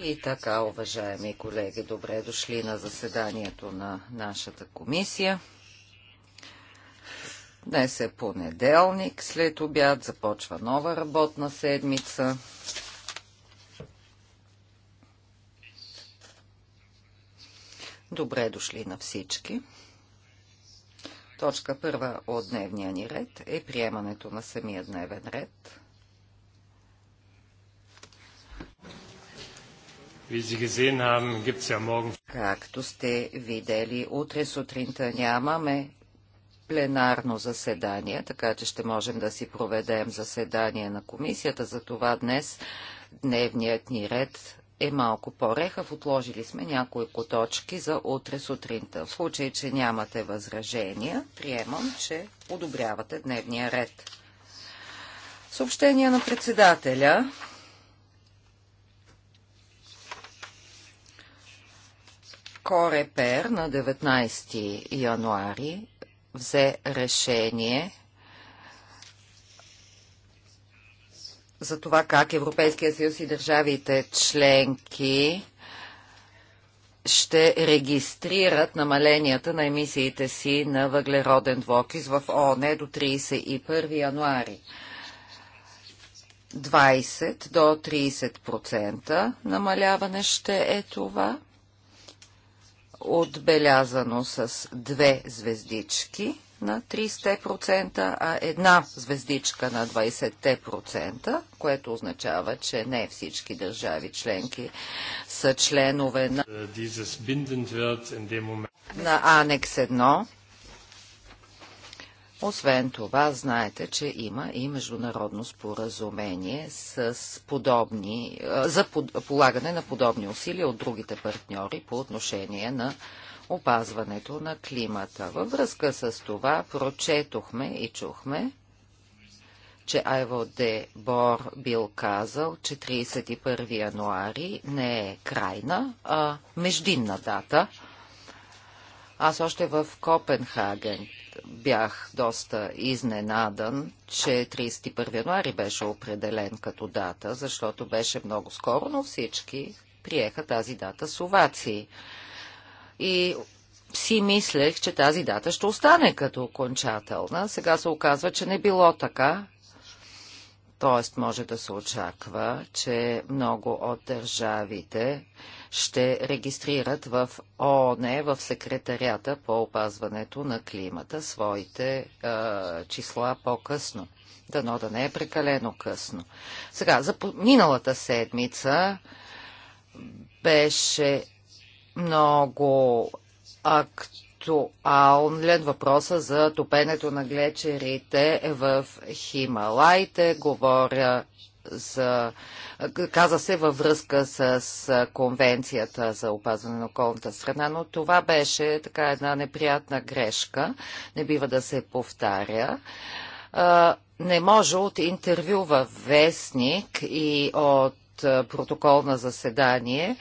И така, уважаеми колеги, добре дошли на заседанието на нашата комисия. Днес е понеделник, след обяд започва нова работна седмица. Добре дошли на всички. Точка първа от дневния ни ред е приемането на самия дневен ред. Както сте видели, утре сутринта нямаме пленарно заседание, така че ще можем да си проведем заседание на комисията. Затова днес дневният ни ред е малко по-рехав. Отложили сме няколко точки за утре сутринта. В случай, че нямате възражения, приемам, че одобрявате дневния ред. Съобщение на председателя. Корепер на 19 януари взе решение за това как Европейския съюз и държавите членки ще регистрират намаленията на емисиите си на въглероден двокис в ООН до 31 януари. 20 до 30% намаляване ще е това отбелязано с две звездички на 30%, а една звездичка на 20%, което означава, че не всички държави членки са членове на, е, на Анекс 1 освен това, знаете, че има и международно споразумение с подобни, за полагане на подобни усилия от другите партньори по отношение на опазването на климата. Във връзка с това прочетохме и чухме, че Айво де Бор бил казал, че 31 януари не е крайна, а междинна дата – аз още в Копенхаген бях доста изненадан, че 31 януари беше определен като дата, защото беше много скоро, но всички приеха тази дата с овации. И си мислех, че тази дата ще остане като окончателна. Сега се оказва, че не било така. Тоест може да се очаква, че много от държавите ще регистрират в ООН, в секретарията по опазването на климата, своите а, числа по-късно. Дано да не е прекалено късно. Сега, за миналата седмица беше много актуален въпроса за топенето на глечерите в Хималайте. Говоря за, каза се във връзка с конвенцията за опазване на околната страна, но това беше така една неприятна грешка, не бива да се повтаря. Не може от интервю във вестник и от протокол на заседание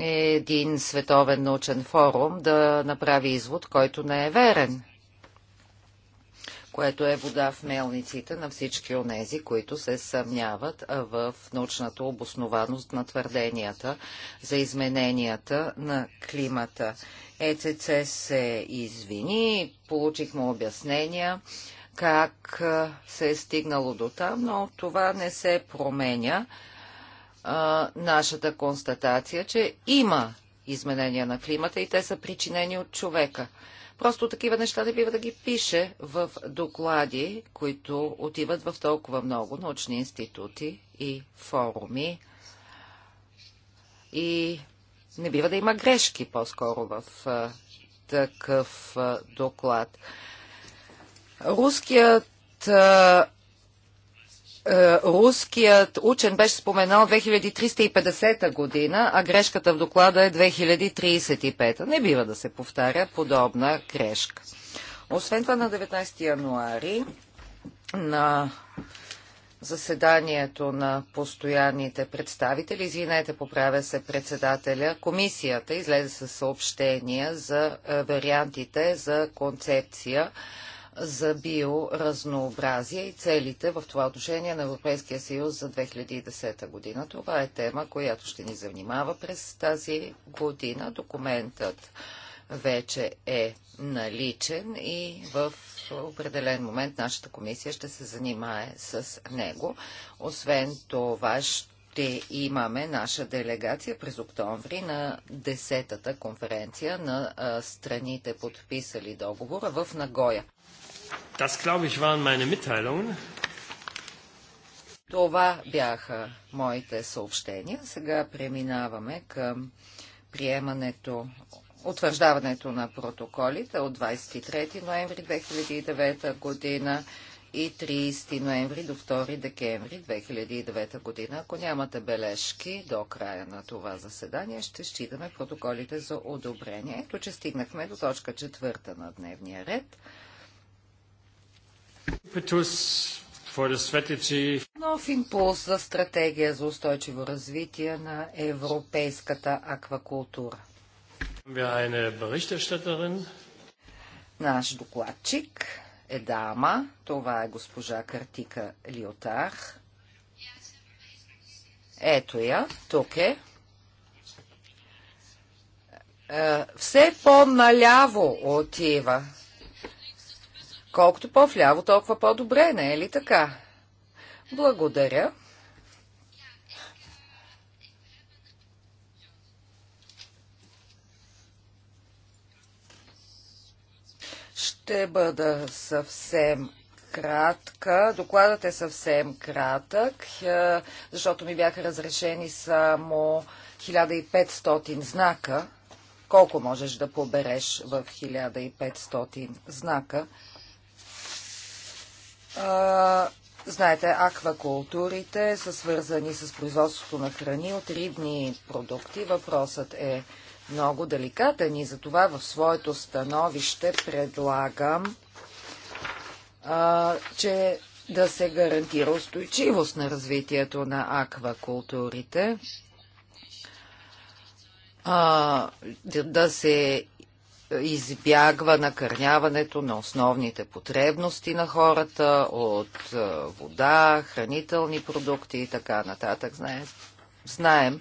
един световен научен форум да направи извод, който не е верен което е вода в мелниците на всички онези, които се съмняват в научната обоснованост на твърденията за измененията на климата. ЕЦЦ се извини, получихме обяснения как се е стигнало до там, но това не се променя нашата констатация, че има изменения на климата и те са причинени от човека. Просто такива неща не бива да ги пише в доклади, които отиват в толкова много научни институти и форуми. И не бива да има грешки по-скоро в а, такъв а, доклад. Руският а, е, руският учен беше споменал 2350 година, а грешката в доклада е 2035. Не бива да се повтаря подобна грешка. Освен това на 19 януари на заседанието на постоянните представители, извинете, поправя се председателя, комисията излезе със съобщения за е, вариантите за концепция за биоразнообразие и целите в това отношение на Европейския съюз за 2010 година. Това е тема, която ще ни занимава през тази година. Документът вече е наличен и в определен момент нашата комисия ще се занимае с него. Освен това ще имаме наша делегация през октомври на 10-та конференция на страните подписали договора в Нагоя. Das, glaube ich, waren meine Mitteilungen. Това бяха моите съобщения. Сега преминаваме към приемането, утвърждаването на протоколите от 23 ноември 2009 година и 30 ноември до 2 декември 2009 година. Ако нямате бележки до края на това заседание, ще считаме протоколите за одобрение. Ето, че стигнахме до точка четвърта на дневния ред – Нов импулс за стратегия за устойчиво развитие на европейската аквакултура. Наш докладчик е дама, това е госпожа Картика Лиотар. Ето я, тук е. е все по-наляво отива. Колкото по-вляво, толкова по-добре, не е ли така? Благодаря. Ще бъда съвсем кратка. Докладът е съвсем кратък, е, защото ми бяха разрешени само 1500 знака. Колко можеш да побереш в 1500 знака? Знаете, аквакултурите са свързани с производството на храни от рибни продукти. Въпросът е много деликатен и затова в своето становище предлагам, а, че да се гарантира устойчивост на развитието на аквакултурите, а, да се избягва накърняването на основните потребности на хората от е, вода, хранителни продукти и така нататък. Знаем, знаем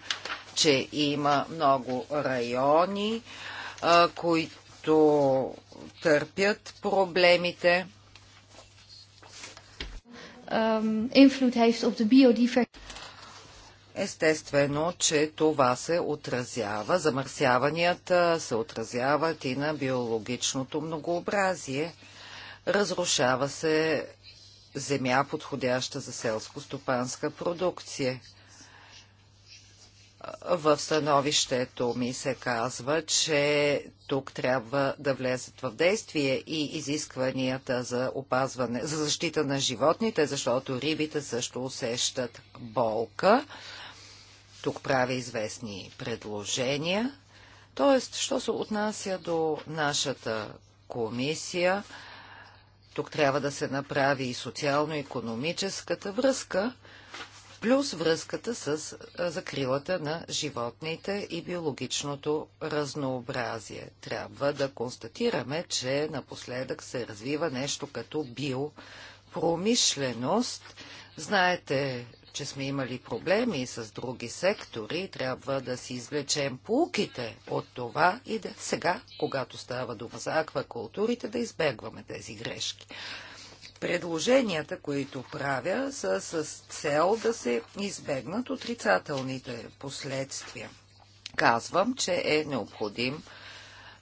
че има много райони, е, които търпят проблемите. Um, invloed heeft op de biodiversiteit Естествено, че това се отразява, замърсяванията се отразяват и на биологичното многообразие. Разрушава се земя, подходяща за селско-стопанска продукция. В становището ми се казва, че тук трябва да влезат в действие и изискванията за опазване, за защита на животните, защото рибите също усещат болка. Тук правя известни предложения. Тоест, що се отнася до нашата комисия, тук трябва да се направи и социално-економическата връзка, плюс връзката с закрилата на животните и биологичното разнообразие. Трябва да констатираме, че напоследък се развива нещо като биопромишленост. Знаете че сме имали проблеми с други сектори, трябва да си извлечем полуките от това и да сега, когато става дума за аквакултурите, да избегваме тези грешки. Предложенията, които правя, са с цел да се избегнат отрицателните последствия. Казвам, че е необходим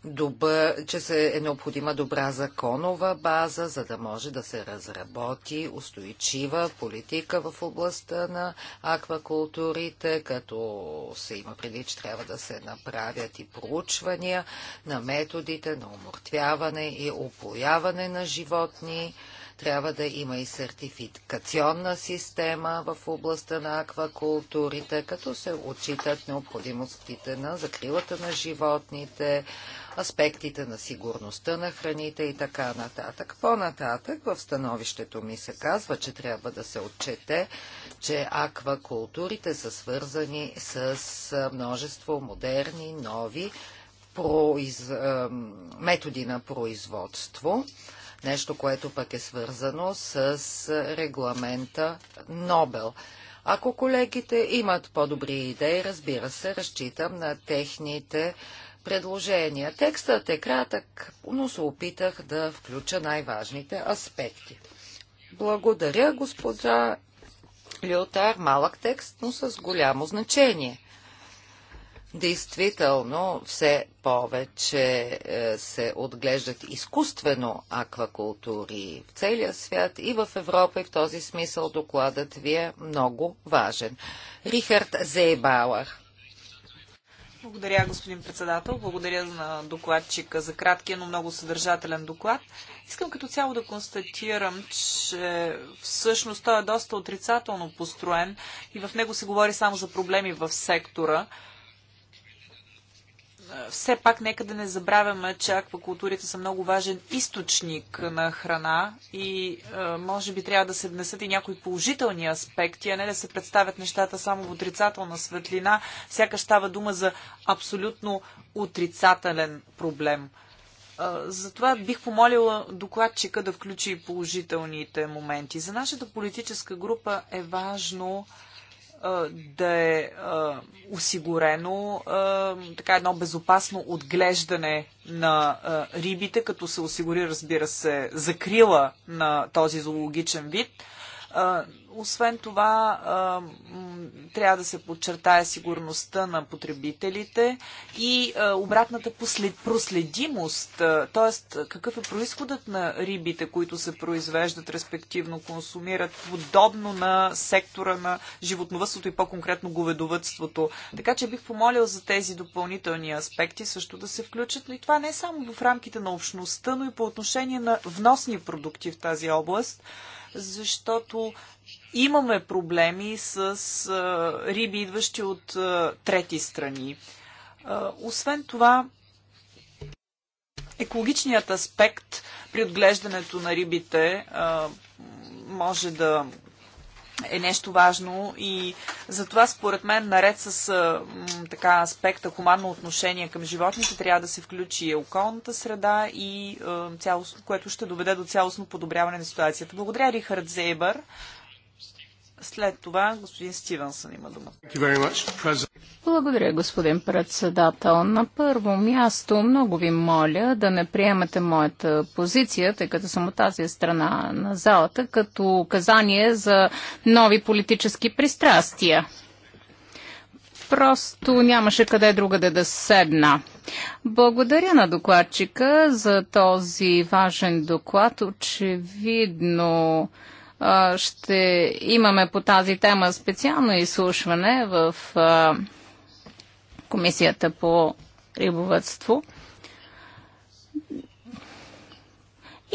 добър, че се е необходима добра законова база, за да може да се разработи устойчива политика в областта на аквакултурите, като се има преди, че трябва да се направят и проучвания на методите на умортвяване и опояване на животни. Трябва да има и сертификационна система в областта на аквакултурите, като се отчитат необходимостите на закрилата на животните, аспектите на сигурността на храните и така нататък. По-нататък в становището ми се казва, че трябва да се отчете, че аквакултурите са свързани с множество модерни, нови произ... методи на производство. Нещо, което пък е свързано с регламента Нобел. Ако колегите имат по-добри идеи, разбира се, разчитам на техните предложения. Текстът е кратък, но се опитах да включа най-важните аспекти. Благодаря, госпожа Лютар. Малък текст, но с голямо значение. Действително, все повече е, се отглеждат изкуствено аквакултури в целия свят и в Европа, и в този смисъл докладът ви е много важен. Рихард Зейбауър благодаря, господин председател. Благодаря на докладчика за краткия, но много съдържателен доклад. Искам като цяло да констатирам, че всъщност той е доста отрицателно построен и в него се говори само за проблеми в сектора все пак нека да не забравяме, че аквакултурите са много важен източник на храна и може би трябва да се внесат и някои положителни аспекти, а не да се представят нещата само в отрицателна светлина. Сякаш става дума за абсолютно отрицателен проблем. Затова бих помолила докладчика да включи положителните моменти. За нашата политическа група е важно да е осигурено така едно безопасно отглеждане на рибите, като се осигури, разбира се, закрила на този зоологичен вид освен това, трябва да се подчертая сигурността на потребителите и обратната проследимост, т.е. какъв е происходът на рибите, които се произвеждат, респективно консумират, подобно на сектора на животновътството и по-конкретно говедовътството. Така че бих помолил за тези допълнителни аспекти също да се включат, но и това не е само в рамките на общността, но и по отношение на вносни продукти в тази област, защото имаме проблеми с а, риби, идващи от а, трети страни. А, освен това, екологичният аспект при отглеждането на рибите а, може да е нещо важно и затова според мен наред с а, м, така аспекта хуманно отношение към животните трябва да се включи и околната среда и а, цялост, което ще доведе до цялостно подобряване на ситуацията. Благодаря Рихард Зейбър. След това господин Стивенсън има дума. Благодаря, господин председател. На първо място много ви моля да не приемате моята позиция, тъй като съм от тази страна на залата, като указание за нови политически пристрастия. Просто нямаше къде другаде да седна. Благодаря на докладчика за този важен доклад. Очевидно ще имаме по тази тема специално изслушване в Комисията по рибовътство.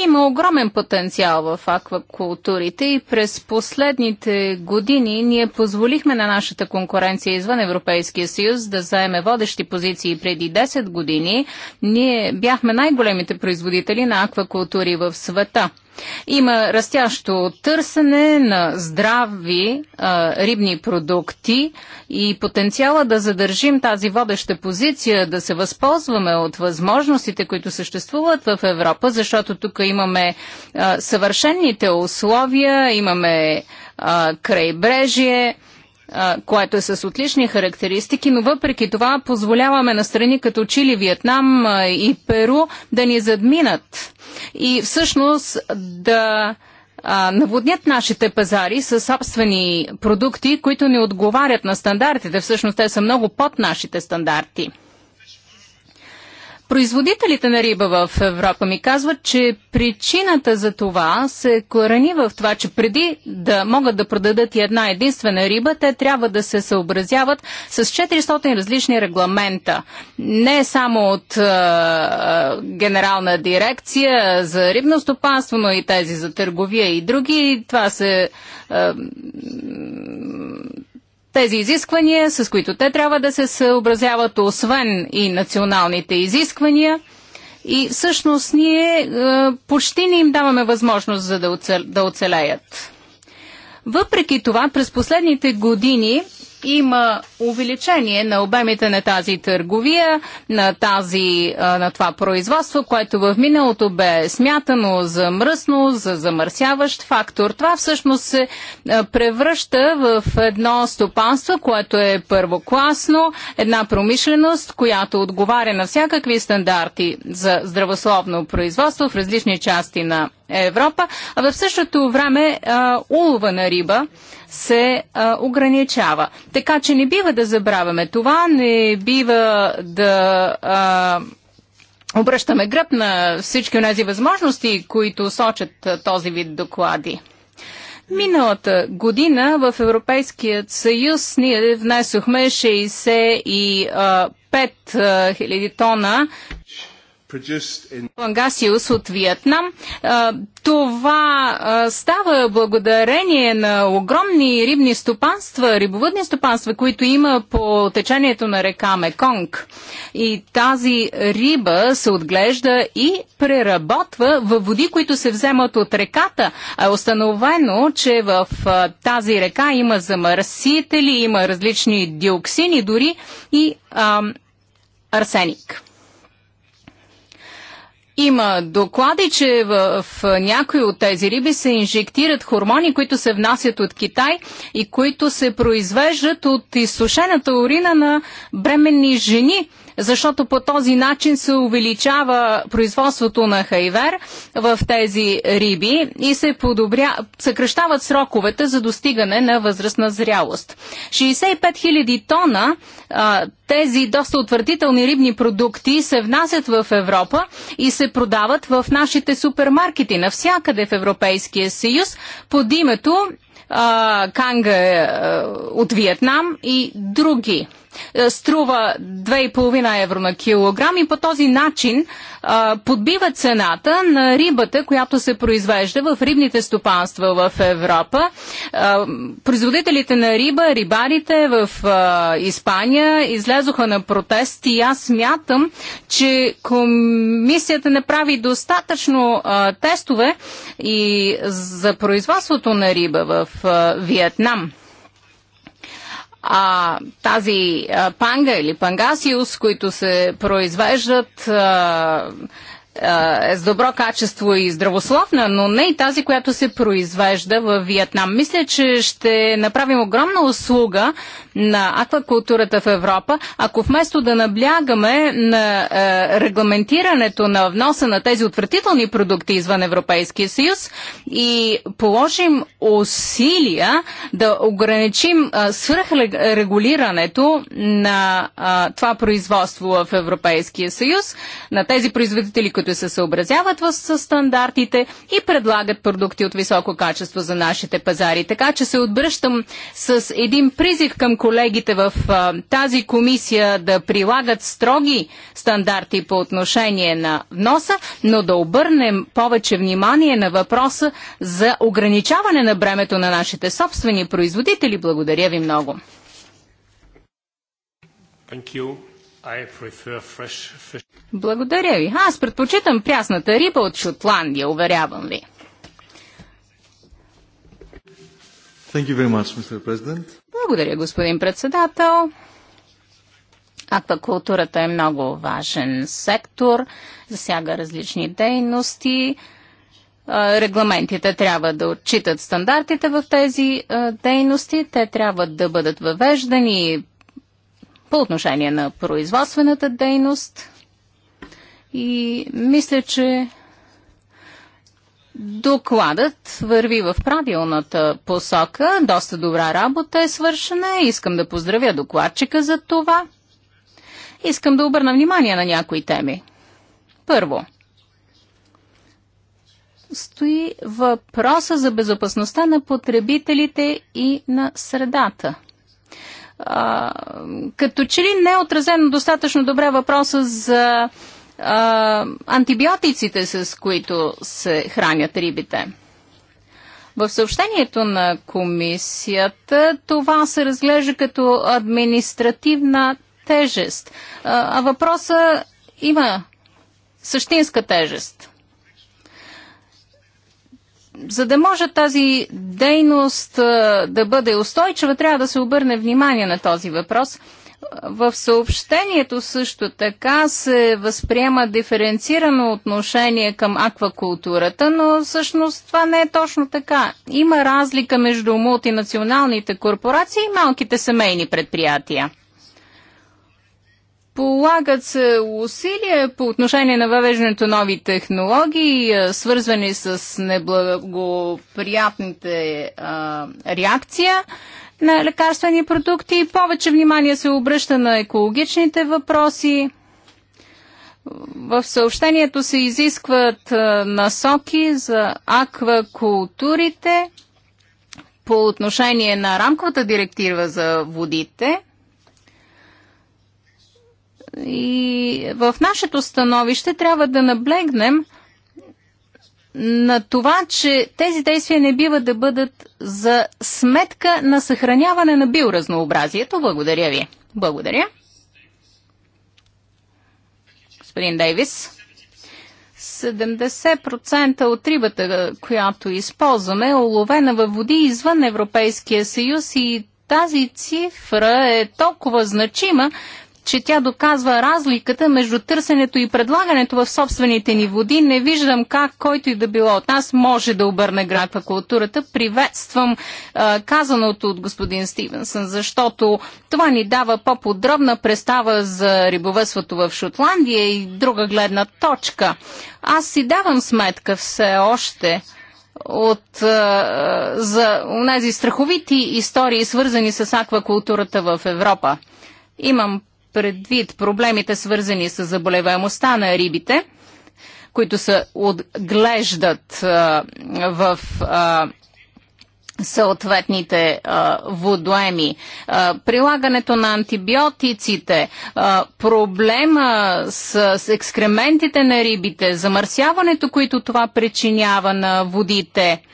Има огромен потенциал в аквакултурите и през последните години ние позволихме на нашата конкуренция извън Европейския съюз да заеме водещи позиции преди 10 години. Ние бяхме най-големите производители на аквакултури в света – има растящо търсене на здрави а, рибни продукти и потенциала да задържим тази водеща позиция, да се възползваме от възможностите, които съществуват в Европа, защото тук имаме а, съвършенните условия, имаме а, крайбрежие, което е с отлични характеристики, но въпреки това позволяваме на страни като Чили, Виетнам и Перу да ни задминат и всъщност да наводнят нашите пазари с собствени продукти, които не отговарят на стандартите. Всъщност те са много под нашите стандарти. Производителите на риба в Европа ми казват, че причината за това се корени в това, че преди да могат да продадат и една единствена риба, те трябва да се съобразяват с 400 различни регламента. Не само от е, Генерална дирекция за рибно стопанство, но и тези за търговия и други. Това се е, тези изисквания, с които те трябва да се съобразяват, освен и националните изисквания. И всъщност ние е, почти не им даваме възможност за да, да оцелеят. Въпреки това, през последните години има увеличение на обемите на тази търговия, на, тази, на това производство, което в миналото бе смятано за мръсно, за замърсяващ фактор. Това всъщност се превръща в едно стопанство, което е първокласно, една промишленост, която отговаря на всякакви стандарти за здравословно производство в различни части на Европа, а в същото време а, улова на риба се а, ограничава. Така че не бива да забравяме това, не бива да. А, Обръщаме гръб на всички от тези възможности, които сочат този вид доклади. Миналата година в Европейският съюз ние внесохме 65 000 тона Лангасиус от Виетнам. Това става благодарение на огромни рибни стопанства, рибовъдни стопанства, които има по течението на река Меконг. И тази риба се отглежда и преработва в води, които се вземат от реката. Е установено, че в тази река има замърсители, има различни диоксини, дори и ам, арсеник. Има доклади, че в, в някои от тези риби се инжектират хормони, които се внасят от Китай и които се произвеждат от изсушената урина на бременни жени – защото по този начин се увеличава производството на хайвер в тези риби и се подобря, съкръщават сроковете за достигане на възрастна зрялост. 65 000 тона а, тези доста утвърдителни рибни продукти се внасят в Европа и се продават в нашите супермаркети навсякъде в Европейския съюз под името а, канга а, от Виетнам и други е, струва 2,5 евро на килограм и по този начин а, е, подбива цената на рибата, която се произвежда в рибните стопанства в Европа. А, е, производителите на риба, рибарите в а, Испания излезоха на протест и аз смятам, че комисията не прави достатъчно а, тестове и за производството на риба в Виетнам а, тази а, панга или пангасиус, които се произвеждат а, е с добро качество и здравословна, но не и тази, която се произвежда в Виетнам. Мисля, че ще направим огромна услуга на аквакултурата в Европа, ако вместо да наблягаме на е, регламентирането на вноса на тези отвратителни продукти извън Европейския съюз и положим усилия да ограничим е, свръхрегулирането на е, това производство в Европейския съюз, на тези производители, които които се съобразяват с стандартите и предлагат продукти от високо качество за нашите пазари. Така че се отбръщам с един призив към колегите в тази комисия да прилагат строги стандарти по отношение на вноса, но да обърнем повече внимание на въпроса за ограничаване на бремето на нашите собствени производители. Благодаря ви много. Thank you. Благодаря ви. Аз предпочитам прясната риба от Шотландия, уверявам ви. Much, Благодаря, господин председател. Аквакултурата е много важен сектор, засяга различни дейности. Регламентите трябва да отчитат стандартите в тези дейности. Те трябва да бъдат въвеждани по отношение на производствената дейност. И мисля, че Докладът върви в правилната посока. Доста добра работа е свършена. Искам да поздравя докладчика за това. Искам да обърна внимание на някои теми. Първо, стои въпроса за безопасността на потребителите и на средата – като че ли не е отразено достатъчно добре въпроса за а, антибиотиците, с които се хранят рибите. В съобщението на комисията това се разглежда като административна тежест, а въпроса има същинска тежест за да може тази дейност да бъде устойчива, трябва да се обърне внимание на този въпрос. В съобщението също така се възприема диференцирано отношение към аквакултурата, но всъщност това не е точно така. Има разлика между мултинационалните корпорации и малките семейни предприятия. Полагат се усилия по отношение на въвеждането нови технологии, свързвани с неблагоприятните а, реакция на лекарствени продукти. Повече внимание се обръща на екологичните въпроси. В съобщението се изискват насоки за аквакултурите по отношение на рамковата директива за водите – и в нашето становище трябва да наблегнем на това, че тези действия не бива да бъдат за сметка на съхраняване на биоразнообразието. Благодаря ви. Благодаря. Господин Дейвис. 70% от рибата, която използваме, е уловена във води извън Европейския съюз и тази цифра е толкова значима, че тя доказва разликата между търсенето и предлагането в собствените ни води. Не виждам как който и да било от нас може да обърне град на културата. Приветствам а, казаното от господин Стивенсън, защото това ни дава по-подробна представа за рибовътството в Шотландия и друга гледна точка. Аз си давам сметка все още от, а, за тези страховити истории, свързани с аквакултурата в Европа. Имам предвид проблемите свързани с заболеваемостта на рибите, които се отглеждат а, в а, съответните а, водоеми, а, прилагането на антибиотиците, а, проблема с, с екскрементите на рибите, замърсяването, които това причинява на водите –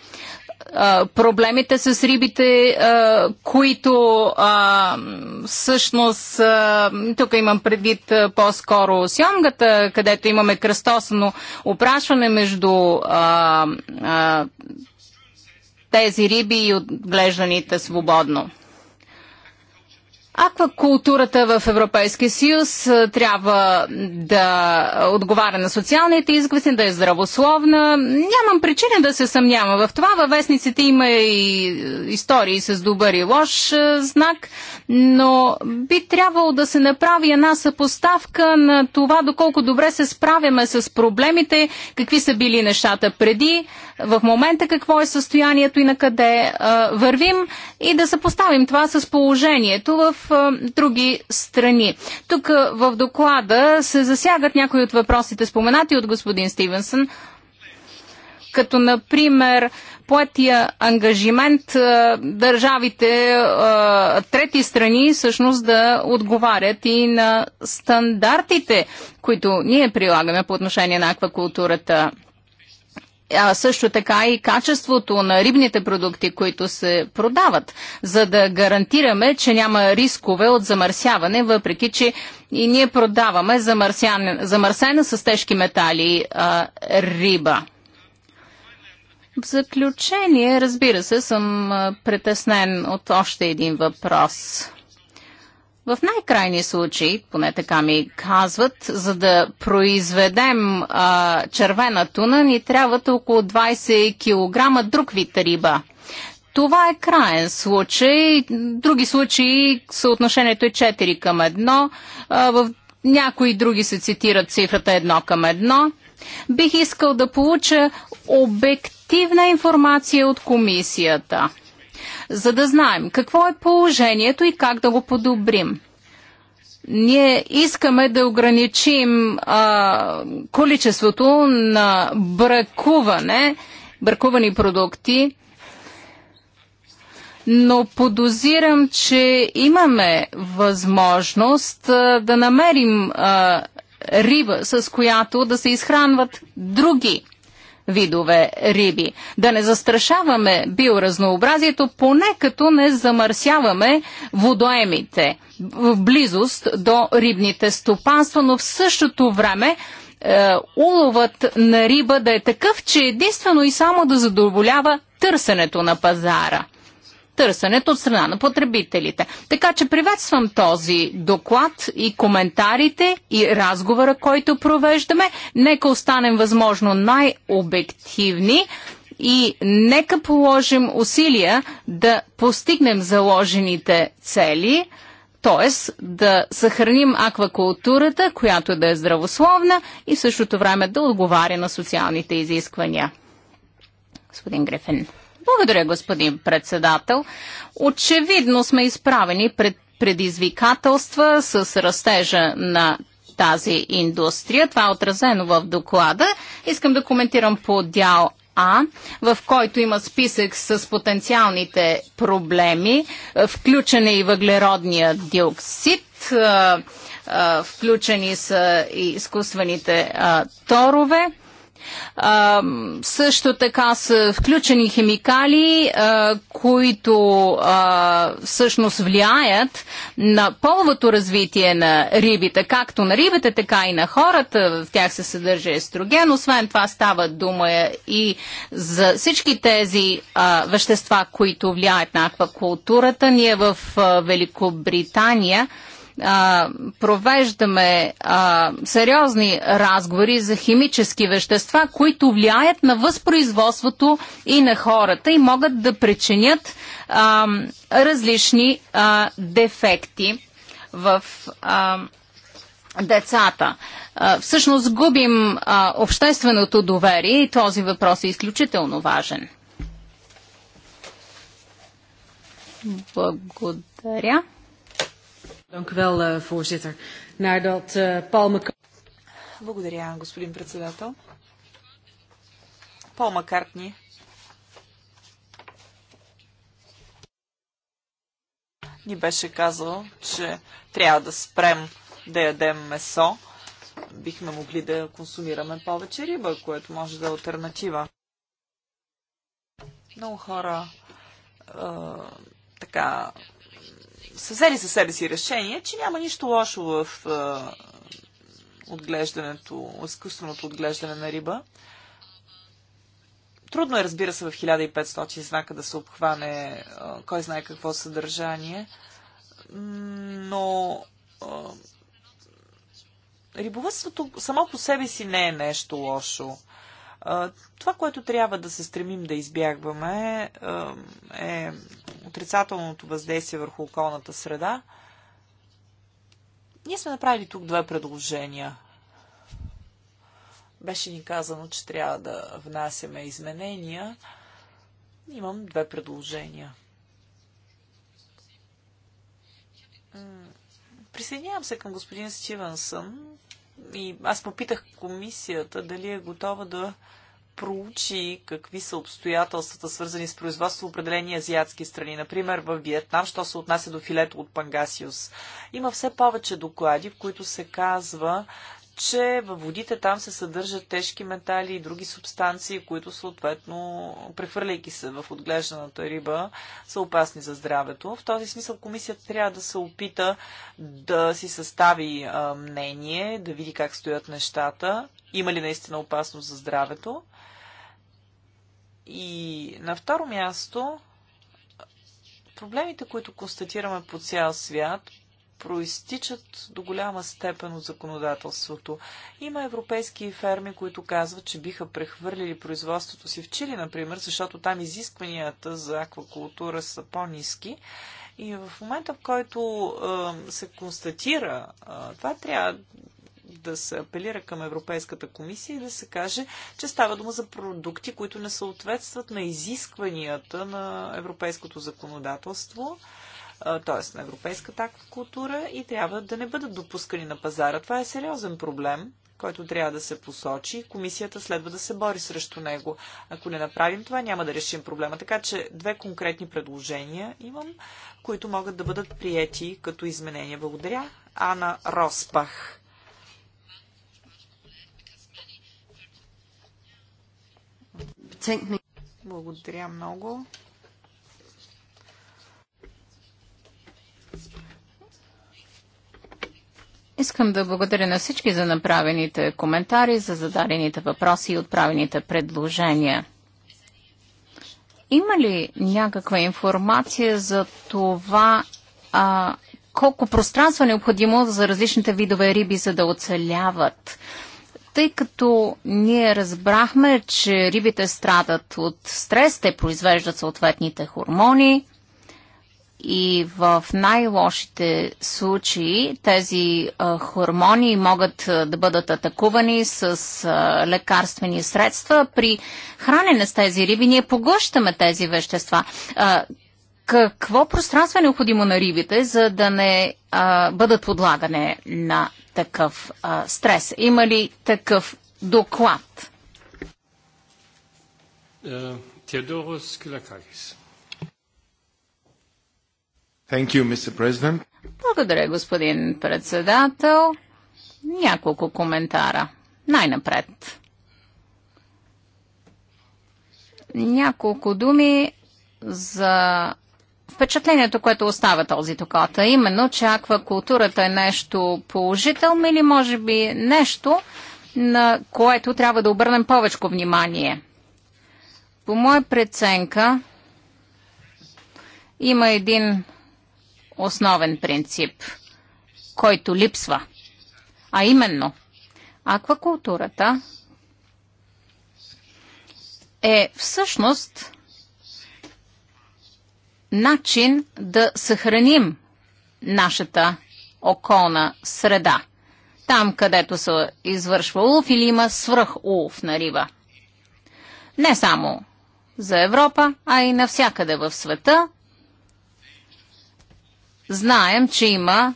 проблемите с рибите, които всъщност, тук имам предвид по-скоро сьомгата, където имаме кръстосано опрашване между тези риби и отглежданите свободно. Аквакултурата в Европейския съюз е, трябва да отговаря на социалните изгласи, да е здравословна. Нямам причина да се съмнявам в това. Във вестниците има и е, истории с добър и лош е, знак, но би трябвало да се направи една съпоставка на това доколко добре се справяме с проблемите, какви са били нещата преди, в момента какво е състоянието и на къде вървим и да съпоставим това с положението в други страни. Тук в доклада се засягат някои от въпросите, споменати от господин Стивенсън, като например поетия ангажимент държавите трети страни всъщност да отговарят и на стандартите, които ние прилагаме по отношение на аквакултурата а също така и качеството на рибните продукти, които се продават, за да гарантираме, че няма рискове от замърсяване, въпреки че и ние продаваме замърсяне, замърсена с тежки метали а, риба. В заключение, разбира се, съм притеснен от още един въпрос. В най-крайни случаи, поне така ми казват, за да произведем а, червена туна, ни трябват около 20 кг друг вид риба. Това е крайен случай. Други случаи съотношението е 4 към 1. А, в някои други се цитират цифрата 1 към 1. Бих искал да получа обективна информация от комисията за да знаем какво е положението и как да го подобрим. Ние искаме да ограничим а, количеството на бракуване, бракувани продукти, но подозирам, че имаме възможност а, да намерим а, риба, с която да се изхранват други видове риби. Да не застрашаваме биоразнообразието, поне като не замърсяваме водоемите в близост до рибните стопанства, но в същото време е, уловът на риба да е такъв, че единствено и само да задоволява търсенето на пазара търсенето от страна на потребителите. Така че приветствам този доклад и коментарите и разговора, който провеждаме. Нека останем възможно най-обективни и нека положим усилия да постигнем заложените цели, т.е. да съхраним аквакултурата, която да е здравословна и в същото време да отговаря на социалните изисквания. Господин Грефен. Благодаря, господин председател. Очевидно сме изправени пред предизвикателства с растежа на тази индустрия. Това е отразено в доклада. Искам да коментирам по дял а, в който има списък с потенциалните проблеми, включен е и въглеродния диоксид, включени са и изкуствените торове. А, също така са включени химикали, а, които а, всъщност влияят на половото развитие на рибите, както на рибите, така и на хората. В тях се съдържа естроген. Освен това става дума и за всички тези а, вещества, които влияят на аквакултурата. Ние в а, Великобритания а, провеждаме а, сериозни разговори за химически вещества, които влияят на възпроизводството и на хората и могат да причинят а, различни а, дефекти в а, децата. А, всъщност губим а, общественото доверие и този въпрос е изключително важен. Благодаря. Eh, eh, Благодаря, господин председател. Пол Маккартни ни беше казал, че трябва да спрем да ядем месо. Бихме могли да консумираме повече риба, което може да е альтернатива. Много хора така са взели със себе си решение, че няма нищо лошо в отглеждането, изкуственото отглеждане на риба. Трудно е, разбира се, в 1500 знака да се обхване кой знае какво съдържание, но е, рибовътството само по себе си не е нещо лошо. Това, което трябва да се стремим да избягваме, е отрицателното въздействие върху околната среда, ние сме направили тук две предложения. Беше ни казано, че трябва да внасяме изменения. Имам две предложения. Присъединявам се към господин Стивенсън и аз попитах комисията дали е готова да проучи какви са обстоятелствата, свързани с производство в определени азиатски страни. Например, в Виетнам, що се отнася до филето от пангасиус. Има все повече доклади, в които се казва, че във водите там се съдържат тежки метали и други субстанции, които съответно, прехвърляйки се в отглежданата риба, са опасни за здравето. В този смисъл комисията трябва да се опита да си състави а, мнение, да види как стоят нещата, има ли наистина опасност за здравето и на второ място, проблемите, които констатираме по цял свят, проистичат до голяма степен от законодателството. Има европейски ферми, които казват, че биха прехвърлили производството си в Чили, например, защото там изискванията за аквакултура са по-низки. И в момента, в който е, се констатира е, това, трябва да се апелира към Европейската комисия и да се каже, че става дума за продукти, които не съответстват на изискванията на европейското законодателство т.е. на европейската аквакултура и трябва да не бъдат допускани на пазара. Това е сериозен проблем, който трябва да се посочи. Комисията следва да се бори срещу него. Ако не направим това, няма да решим проблема. Така че две конкретни предложения имам, които могат да бъдат приети като изменения. Благодаря. Ана Роспах. Благодаря много. Искам да благодаря на всички за направените коментари, за зададените въпроси и отправените предложения. Има ли някаква информация за това а, колко пространство е необходимо за различните видове риби, за да оцеляват? Тъй като ние разбрахме, че рибите страдат от стрес, те произвеждат съответните хормони и в най-лошите случаи тези а, хормони могат а, да бъдат атакувани с а, лекарствени средства. При хранене с тези риби ние поглъщаме тези вещества. Какво пространство е необходимо на рибите, за да не бъдат подлагане на такъв а, стрес? Има ли такъв доклад? Е, Теодорос Килакакис. You, Благодаря, господин председател. Няколко коментара. Най-напред. Няколко думи за впечатлението, което остава този доклад, а именно, че аквакултурата е нещо положително или може би нещо, на което трябва да обърнем повече внимание. По моя преценка има един основен принцип, който липсва, а именно аквакултурата е всъщност начин да съхраним нашата околна среда. Там, където се извършва улов или има свръх улов на риба. Не само за Европа, а и навсякъде в света. Знаем, че има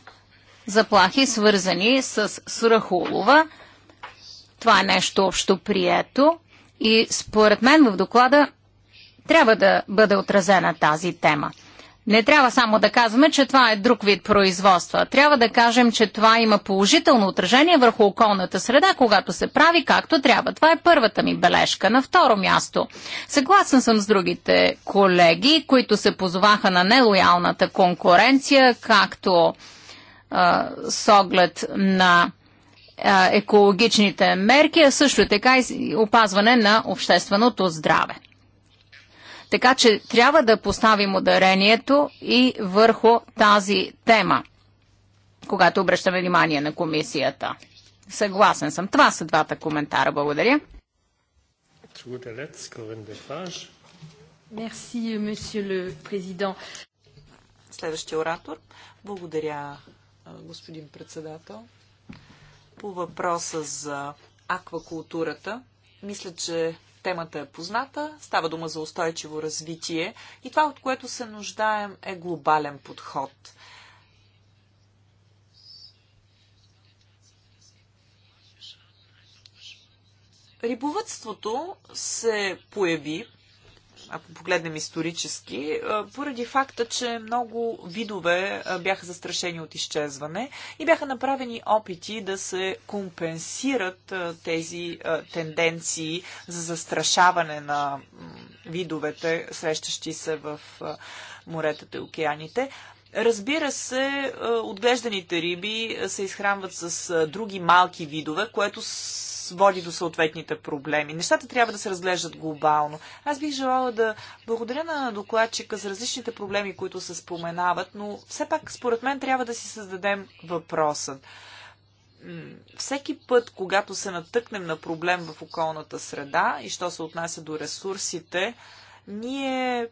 заплахи свързани с свръхулова. Това е нещо общо прието и според мен в доклада трябва да бъде отразена тази тема. Не трябва само да казваме, че това е друг вид производства. Трябва да кажем, че това има положително отражение върху околната среда, когато се прави както трябва. Това е първата ми бележка. На второ място, съгласен съм с другите колеги, които се позоваха на нелоялната конкуренция, както а, с оглед на а, екологичните мерки, а също така и опазване на общественото здраве. Така че трябва да поставим ударението и върху тази тема, когато обръщаме внимание на комисията. Съгласен съм. Това са двата коментара. Благодаря. Следващия оратор. Благодаря, господин председател. По въпроса за аквакултурата, мисля, че Темата е позната, става дума за устойчиво развитие и това, от което се нуждаем, е глобален подход. Рибовътството се появи ако погледнем исторически, поради факта, че много видове бяха застрашени от изчезване и бяха направени опити да се компенсират тези тенденции за застрашаване на видовете, срещащи се в моретата и океаните. Разбира се, отглежданите риби се изхранват с други малки видове, което води до съответните проблеми. Нещата трябва да се разглеждат глобално. Аз бих желала да благодаря на докладчика за различните проблеми, които се споменават, но все пак според мен трябва да си създадем въпросът. Всеки път, когато се натъкнем на проблем в околната среда и що се отнася до ресурсите, ние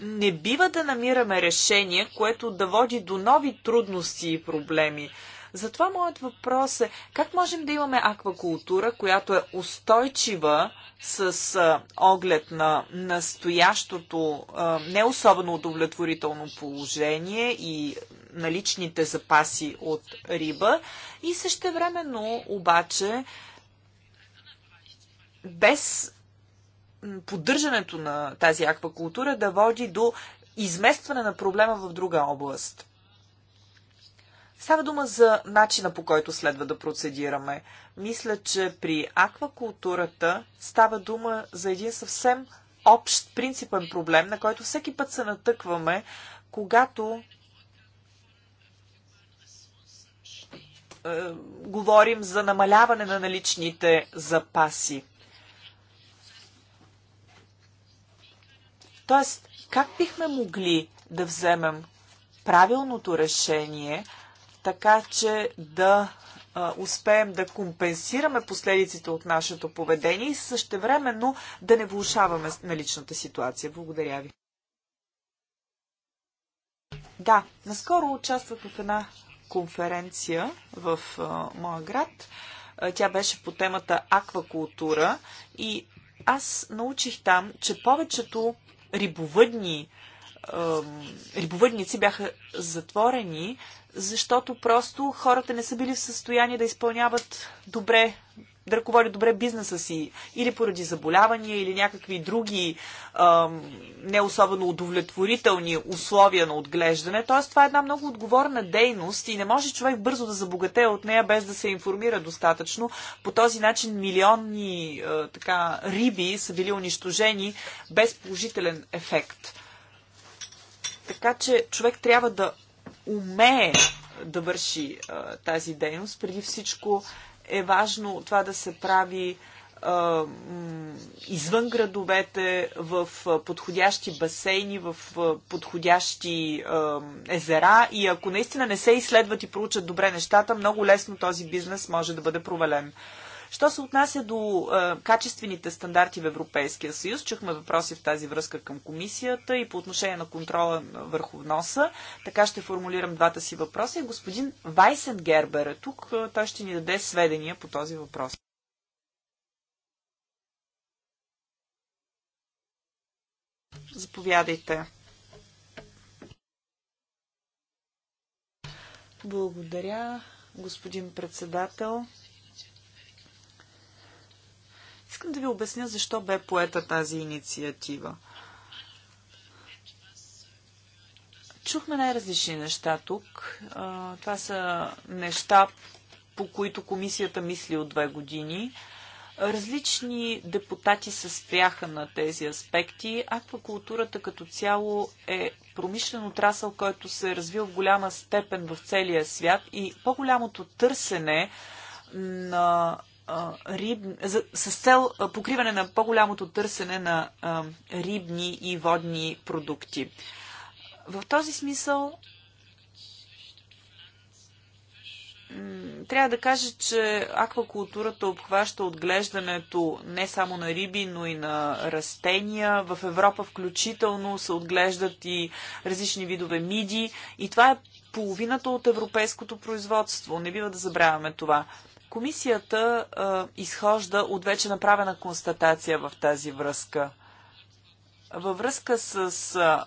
не бива да намираме решение, което да води до нови трудности и проблеми. Затова моят въпрос е, как можем да имаме аквакултура, която е устойчива с а, оглед на настоящото а, не особено удовлетворително положение и наличните запаси от риба и същевременно обаче без поддържането на тази аквакултура да води до изместване на проблема в друга област. Става дума за начина по който следва да процедираме. Мисля, че при аквакултурата става дума за един съвсем общ принципен проблем, на който всеки път се натъкваме, когато е, говорим за намаляване на наличните запаси. Тоест, как бихме могли да вземем правилното решение, така че да а, успеем да компенсираме последиците от нашето поведение и същевременно да не влушаваме наличната ситуация. Благодаря ви. Да, наскоро участвах в една конференция в а, моя град. А, тя беше по темата аквакултура и аз научих там, че повечето рибовъдни рибовъдници бяха затворени, защото просто хората не са били в състояние да изпълняват добре да ръководи добре бизнеса си, или поради заболявания, или някакви други а, не особено удовлетворителни условия на отглеждане. Т.е. това е една много отговорна дейност и не може човек бързо да забогате от нея, без да се информира достатъчно. По този начин милионни а, така, риби са били унищожени без положителен ефект. Така че човек трябва да умее да върши а, тази дейност. Преди всичко е важно това да се прави а, извън градовете, в подходящи басейни, в подходящи а, езера и ако наистина не се изследват и проучат добре нещата, много лесно този бизнес може да бъде провален. Що се отнася до а, е, качествените стандарти в Европейския съюз, чухме въпроси в тази връзка към комисията и по отношение на контрола върху вноса. Така ще формулирам двата си въпроса. И господин Вайсен Гербер е тук. Е, той ще ни даде сведения по този въпрос. Заповядайте. Благодаря, господин председател. Искам да ви обясня защо бе поета тази инициатива. Чухме най-различни неща тук. Това са неща, по които комисията мисли от две години. Различни депутати се спряха на тези аспекти. Аквакултурата като цяло е промишлен отрасъл, който се е развил в голяма степен в целия свят и по-голямото търсене на риб... за... с цел покриване на по-голямото търсене на а, рибни и водни продукти. В този смисъл трябва да кажа, че аквакултурата обхваща отглеждането не само на риби, но и на растения. В Европа включително се отглеждат и различни видове миди и това е половината от европейското производство. Не бива да забравяме това. Комисията а, изхожда от вече направена констатация в тази връзка. Във връзка с а,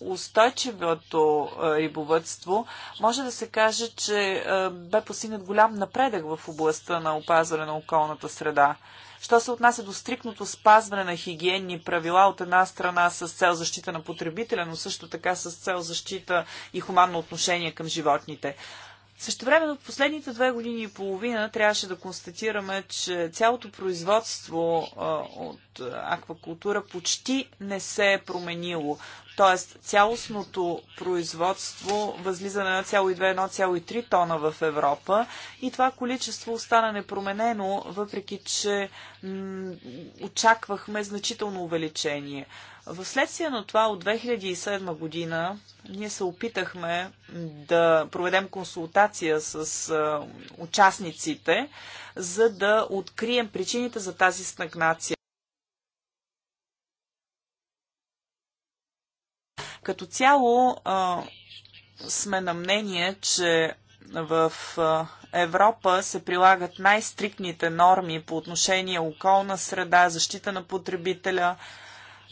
устойчивото рибовътство, може да се каже, че бе постигнат голям напредък в областта на опазване на околната среда. Що се отнася до стрикното спазване на хигиенни правила от една страна с цел защита на потребителя, но също така с цел защита и хуманно отношение към животните. Също време, в последните две години и половина трябваше да констатираме, че цялото производство а, от аквакултура почти не се е променило. Тоест, цялостното производство възлиза на 1,2-1,3 тона в Европа и това количество остана непроменено, въпреки че очаквахме значително увеличение. Вследствие на това от 2007 година ние се опитахме да проведем консултация с участниците, за да открием причините за тази стагнация. Като цяло а, сме на мнение, че в Европа се прилагат най-стриктните норми по отношение околна среда, защита на потребителя,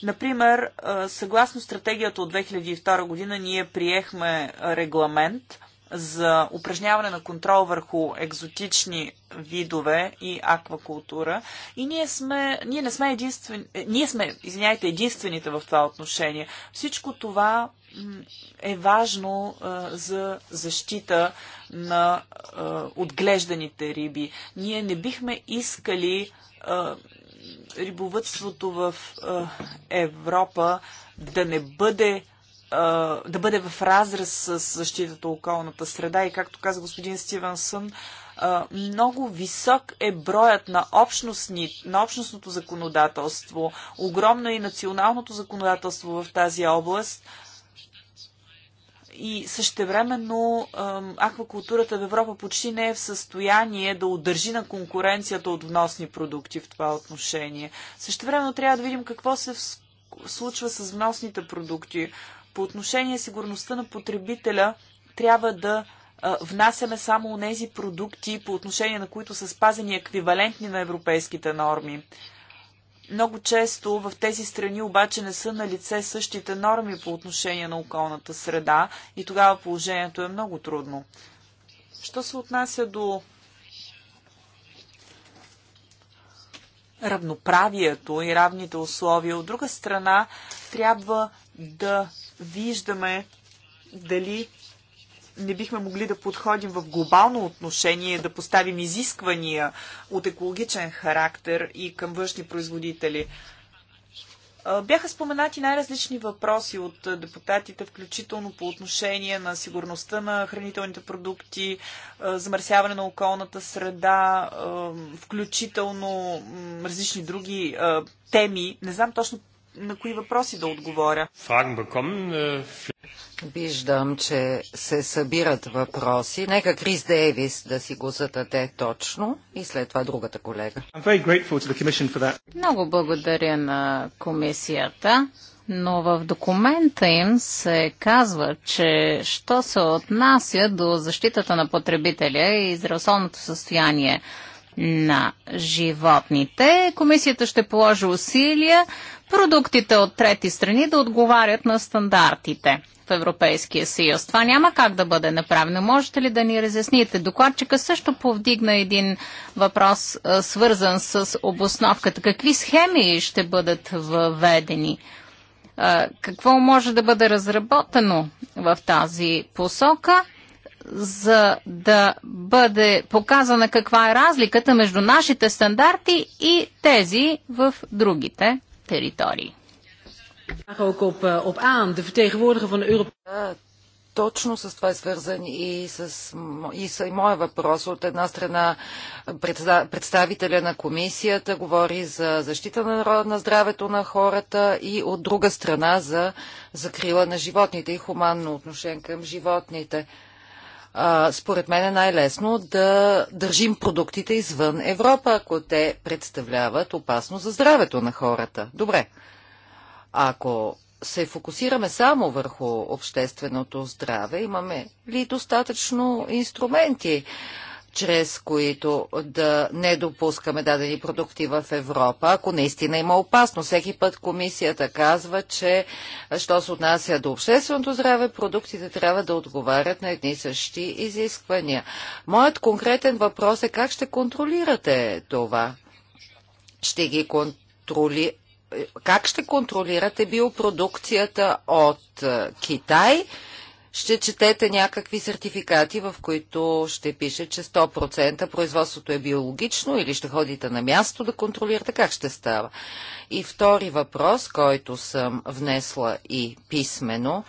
Например, съгласно стратегията от 2002 година ние приехме регламент за упражняване на контрол върху екзотични видове и аквакултура. И ние сме, ние не сме единствени, е, ние сме, извиняйте, единствените в това отношение. Всичко това е важно а, за защита на а, отглежданите риби. Ние не бихме искали а, рибовътството в Европа да не бъде да бъде в разрез с защитата околната среда и както каза господин Стивенсън, много висок е броят на, общностни, на общностното законодателство. Огромно е и националното законодателство в тази област, и същевременно аквакултурата в Европа почти не е в състояние да удържи на конкуренцията от вносни продукти в това отношение. Същевременно трябва да видим какво се случва с вносните продукти. По отношение сигурността на потребителя трябва да внасяме само тези продукти, по отношение на които са спазени еквивалентни на европейските норми. Много често в тези страни обаче не са на лице същите норми по отношение на околната среда и тогава положението е много трудно. Що се отнася до равноправието и равните условия, от друга страна трябва да виждаме дали не бихме могли да подходим в глобално отношение, да поставим изисквания от екологичен характер и към външни производители. Бяха споменати най-различни въпроси от депутатите, включително по отношение на сигурността на хранителните продукти, замърсяване на околната среда, включително различни други теми. Не знам точно на кои въпроси да отговоря. Е, Виждам, че се събират въпроси. Нека Крис Дейвис да си го зададе точно и след това другата колега. Много благодаря на комисията но в документа им се казва, че що се отнася до защитата на потребителя и здравословното състояние на животните, комисията ще положи усилия продуктите от трети страни да отговарят на стандартите в Европейския съюз. Това няма как да бъде направено. Можете ли да ни разясните? Докладчика също повдигна един въпрос, свързан с обосновката. Какви схеми ще бъдат въведени? Какво може да бъде разработено в тази посока? за да бъде показана каква е разликата между нашите стандарти и тези в другите територии. Eh, точно с това е свързан и с и, с, и моя въпрос. От една страна представителя на комисията говори за защита на, на здравето на хората и от друга страна за закрила на животните и хуманно отношение към животните според мен е най-лесно да държим продуктите извън Европа, ако те представляват опасно за здравето на хората. Добре. Ако се фокусираме само върху общественото здраве, имаме ли достатъчно инструменти? чрез които да не допускаме дадени продукти в Европа, ако наистина има опасност. Всеки път комисията казва, че що се отнася до общественото здраве, продуктите трябва да отговарят на едни същи изисквания. Моят конкретен въпрос е как ще контролирате това? Ще ги контроли... Как ще контролирате биопродукцията от е, Китай? ще четете някакви сертификати, в които ще пише, че 100% производството е биологично или ще ходите на място да контролирате как ще става. И втори въпрос, който съм внесла и писмено,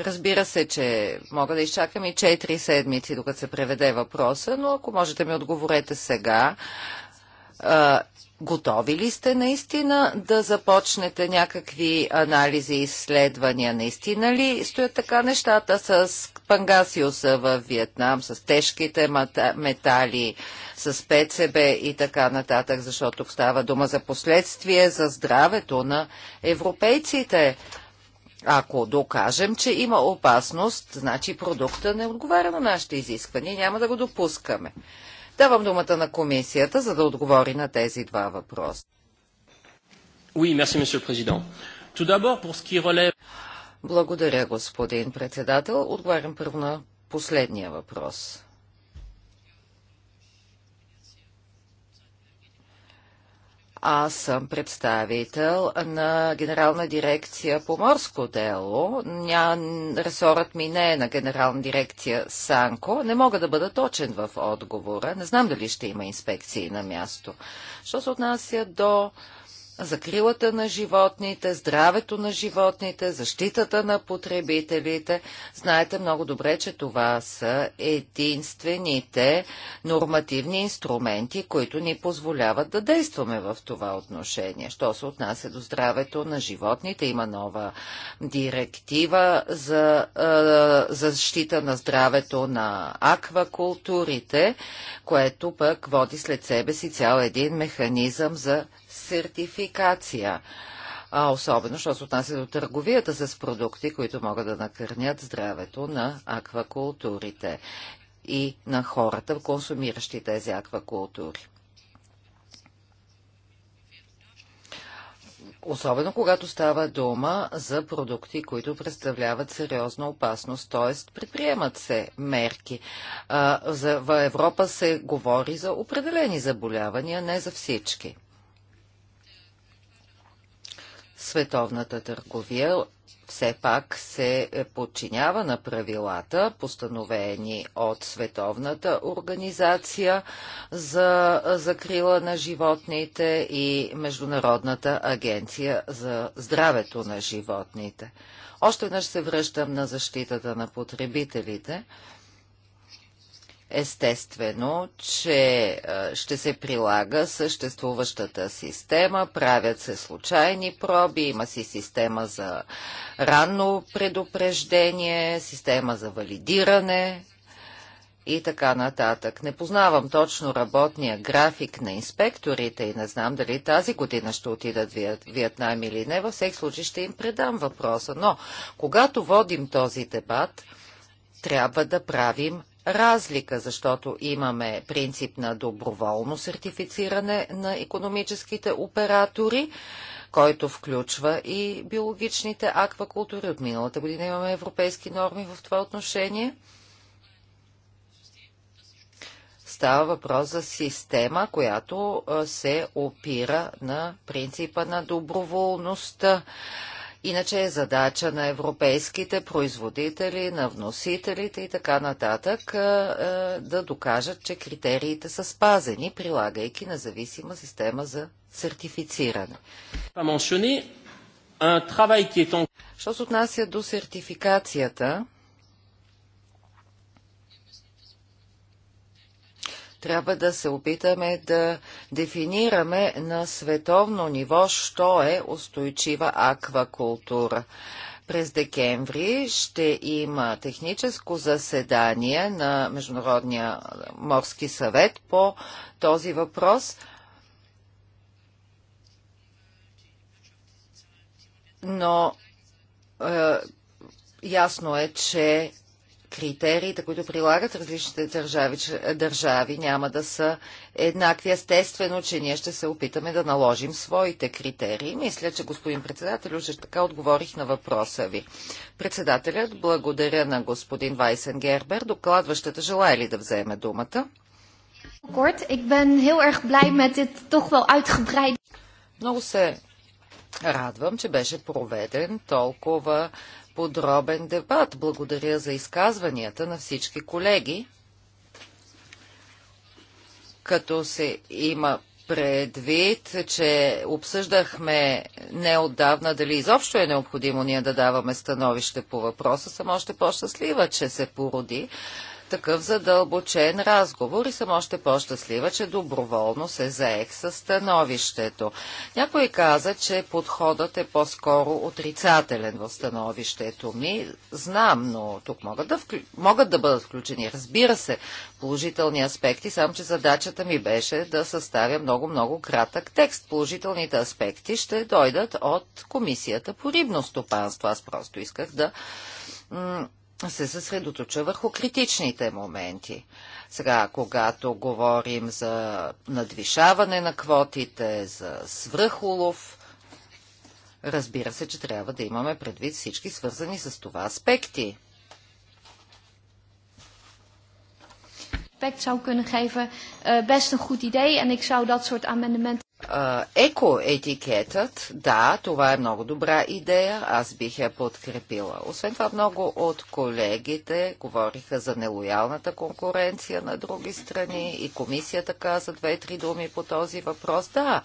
Разбира се, че мога да изчакам и 4 седмици, докато се преведе въпроса, но ако можете ми отговорете сега, а, готови ли сте наистина да започнете някакви анализи и изследвания? Наистина ли стоят така нещата с пангасиуса в Виетнам, с тежките метали, с ПЦБ и така нататък, защото тук става дума за последствие за здравето на европейците. Ако докажем, че има опасност, значи продукта не отговаря на нашите изисквания, няма да го допускаме. Давам думата на комисията, за да отговори на тези два въпроса. Oui, merci, monsieur le président. Tout d'abord, pour ce qui relève... Благодаря, господин председател. Отговарям първо на последния въпрос. Аз съм представител на Генерална дирекция по морско дело. Ня, ресорът ми не е на Генерална дирекция Санко. Не мога да бъда точен в отговора. Не знам дали ще има инспекции на място. Що се отнася до закрилата на животните, здравето на животните, защитата на потребителите. Знаете много добре, че това са единствените нормативни инструменти, които ни позволяват да действаме в това отношение. Що се отнася до здравето на животните, има нова директива за е, защита на здравето на аквакултурите, което пък води след себе си цял един механизъм за сертификация. А особено, що се отнася до търговията с продукти, които могат да накърнят здравето на аквакултурите и на хората, консумиращи тези аквакултури. Особено когато става дума за продукти, които представляват сериозна опасност, т.е. предприемат се мерки. в Европа се говори за определени заболявания, не за всички световната търговия все пак се подчинява на правилата, постановени от Световната организация за закрила на животните и Международната агенция за здравето на животните. Още веднъж се връщам на защитата на потребителите, Естествено, че ще се прилага съществуващата система, правят се случайни проби, има си система за ранно предупреждение, система за валидиране и така нататък. Не познавам точно работния график на инспекторите и не знам дали тази година ще отидат в Виетнам или не. Във всеки случай ще им предам въпроса. Но, когато водим този дебат, трябва да правим разлика, защото имаме принцип на доброволно сертифициране на економическите оператори, който включва и биологичните аквакултури. От миналата година имаме европейски норми в това отношение. Става въпрос за система, която се опира на принципа на доброволността. Иначе е задача на европейските производители, на вносителите и така нататък да докажат, че критериите са спазени, прилагайки независима система за сертифициране. Що се отнася до сертификацията, Трябва да се опитаме да дефинираме на световно ниво, що е устойчива аквакултура. През декември ще има техническо заседание на Международния морски съвет по този въпрос. Но е, ясно е, че критериите, които прилагат различните държави, държави, няма да са еднакви. Естествено, че ние ще се опитаме да наложим своите критерии. Мисля, че господин председател, уже така отговорих на въпроса ви. Председателят, благодаря на господин Вайсен Гербер. Докладващата желая ли да вземе думата? Много се радвам, че беше проведен толкова подробен дебат. Благодаря за изказванията на всички колеги. Като се има предвид, че обсъждахме неотдавна дали изобщо е необходимо ние да даваме становище по въпроса, съм още по-щастлива, че се породи такъв задълбочен разговор и съм още по-щастлива, че доброволно се заех със становището. Някой каза, че подходът е по-скоро отрицателен в становището ми. Знам, но тук могат да, вклю... могат да бъдат включени, разбира се, положителни аспекти, само че задачата ми беше да съставя много-много кратък текст. Положителните аспекти ще дойдат от Комисията по рибно стопанство. Аз просто исках да се съсредоточа върху критичните моменти. Сега, когато говорим за надвишаване на квотите, за свръхулов, разбира се, че трябва да имаме предвид всички свързани с това аспекти. impact zou kunnen geven, uh, best een goed idee. En ik zou dat soort amendementen. Uh, Еко-етикетът, да, това е много добра идея, аз бих я подкрепила. Освен това, много от колегите говориха за нелоялната конкуренция на други страни и комисията каза две-три думи по този въпрос. Да,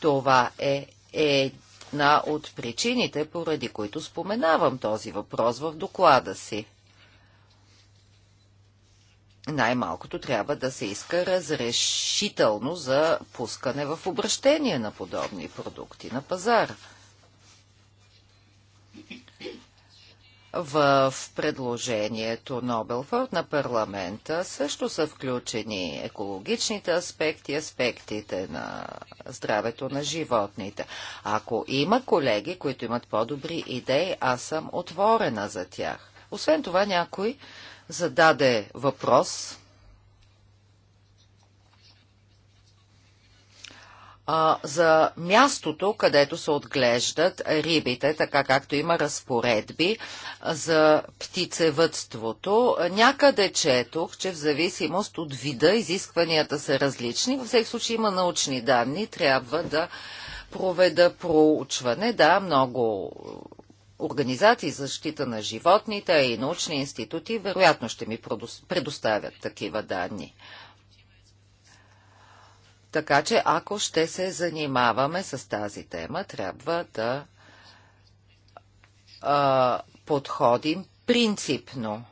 това е една от причините, поради които споменавам този въпрос в доклада си най-малкото трябва да се иска разрешително за пускане в обращение на подобни продукти на пазара. В предложението Нобелфорд на парламента също са включени екологичните аспекти, аспектите на здравето на животните. Ако има колеги, които имат по-добри идеи, аз съм отворена за тях. Освен това, някои зададе въпрос. за мястото, където се отглеждат рибите, така както има разпоредби за птицевътството. Някъде четох, че в зависимост от вида изискванията са различни. Във всеки случай има научни данни, трябва да проведа проучване. Да, много организации за защита на животните и научни институти вероятно ще ми предоставят такива данни. Така че, ако ще се занимаваме с тази тема, трябва да а, подходим принципно.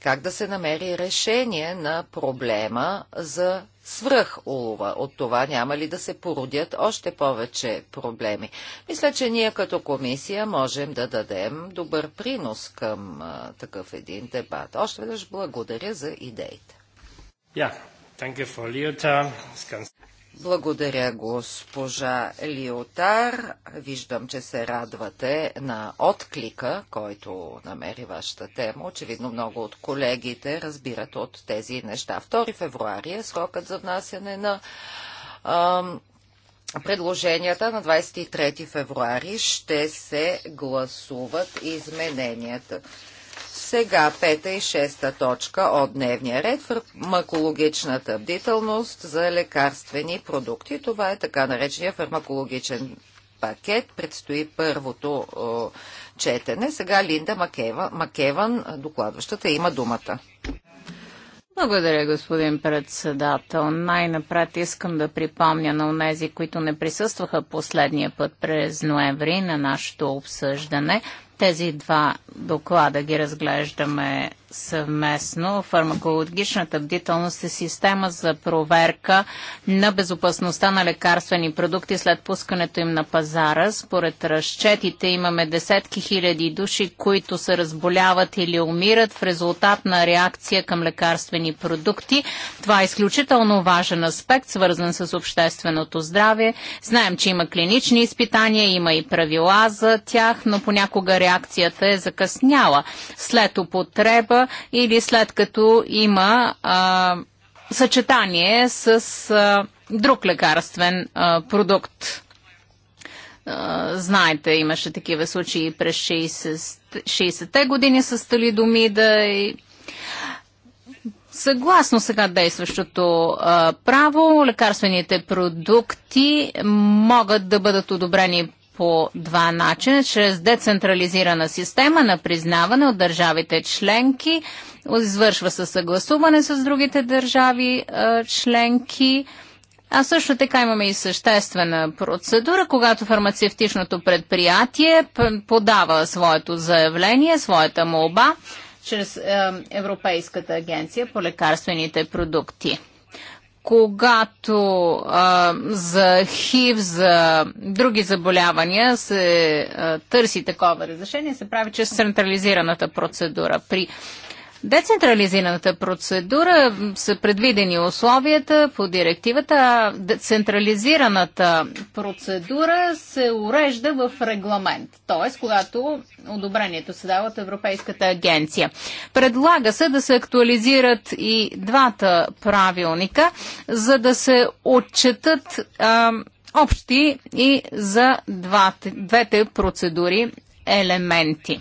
Как да се намери решение на проблема за свръх улова. От това няма ли да се породят още повече проблеми? Мисля, че ние като комисия можем да дадем добър принос към а, такъв един дебат. Още веднъж благодаря за идеите. Yeah. Благодаря, госпожа Лиотар. Виждам, че се радвате на отклика, който намери вашата тема. Очевидно много от колегите разбират от тези неща. 2 февруари е срокът за внасяне на ам, предложенията. На 23 февруари ще се гласуват измененията. Сега пета и шеста точка от дневния ред фармакологичната бдителност за лекарствени продукти. Това е така наречения фармакологичен пакет. Предстои първото четене. Сега Линда Макева, Макеван, докладващата, има думата. Благодаря, господин председател. Най-напред искам да припомня на онези, които не присъстваха последния път през ноември на нашето обсъждане, тези два доклада ги разглеждаме съвместно. Фармакологичната бдителност е система за проверка на безопасността на лекарствени продукти след пускането им на пазара. Според разчетите имаме десетки хиляди души, които се разболяват или умират в резултат на реакция към лекарствени продукти. Това е изключително важен аспект, свързан с общественото здраве. Знаем, че има клинични изпитания, има и правила за тях, но понякога реакция реакцията е закъсняла след употреба или след като има а, съчетание с а, друг лекарствен а, продукт. знаете, имаше такива случаи през 60-те години с талидомида и Съгласно сега действащото право, лекарствените продукти могат да бъдат одобрени по два начина, чрез децентрализирана система на признаване от държавите членки, извършва се съгласуване с другите държави е, членки, а също така имаме и съществена процедура, когато фармацевтичното предприятие подава своето заявление, своята молба чрез е, Европейската агенция по лекарствените продукти когато а, за хив, за други заболявания се а, търси такова разрешение, се прави чрез централизираната процедура. При децентрализираната процедура са предвидени условията по директивата, а децентрализираната процедура се урежда в регламент, т.е. когато одобрението се дава от Европейската агенция. Предлага се да се актуализират и двата правилника, за да се отчетат а, общи и за двата, двете процедури елементи.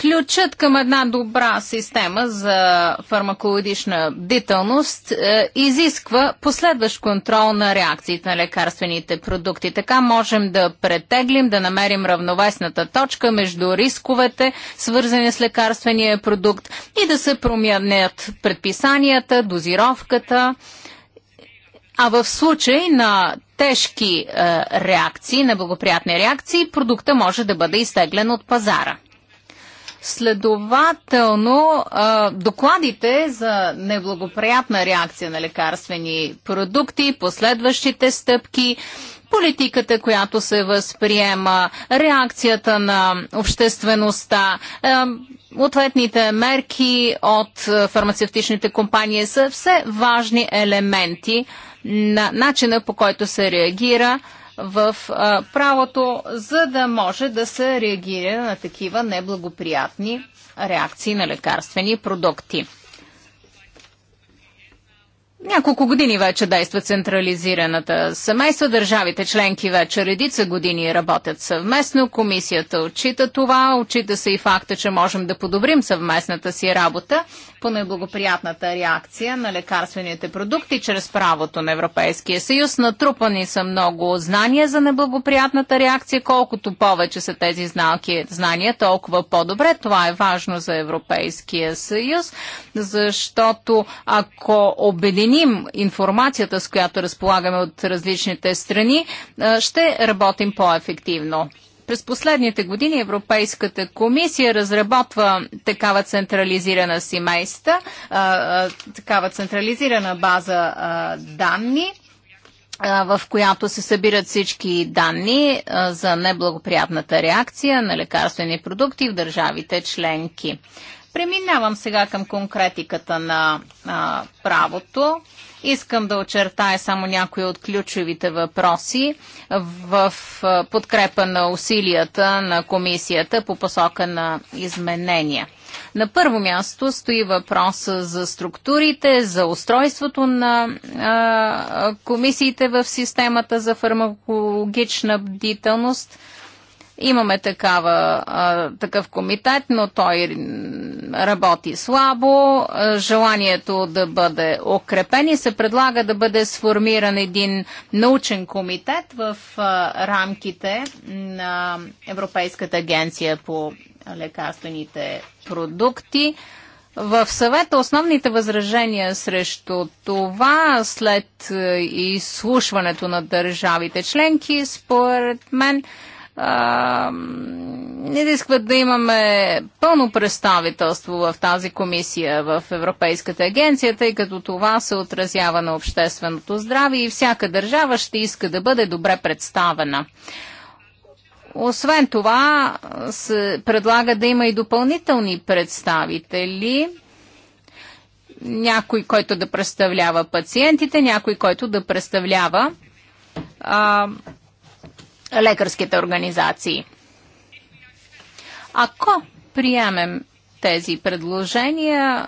ключът към една добра система за фармакологична бдителност е, изисква последващ контрол на реакциите на лекарствените продукти. Така можем да претеглим, да намерим равновесната точка между рисковете, свързани с лекарствения продукт и да се променят предписанията, дозировката. А в случай на тежки е, реакции, неблагоприятни реакции, продукта може да бъде изтеглен от пазара. Следователно, докладите за неблагоприятна реакция на лекарствени продукти, последващите стъпки, политиката, която се възприема, реакцията на обществеността, ответните мерки от фармацевтичните компании са все важни елементи на начина по който се реагира в а, правото, за да може да се реагира на такива неблагоприятни реакции на лекарствени продукти. Няколко години вече действа централизираната семейства. Държавите членки вече редица години работят съвместно. Комисията отчита това, отчита се и факта, че можем да подобрим съвместната си работа по неблагоприятната реакция на лекарствените продукти чрез правото на Европейския съюз. Натрупани са много знания за неблагоприятната реакция. Колкото повече са тези знаки, знания, толкова по-добре. Това е важно за Европейския съюз, защото ако обединим информацията, с която разполагаме от различните страни, ще работим по-ефективно. През последните години Европейската комисия разработва такава централизирана семейства, такава централизирана база данни в която се събират всички данни за неблагоприятната реакция на лекарствени продукти в държавите членки. Преминавам сега към конкретиката на правото. Искам да очертая само някои от ключовите въпроси в подкрепа на усилията на комисията по посока на изменения. На първо място стои въпроса за структурите, за устройството на а, комисиите в системата за фармакологична бдителност – Имаме такава, такъв комитет, но той работи слабо. Желанието да бъде укрепен и се предлага да бъде сформиран един научен комитет в рамките на Европейската агенция по лекарствените продукти. В съвета основните възражения срещу това след изслушването на държавите членки, според мен, не искват да имаме пълно представителство в тази комисия в Европейската агенция, тъй като това се отразява на общественото здраве и всяка държава ще иска да бъде добре представена. Освен това, се предлага да има и допълнителни представители, някой, който да представлява пациентите, някой, който да представлява а, лекарските организации. Ако приемем тези предложения,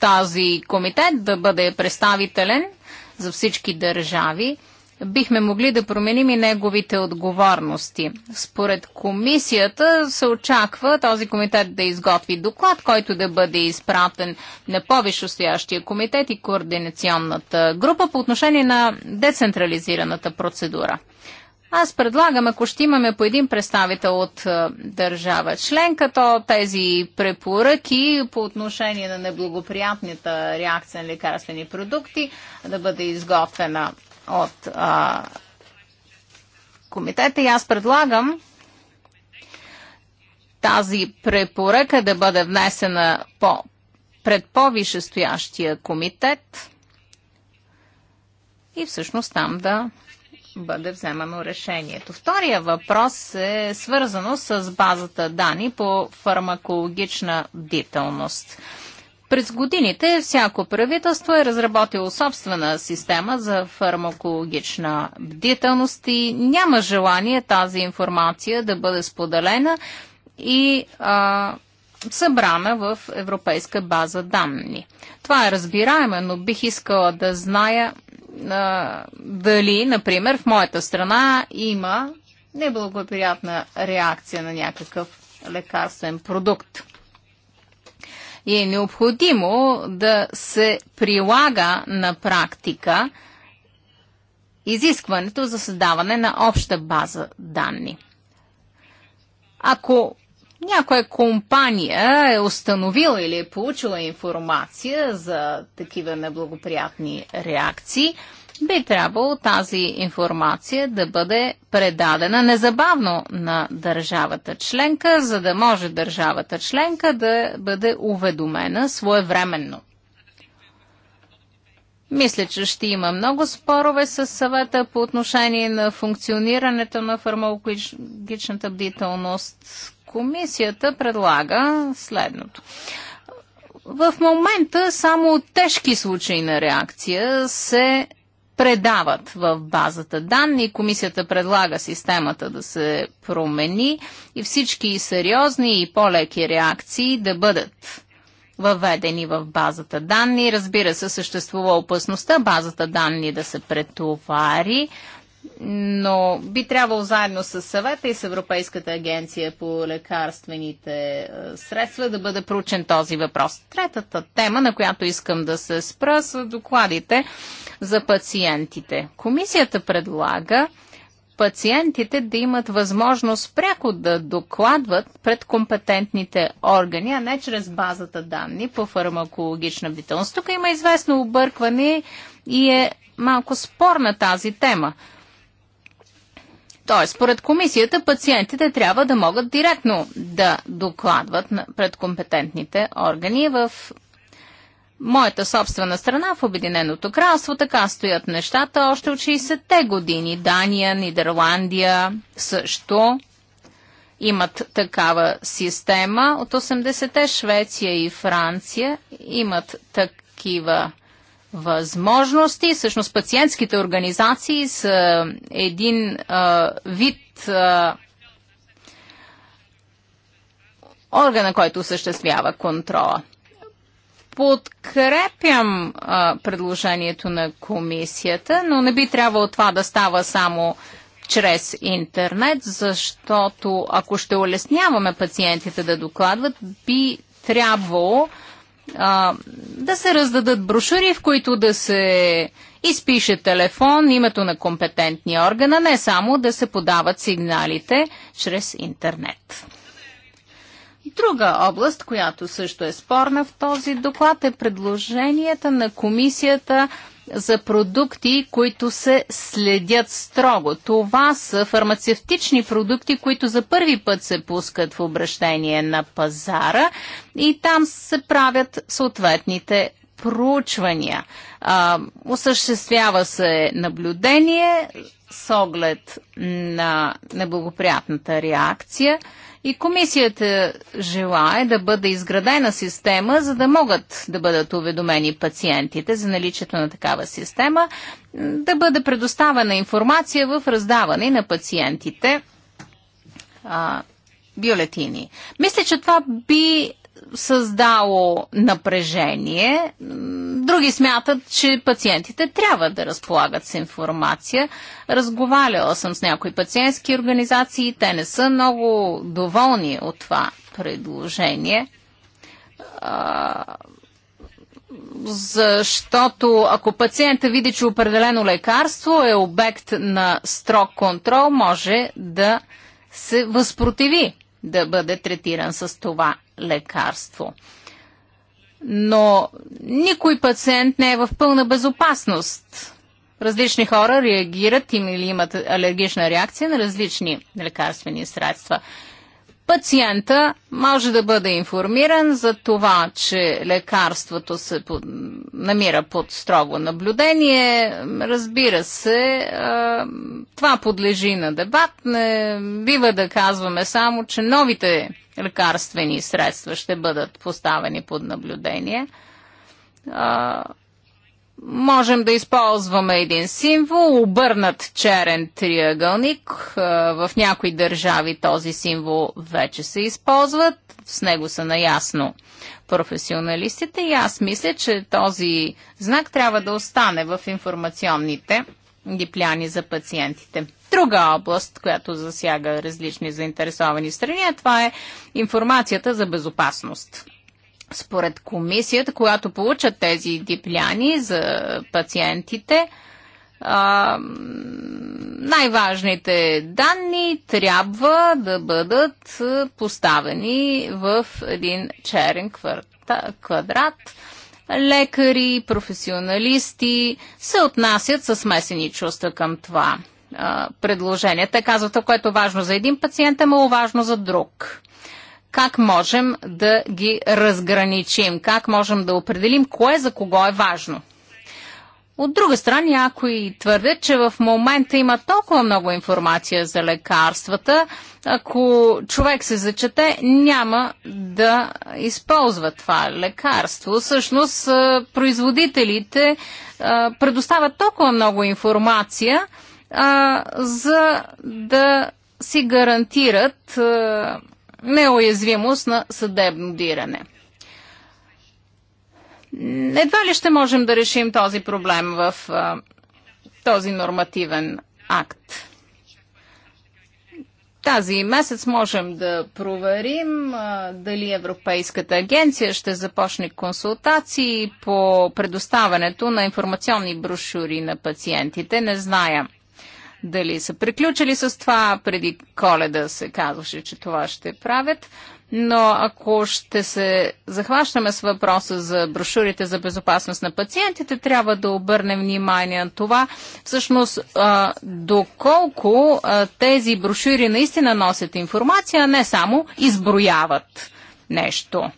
тази комитет да бъде представителен за всички държави, бихме могли да променим и неговите отговорности. Според комисията се очаква този комитет да изготви доклад, който да бъде изпратен на повишостоящия комитет и координационната група по отношение на децентрализираната процедура. Аз предлагам, ако ще имаме по един представител от е, държава членка, то тези препоръки по отношение на неблагоприятната реакция на лекарствени продукти да бъде изготвена от а, комитета. И аз предлагам тази препоръка да бъде внесена по, пред по комитет и всъщност там да бъде вземано решението. Втория въпрос е свързано с базата данни по фармакологична бдителност. През годините всяко правителство е разработило собствена система за фармакологична бдителност и няма желание тази информация да бъде споделена и а, събрана в европейска база данни. Това е разбираемо, но бих искала да зная дали, например, в моята страна има неблагоприятна реакция на някакъв лекарствен продукт. И е необходимо да се прилага на практика изискването за създаване на обща база данни. Ако някоя компания е установила или е получила информация за такива неблагоприятни реакции, би трябвало тази информация да бъде предадена незабавно на държавата членка, за да може държавата членка да бъде уведомена своевременно. Мисля, че ще има много спорове с съвета по отношение на функционирането на фармакологичната бдителност, Комисията предлага следното. В момента само тежки случаи на реакция се предават в базата данни. Комисията предлага системата да се промени и всички сериозни и по-леки реакции да бъдат въведени в базата данни. Разбира се, съществува опасността базата данни да се претовари, но би трябвало заедно с съвета и с Европейската агенция по лекарствените е, средства да бъде проучен този въпрос. Третата тема, на която искам да се спра, са докладите за пациентите. Комисията предлага пациентите да имат възможност пряко да докладват пред компетентните органи, а не чрез базата данни по фармакологична бдителност. Тук има известно объркване и е малко спорна тази тема. Тоест, според комисията, пациентите трябва да могат директно да докладват пред компетентните органи в моята собствена страна, в Обединеното кралство, така стоят нещата още от 60-те години. Дания, Нидерландия също имат такава система. От 80-те Швеция и Франция имат такива възможности. Всъщност пациентските организации са един а, вид а, органа, който осъществява контрола. Подкрепям а, предложението на комисията, но не би трябвало това да става само чрез интернет, защото ако ще улесняваме пациентите да докладват, би трябвало а, а, да се раздадат брошури, в които да се изпише телефон, името на компетентния органа, не само да се подават сигналите чрез интернет. Друга област, която също е спорна в този доклад е предложенията на комисията за продукти, които се следят строго. Това са фармацевтични продукти, които за първи път се пускат в обращение на пазара и там се правят съответните проучвания. А, осъществява се наблюдение с оглед на неблагоприятната реакция и комисията желае да бъде изградена система, за да могат да бъдат уведомени пациентите за наличието на такава система, да бъде предоставена информация в раздаване на пациентите а, бюлетини. Мисля, че това би създало напрежение. Други смятат, че пациентите трябва да разполагат с информация. Разговаряла съм с някои пациентски организации и те не са много доволни от това предложение. Защото ако пациента види, че определено лекарство е обект на строг контрол, може да се възпротиви да бъде третиран с това лекарство. Но никой пациент не е в пълна безопасност. Различни хора реагират им или имат алергична реакция на различни лекарствени средства. Пациента може да бъде информиран за това, че лекарството се под... намира под строго наблюдение. Разбира се, това подлежи на дебат. Не бива да казваме само, че новите лекарствени средства ще бъдат поставени под наблюдение. Можем да използваме един символ, обърнат черен триъгълник. Е, в някои държави този символ вече се използват. С него са наясно професионалистите и аз мисля, че този знак трябва да остане в информационните дипляни за пациентите. Друга област, която засяга различни заинтересовани страни, а това е информацията за безопасност според комисията, която получат тези дипляни за пациентите, най-важните данни трябва да бъдат поставени в един черен квадрат. Лекари, професионалисти се отнасят с смесени чувства към това предложение. Те казват, което е важно за един пациент, е маловажно за друг как можем да ги разграничим, как можем да определим кое за кого е важно. От друга страна, някои твърдят, че в момента има толкова много информация за лекарствата, ако човек се зачете, няма да използва това лекарство. Всъщност, производителите предоставят толкова много информация, за да си гарантират неуязвимост на съдебно диране. Едва ли ще можем да решим този проблем в а, този нормативен акт. Тази месец можем да проверим а, дали Европейската агенция ще започне консултации по предоставянето на информационни брошури на пациентите. Не зная дали са приключили с това. Преди коледа се казваше, че това ще правят. Но ако ще се захващаме с въпроса за брошурите за безопасност на пациентите, трябва да обърнем внимание на това, всъщност доколко тези брошури наистина носят информация, а не само изброяват нещо.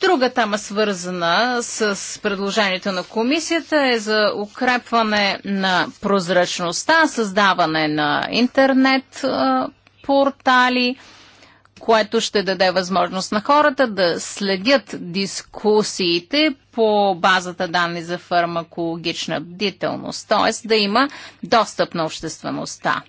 Друга тема, свързана с предложението на комисията, е за укрепване на прозрачността, създаване на интернет портали, което ще даде възможност на хората да следят дискусиите по базата данни за фармакологична бдителност, т.е. да има достъп на обществеността.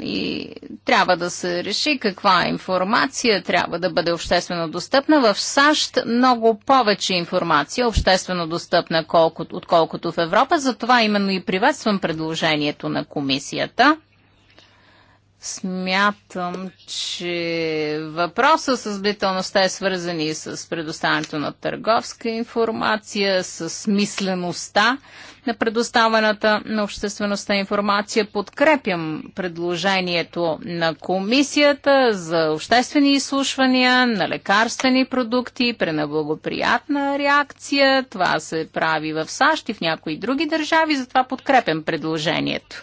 И трябва да се реши каква информация трябва да бъде обществено достъпна. В САЩ много повече информация е обществено достъпна, отколкото в Европа. Затова именно и приветствам предложението на комисията. Смятам, че въпроса с бдителността е и с предоставянето на търговска информация, с мислеността на предоставената на обществеността информация. Подкрепям предложението на комисията за обществени изслушвания на лекарствени продукти, при неблагоприятна реакция. Това се прави в САЩ и в някои други държави, затова подкрепям предложението.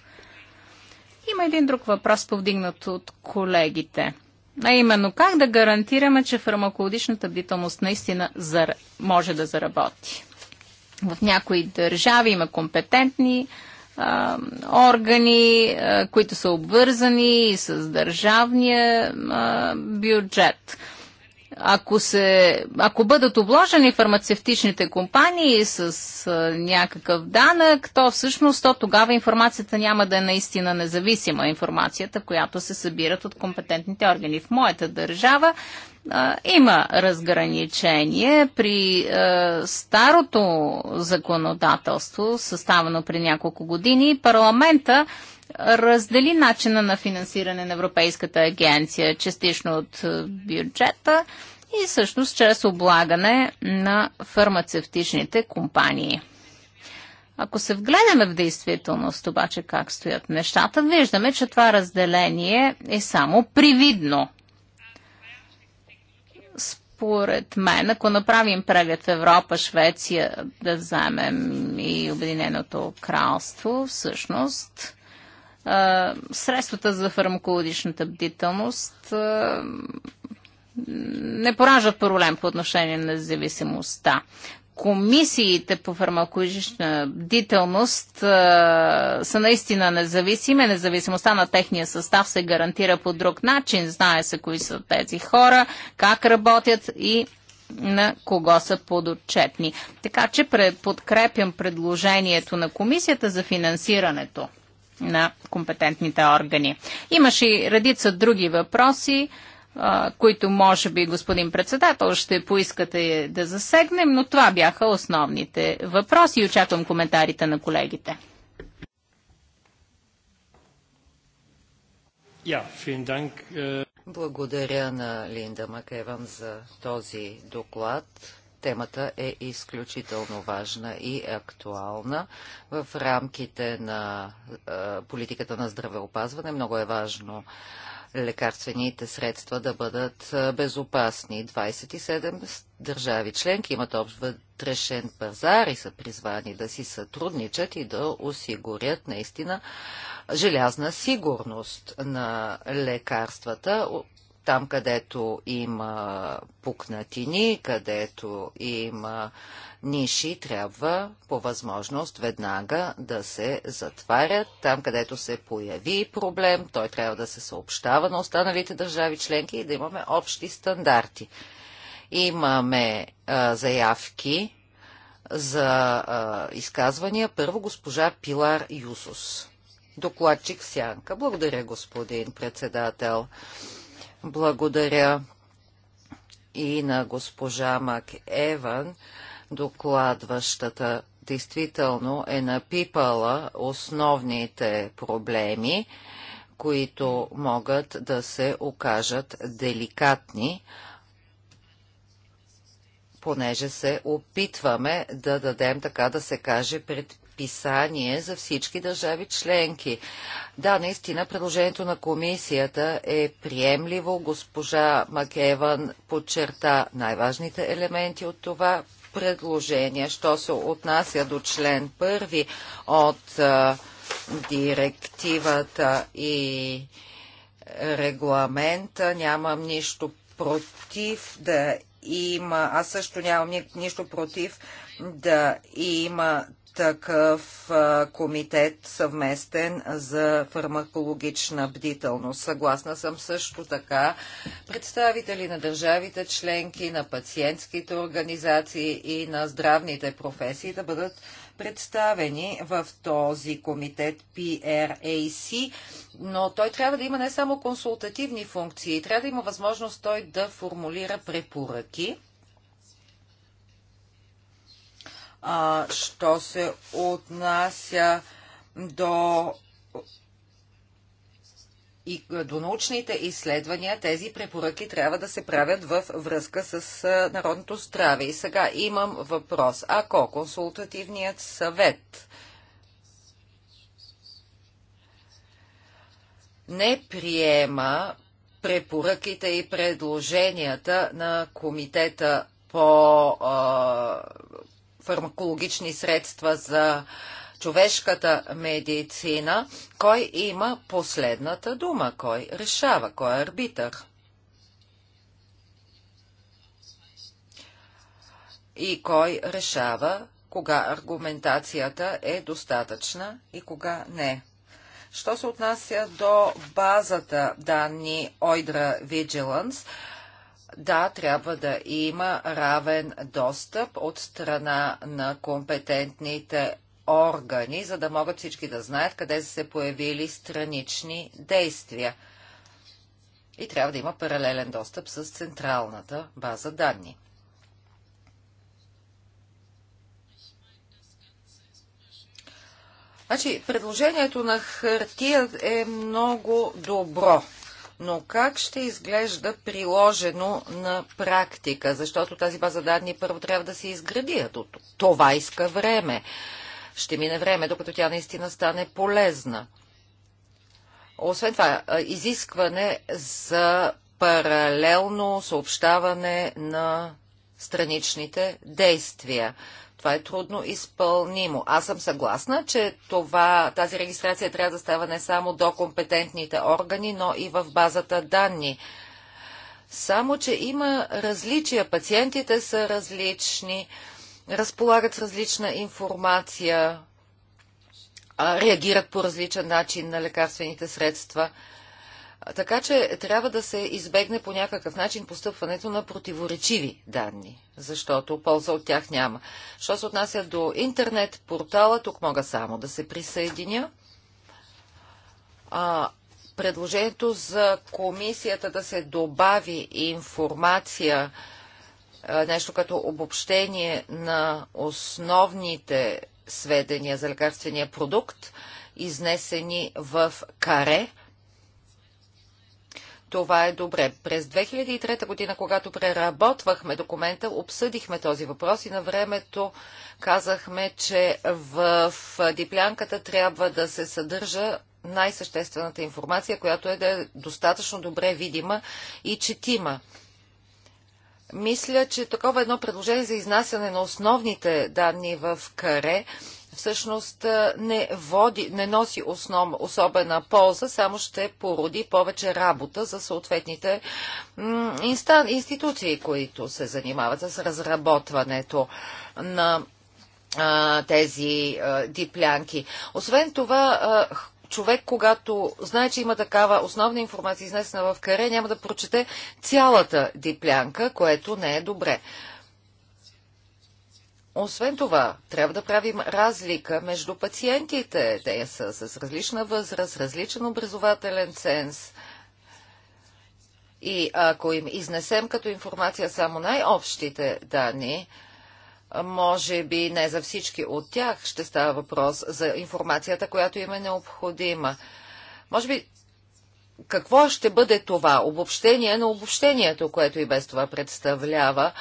Има един друг въпрос, повдигнат от колегите. А именно, как да гарантираме, че фармакологичната бдителност наистина може да заработи? В някои държави има компетентни а, органи, а, които са обвързани и с държавния а, бюджет ако, се, ако бъдат обложени фармацевтичните компании с а, някакъв данък, то всъщност то тогава информацията няма да е наистина независима информацията, която се събират от компетентните органи. В моята държава има разграничение. При е, старото законодателство, съставено при няколко години, парламента раздели начина на финансиране на Европейската агенция, частично от е, бюджета и всъщност чрез облагане на фармацевтичните компании. Ако се вгледаме в действителност обаче как стоят нещата, виждаме, че това разделение е само привидно според мен, ако направим преглед в Европа, Швеция, да вземем и Обединеното кралство, всъщност, средствата за фармакологичната бдителност не поражат проблем по отношение на зависимостта комисиите по фармакологична бдителност а, са наистина независими. Независимостта на техния състав се гарантира по друг начин. Знае се кои са тези хора, как работят и на кого са подотчетни. Така че подкрепям предложението на комисията за финансирането на компетентните органи. Имаше и редица други въпроси които може би господин председател ще поискате да засегнем, но това бяха основните въпроси и очаквам коментарите на колегите. Е, Благодаря на Линда Макеван за този доклад. Темата е изключително важна и актуална. В рамките на е, политиката на здравеопазване много е важно лекарствените средства да бъдат безопасни. 27 държави членки имат общ вътрешен пазар и са призвани да си сътрудничат и да осигурят наистина желязна сигурност на лекарствата, там, където има пукнатини, където има ниши, трябва по възможност веднага да се затварят. Там, където се появи проблем, той трябва да се съобщава на останалите държави членки и да имаме общи стандарти. Имаме а, заявки за а, изказвания. Първо госпожа Пилар Юсус. Докладчик Сянка. Благодаря, господин председател. Благодаря и на госпожа Мак Еван, докладващата действително е напипала основните проблеми, които могат да се окажат деликатни, понеже се опитваме да дадем, така да се каже, пред предписание за всички държави членки. Да, наистина предложението на комисията е приемливо. Госпожа Макеван подчерта най-важните елементи от това предложение, що се отнася до член първи от директивата и регламента. Нямам нищо против да има, аз също нямам нищо против да има такъв комитет съвместен за фармакологична бдителност. Съгласна съм също така представители на държавите членки, на пациентските организации и на здравните професии да бъдат представени в този комитет PRAC, но той трябва да има не само консултативни функции, трябва да има възможност той да формулира препоръки а, що се отнася до и до научните изследвания тези препоръки трябва да се правят в връзка с Народното здраве. И сега имам въпрос. Ако консултативният съвет не приема препоръките и предложенията на комитета по а, фармакологични средства за човешката медицина, кой има последната дума, кой решава, кой е арбитър. И кой решава кога аргументацията е достатъчна и кога не. Що се отнася до базата данни OIDRA Vigilance, да, трябва да има равен достъп от страна на компетентните органи, за да могат всички да знаят къде са се появили странични действия. И трябва да има паралелен достъп с централната база данни. Значи, предложението на хартия е много добро но как ще изглежда приложено на практика? Защото тази база данни първо трябва да се изгради. Това иска време. Ще мине време, докато тя наистина стане полезна. Освен това, изискване за паралелно съобщаване на страничните действия. Това е трудно изпълнимо. Аз съм съгласна, че това, тази регистрация трябва да става не само до компетентните органи, но и в базата данни. Само, че има различия. Пациентите са различни, разполагат с различна информация, реагират по различен начин на лекарствените средства – така че трябва да се избегне по някакъв начин постъпването на противоречиви данни, защото полза от тях няма. Що се отнася до интернет портала, тук мога само да се присъединя. А, предложението за комисията да се добави информация, нещо като обобщение на основните сведения за лекарствения продукт, изнесени в каре, това е добре. През 2003 година, когато преработвахме документа, обсъдихме този въпрос и на времето казахме, че в диплянката трябва да се съдържа най-съществената информация, която е да е достатъчно добре видима и четима. Мисля, че такова едно предложение за изнасяне на основните данни в КАРЕ всъщност не, води, не носи основ, особена полза, само ще породи повече работа за съответните институции, които се занимават с разработването на а, тези а, диплянки. Освен това, а, човек, когато знае, че има такава основна информация, изнесена в каре, няма да прочете цялата диплянка, което не е добре. Освен това, трябва да правим разлика между пациентите. Те са с различна възраст, различен образователен ценз. И ако им изнесем като информация само най-общите данни, може би не за всички от тях ще става въпрос за информацията, която им е необходима. Може би какво ще бъде това? Обобщение на обобщението, което и без това представлява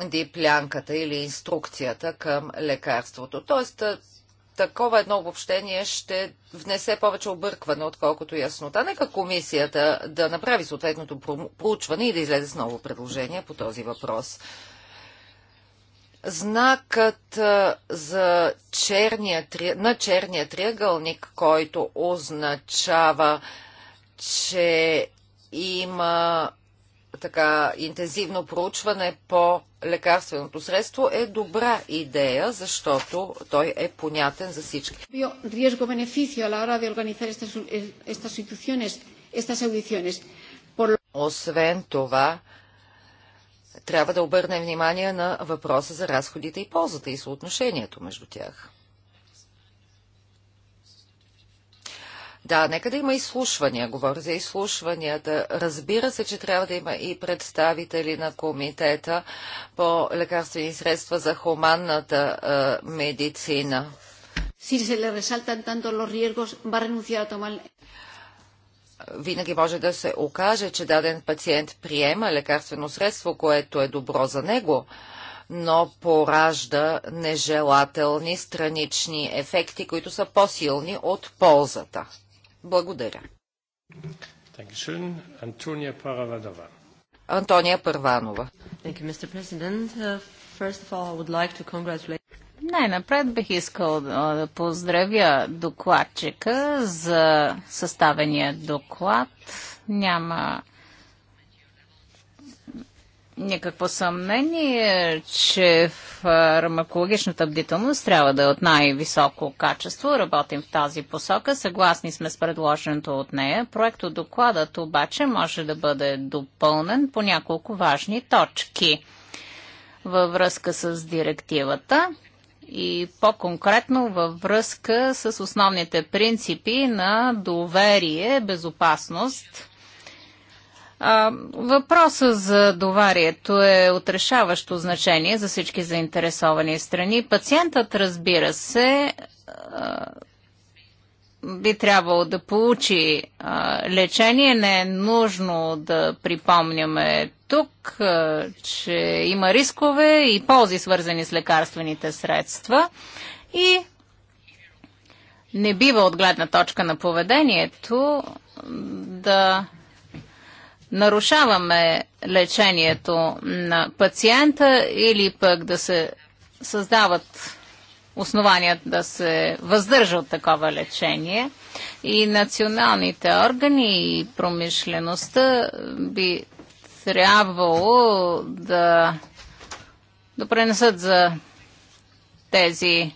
диплянката или инструкцията към лекарството. Тоест, такова едно обобщение ще внесе повече объркване, отколкото яснота. Нека комисията да направи съответното проучване и да излезе с ново предложение по този въпрос. Знакът за черния, на черния триъгълник, който означава, че има така интензивно проучване по лекарственото средство е добра идея, защото той е понятен за всички. Освен това, трябва да обърнем внимание на въпроса за разходите и ползата и съотношението между тях. Да, нека да има изслушвания. Говоря за изслушванията. Разбира се, че трябва да има и представители на комитета по лекарствени средства за хуманната е, медицина. Si se le resaltan tanto los riesgos, va a renunciar a tomar винаги може да се окаже, че даден пациент приема лекарствено средство, което е добро за него, но поражда нежелателни странични ефекти, които са по-силни от ползата. Благодаря. Антония Параванова. Антония Първанова. Uh, Най-напред бих искал да поздравя докладчика за съставения доклад. Няма никакво съмнение, че фармакологичната бдителност трябва да е от най-високо качество. Работим в тази посока. Съгласни сме с предложеното от нея. Проектът докладът обаче може да бъде допълнен по няколко важни точки във връзка с директивата и по-конкретно във връзка с основните принципи на доверие, безопасност Въпросът за доварието е отрешаващо значение за всички заинтересовани страни. Пациентът, разбира се, би трябвало да получи лечение. Не е нужно да припомняме тук, че има рискове и ползи, свързани с лекарствените средства. И не бива от гледна точка на поведението да нарушаваме лечението на пациента или пък да се създават основания да се въздържа от такова лечение. И националните органи и промишлеността би трябвало да допренесат за тези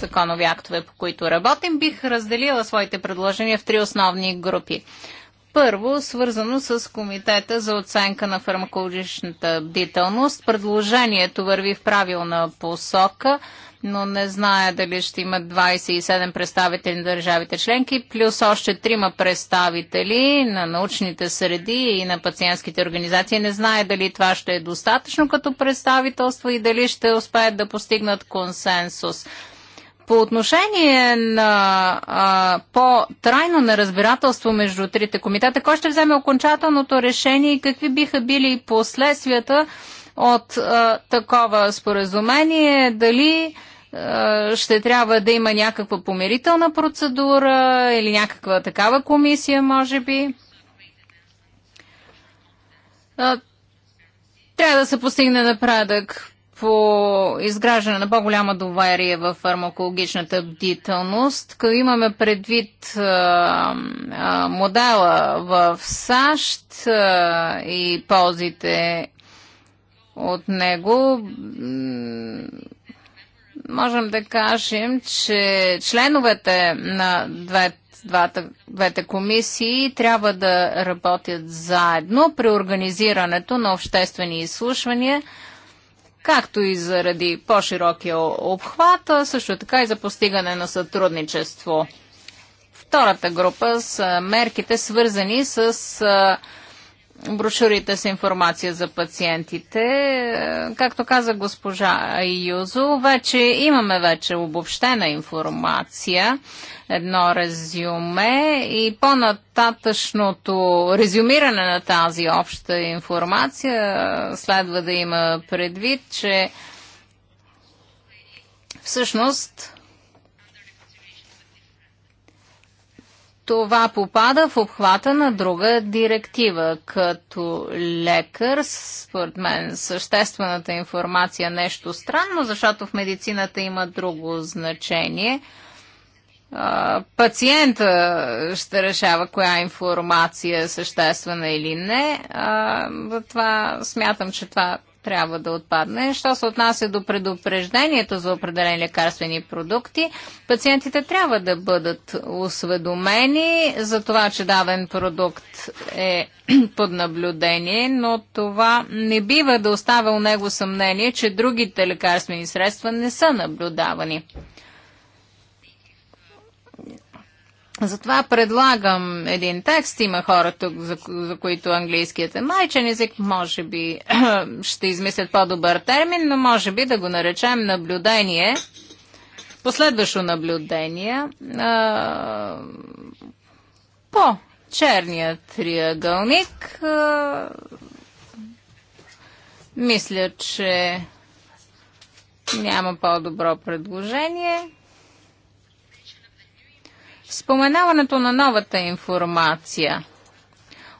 законови актове, по които работим. Бих разделила своите предложения в три основни групи. Първо, свързано с Комитета за оценка на фармакологичната бдителност. Предложението върви в правилна посока, но не знае дали ще имат 27 представители на държавите членки, плюс още трима представители на научните среди и на пациентските организации. Не знае дали това ще е достатъчно като представителство и дали ще успеят да постигнат консенсус. По отношение на по-трайно неразбирателство между трите комитета, кой ще вземе окончателното решение и какви биха били последствията от а, такова споразумение? Дали а, ще трябва да има някаква помирителна процедура или някаква такава комисия, може би? А, трябва да се постигне напредък по изграждане на по-голяма доверие в фармакологичната бдителност. Като имаме предвид а, а, модела в САЩ а, и ползите от него, можем да кажем, че членовете на двете двата, двете комисии трябва да работят заедно при организирането на обществени изслушвания – както и заради по-широкия обхват, също така и за постигане на сътрудничество. Втората група са мерките свързани с брошурите с информация за пациентите. Е, както каза госпожа Юзо, вече имаме вече обобщена информация, едно резюме и по-нататъчното резюмиране на тази обща информация следва да има предвид, че всъщност това попада в обхвата на друга директива. Като лекар, според мен, съществената информация е нещо странно, защото в медицината има друго значение. Пациента ще решава коя информация е съществена или не. Това смятам, че това трябва да отпадне. Що се отнася до предупреждението за определени лекарствени продукти, пациентите трябва да бъдат осведомени за това, че даден продукт е под наблюдение, но това не бива да оставя у него съмнение, че другите лекарствени средства не са наблюдавани. Затова предлагам един текст. Има хора тук, за, за които английският е майчен език. Може би ще измислят по-добър термин, но може би да го наречем наблюдение. Последващо наблюдение. А, по черния триъгълник. А, мисля, че няма по-добро предложение споменаването на новата информация.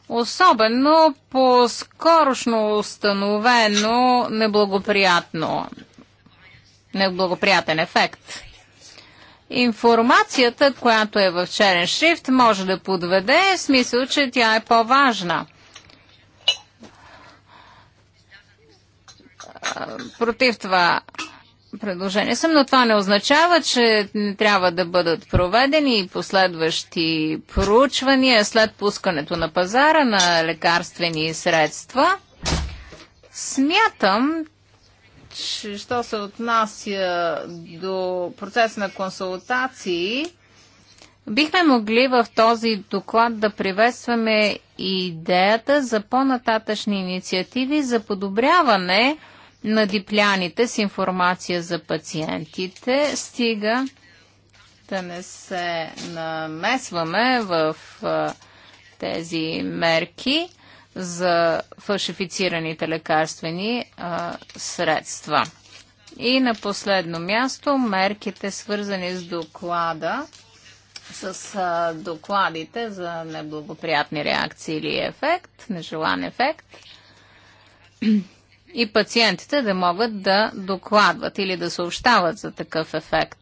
Особено по скорошно установено неблагоприятно, неблагоприятен ефект. Информацията, която е в черен шрифт, може да подведе, в смисъл, че тя е по-важна. Против това предложения съм, но това не означава, че трябва да бъдат проведени и последващи проучвания след пускането на пазара на лекарствени средства. Смятам, че що се отнася до процес на консултации, Бихме могли в този доклад да приветстваме идеята за по-нататъчни инициативи за подобряване на дипляните с информация за пациентите, стига да не се намесваме в тези мерки за фалшифицираните лекарствени а, средства. И на последно място мерките свързани с доклада, с а, докладите за неблагоприятни реакции или ефект, нежелан ефект и пациентите да могат да докладват или да съобщават за такъв ефект.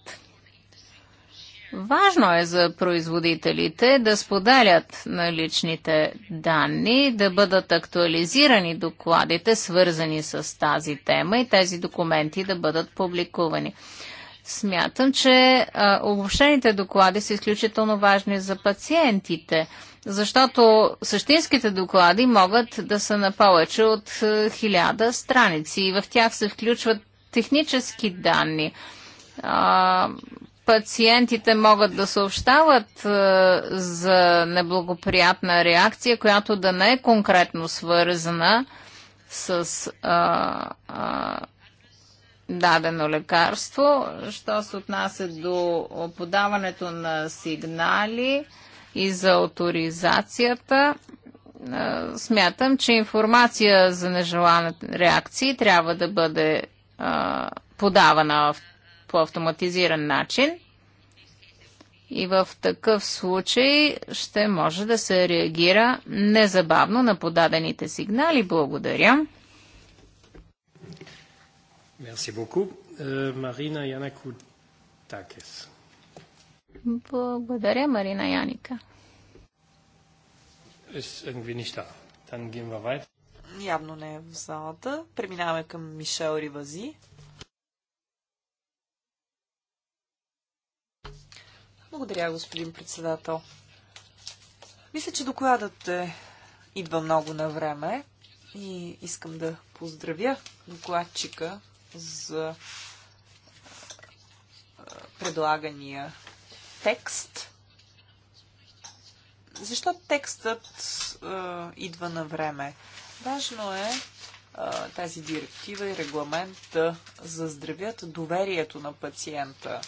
Важно е за производителите да споделят наличните данни, да бъдат актуализирани докладите, свързани с тази тема и тези документи да бъдат публикувани. Смятам, че а, обобщените доклади са изключително важни за пациентите защото същинските доклади могат да са на повече от е, хиляда страници и в тях се включват технически данни. А, пациентите могат да съобщават а, е, за неблагоприятна реакция, която да не е конкретно свързана с а, а, дадено лекарство. Що се отнася до подаването на сигнали, и за авторизацията. Смятам, че информация за нежелана реакции трябва да бъде подавана по автоматизиран начин. И в такъв случай ще може да се реагира незабавно на подадените сигнали. Благодаря. Merci Марина euh, Янакутакис. Благодаря, Марина Яника. Явно не е в залата. Преминаваме към Мишел Ривази. Благодаря, господин председател. Мисля, че докладът е... идва много на време и искам да поздравя докладчика за е, предлагания текст. Защо текстът е, идва на време? Важно е тази директива и регламент да заздравят доверието на пациента.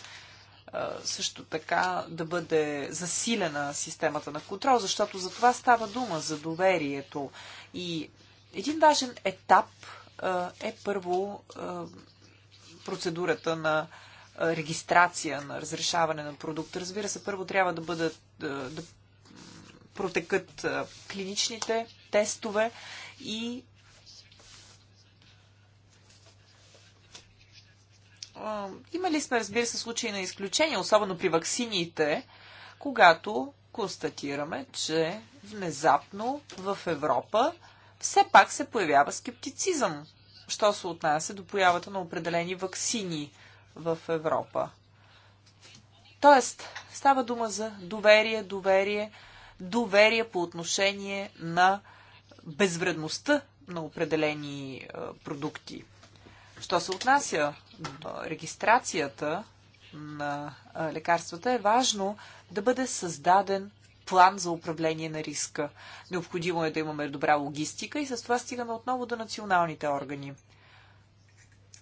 Също така да бъде засилена системата на контрол, защото за това става дума, за доверието. И един важен етап е първо процедурата на регистрация на разрешаване на продукта. Разбира се, първо трябва да бъдат да протекат клиничните тестове и имали сме, разбира се, случаи на изключение, особено при ваксините, когато констатираме, че внезапно в Европа все пак се появява скептицизъм, що се отнася до появата на определени ваксини – в Европа. Тоест, става дума за доверие, доверие, доверие по отношение на безвредността на определени продукти. Що се отнася до регистрацията на лекарствата, е важно да бъде създаден план за управление на риска. Необходимо е да имаме добра логистика и с това стигаме отново до националните органи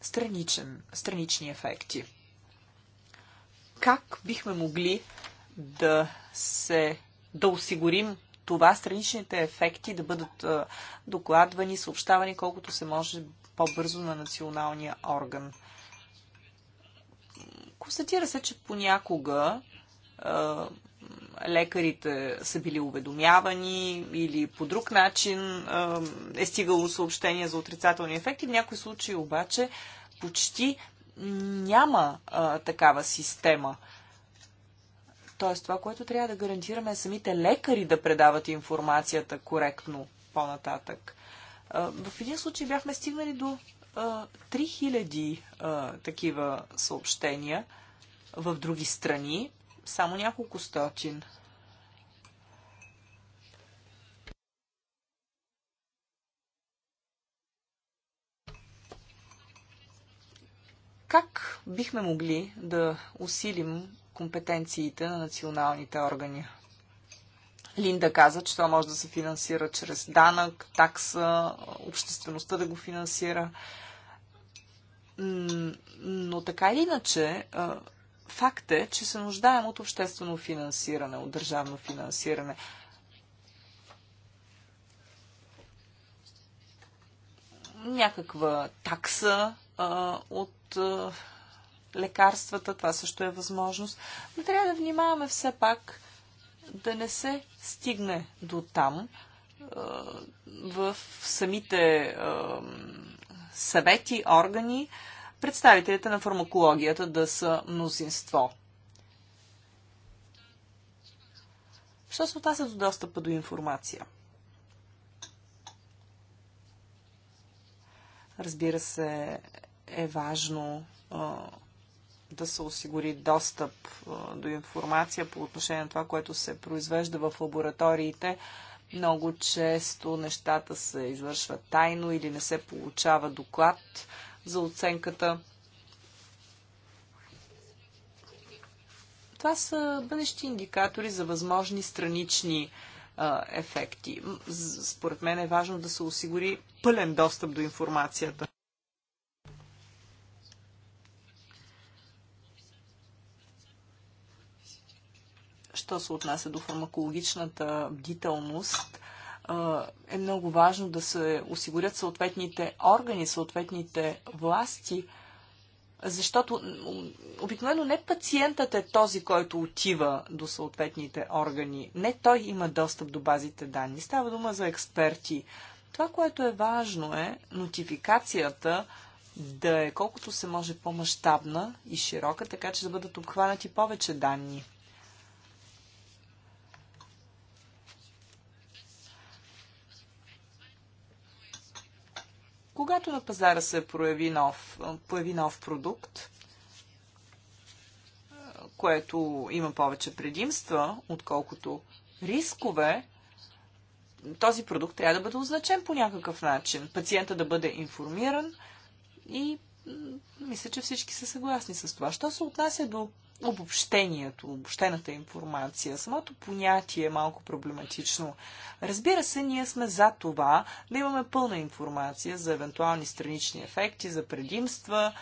страничен, странични ефекти. Как бихме могли да се да осигурим това страничните ефекти да бъдат докладвани, съобщавани колкото се може по-бързо на националния орган. Констатира се, че понякога лекарите са били уведомявани или по друг начин е, е стигало съобщение за отрицателни ефекти. В някои случаи обаче почти няма а, такава система. Тоест, това, което трябва да гарантираме е самите лекари да предават информацията коректно по-нататък. В един случай бяхме стигнали до а, 3000 а, такива съобщения в други страни само няколко стотин. Как бихме могли да усилим компетенциите на националните органи? Линда каза, че това може да се финансира чрез данък, такса, обществеността да го финансира. Но така или иначе, Факт е, че се нуждаем от обществено финансиране, от държавно финансиране. Някаква такса а, от а, лекарствата, това също е възможност. Но трябва да внимаваме все пак да не се стигне до там а, в самите а, съвети, органи, а, представителите на фармакологията да са мнозинство. Що се отнася до достъпа до информация? Разбира се, е важно а, да се осигури достъп а, до информация по отношение на това, което се произвежда в лабораториите. Много често нещата се извършват тайно или не се получава доклад за оценката. Това са бъдещи индикатори за възможни странични а, ефекти. Според мен е важно да се осигури пълен достъп до информацията. Що се отнася до фармакологичната бдителност, е много важно да се осигурят съответните органи, съответните власти, защото обикновено не пациентът е този, който отива до съответните органи. Не той има достъп до базите данни. Става дума за експерти. Това, което е важно е нотификацията да е колкото се може по-масштабна и широка, така че да бъдат обхванати повече данни. Когато на пазара се прояви нов, появи нов продукт, което има повече предимства, отколкото рискове, този продукт трябва да бъде означен по някакъв начин. Пациента да бъде информиран и мисля, че всички са съгласни с това. Що се отнася до обобщението, обобщената информация. Самото понятие е малко проблематично. Разбира се, ние сме за това да имаме пълна информация за евентуални странични ефекти, за предимства,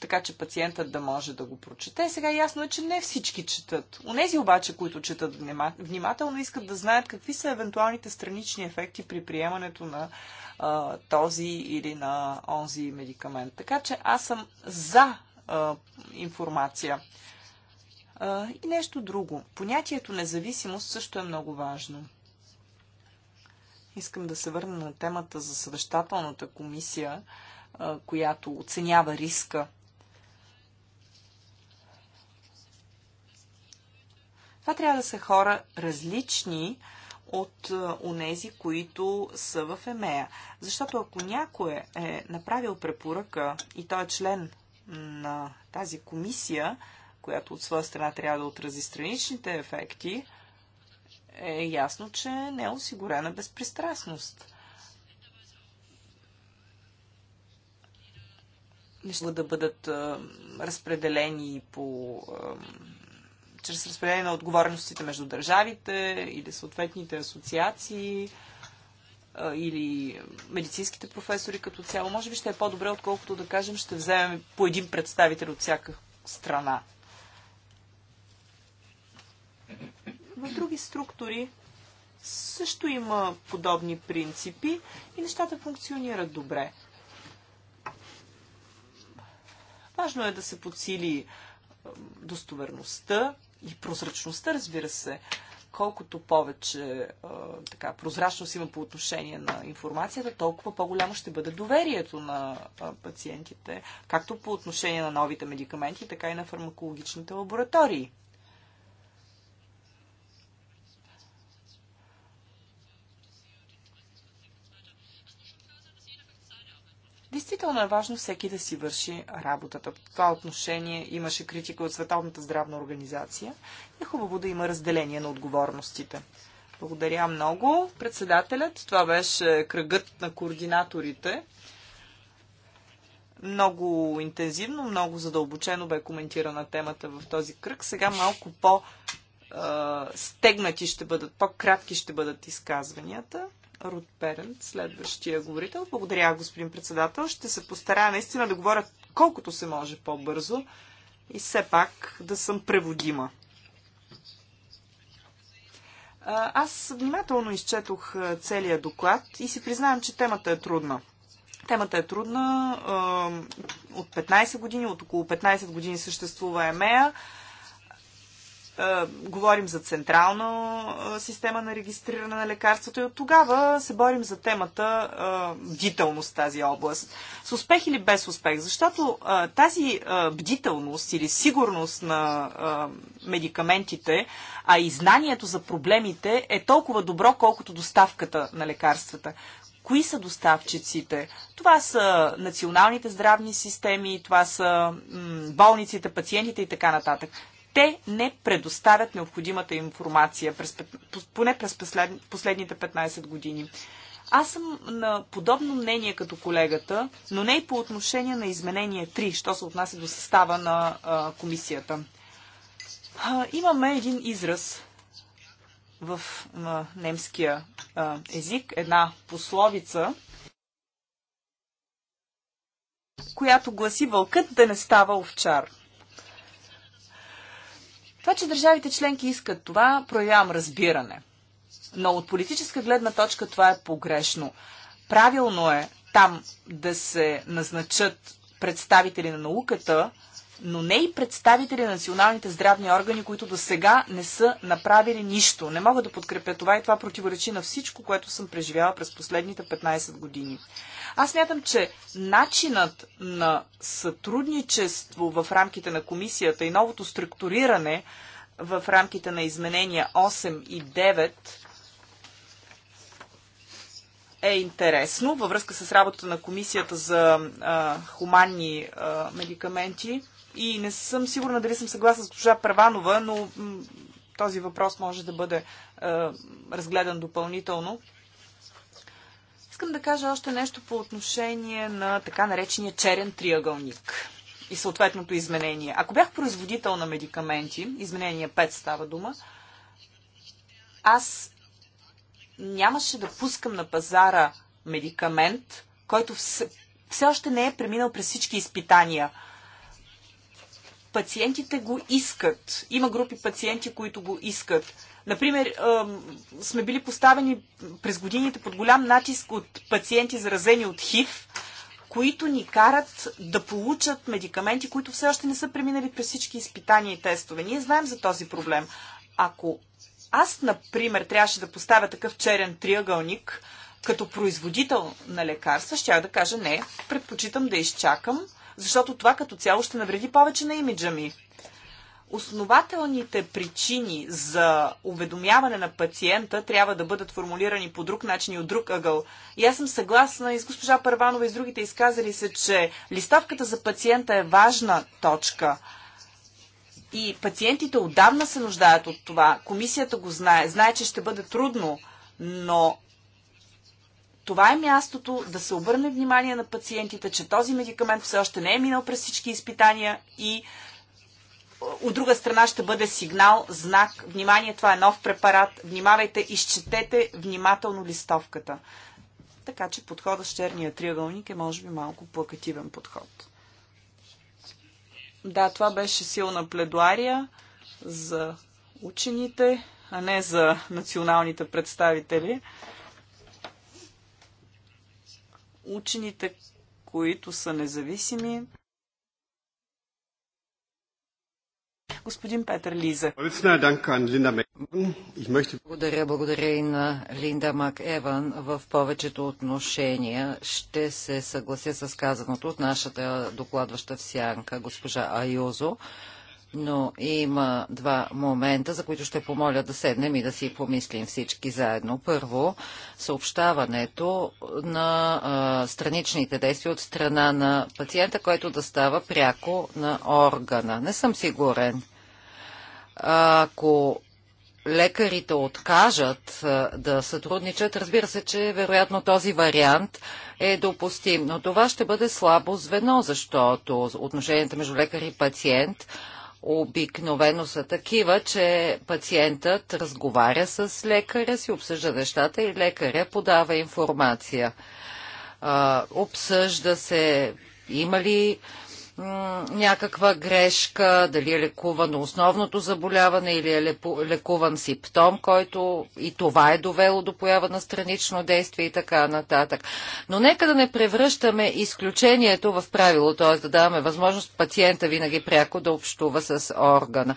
така че пациентът да може да го прочете. Сега ясно е, че не всички четат. Онези обаче, които четат внимателно, искат да знаят какви са евентуалните странични ефекти при приемането на а, този или на онзи медикамент. Така че аз съм за а, информация. А, и нещо друго. Понятието независимост също е много важно. Искам да се върна на темата за съвещателната комисия, а, която оценява риска. Това трябва да са хора различни, от онези, които са в ЕМЕА. Защото ако някой е направил препоръка и той е член на тази комисия, която от своя страна трябва да отрази страничните ефекти, е ясно, че не е осигурена безпристрастност. ще да бъдат а, разпределени по а, чрез разпределение на отговорностите между държавите или съответните асоциации а, или медицинските професори като цяло. Може би ще е по-добре, отколкото да кажем, ще вземем по един представител от всяка страна. други структури също има подобни принципи и нещата функционират добре. Важно е да се подсили достоверността и прозрачността, разбира се. Колкото повече така, прозрачност има по отношение на информацията, толкова по-голямо ще бъде доверието на пациентите, както по отношение на новите медикаменти, така и на фармакологичните лаборатории. действително е важно всеки да си върши работата. В това отношение имаше критика от Световната здравна организация. Е хубаво да има разделение на отговорностите. Благодаря много, председателят. Това беше кръгът на координаторите. Много интензивно, много задълбочено бе коментирана темата в този кръг. Сега малко по-стегнати ще бъдат, по-кратки ще бъдат изказванията. Рут Перен, следващия говорител. Благодаря, господин председател. Ще се постарая наистина да говоря колкото се може по-бързо и все пак да съм преводима. Аз внимателно изчетох целият доклад и си признавам, че темата е трудна. Темата е трудна. От 15 години, от около 15 години съществува ЕМЕА. Е, говорим за централна е, система на регистриране на лекарството и от тогава се борим за темата е, бдителност в тази област. С успех или без успех? Защото тази бдителност или сигурност на медикаментите, а и знанието за проблемите е толкова добро, колкото доставката на лекарствата. Кои са доставчиците? Това са националните здравни системи, това са болниците, пациентите и така нататък те не предоставят необходимата информация, през, поне през последните 15 години. Аз съм на подобно мнение като колегата, но не и по отношение на изменение 3, що се отнася до състава на а, комисията. А, имаме един израз в а, немския а, език, една пословица, която гласи вълкът да не става овчар. Това, че държавите членки искат това, проявявам разбиране. Но от политическа гледна точка това е погрешно. Правилно е там да се назначат представители на науката, но не и представители на националните здравни органи, които до сега не са направили нищо. Не мога да подкрепя това и това противоречи на всичко, което съм преживяла през последните 15 години. Аз мятам, че начинът на сътрудничество в рамките на комисията и новото структуриране в рамките на изменения 8 и 9 е интересно във връзка с работата на Комисията за а, хуманни а, медикаменти. И не съм сигурна дали съм съгласна с госпожа Първанова, но този въпрос може да бъде е, разгледан допълнително. Искам да кажа още нещо по отношение на така наречения черен триъгълник и съответното изменение. Ако бях производител на медикаменти, изменение 5 става дума, аз нямаше да пускам на пазара медикамент, който все, все още не е преминал през всички изпитания – пациентите го искат. Има групи пациенти, които го искат. Например, сме били поставени през годините под голям натиск от пациенти, заразени от ХИВ, които ни карат да получат медикаменти, които все още не са преминали през всички изпитания и тестове. Ние знаем за този проблем. Ако аз, например, трябваше да поставя такъв черен триъгълник като производител на лекарства, ще я да кажа не, предпочитам да изчакам защото това като цяло ще навреди повече на имиджа ми. Основателните причини за уведомяване на пациента трябва да бъдат формулирани по друг начин и от друг ъгъл. И аз съм съгласна и с госпожа Първанова и с другите изказали се, че листавката за пациента е важна точка. И пациентите отдавна се нуждаят от това. Комисията го знае. Знае, че ще бъде трудно, но това е мястото да се обърне внимание на пациентите, че този медикамент все още не е минал през всички изпитания и е, от друга страна ще бъде сигнал, знак, внимание, това е нов препарат, внимавайте, изчетете внимателно листовката. Така че подхода с черния триъгълник е може би малко плакативен подход. Да, това беше силна пледуария за учените, а не за националните представители учените, които са независими. Господин Петър Лиза. Благодаря, благодаря и на Линда Мак Еван. В повечето отношения ще се съглася с казаното от нашата докладваща в Сянка, госпожа Айозо. Но има два момента, за които ще помоля да седнем и да си помислим всички заедно. Първо, съобщаването на а, страничните действия от страна на пациента, който да става пряко на органа. Не съм сигурен. Ако лекарите откажат да сътрудничат, разбира се, че вероятно този вариант е допустим. Но това ще бъде слабо звено, защото отношенията между лекар и пациент обикновено са такива, че пациентът разговаря с лекаря си, обсъжда нещата и лекаря подава информация. обсъжда се има ли някаква грешка, дали е лекувано основното заболяване или е лекуван симптом, който и това е довело до поява на странично действие и така нататък. Но нека да не превръщаме изключението в правило, т.е. да даваме възможност пациента винаги пряко да общува с органа.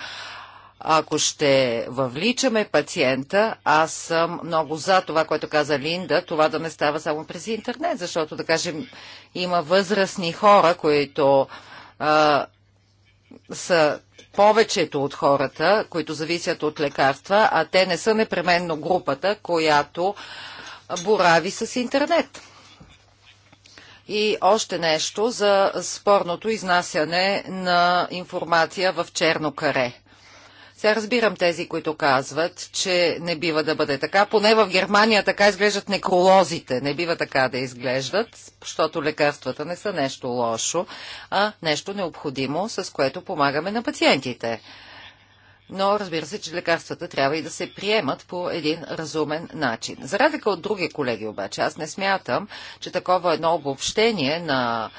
Ако ще въвличаме пациента, аз съм много за това, което каза Линда, това да не става само през интернет, защото, да кажем, има възрастни хора, които са повечето от хората, които зависят от лекарства, а те не са непременно групата, която борави с интернет. И още нещо за спорното изнасяне на информация в черно каре. Сега разбирам тези, които казват, че не бива да бъде така. Поне в Германия така изглеждат некролозите. Не бива така да изглеждат, защото лекарствата не са нещо лошо, а нещо необходимо, с което помагаме на пациентите. Но разбира се, че лекарствата трябва и да се приемат по един разумен начин. За разлика от други колеги обаче, аз не смятам, че такова едно обобщение на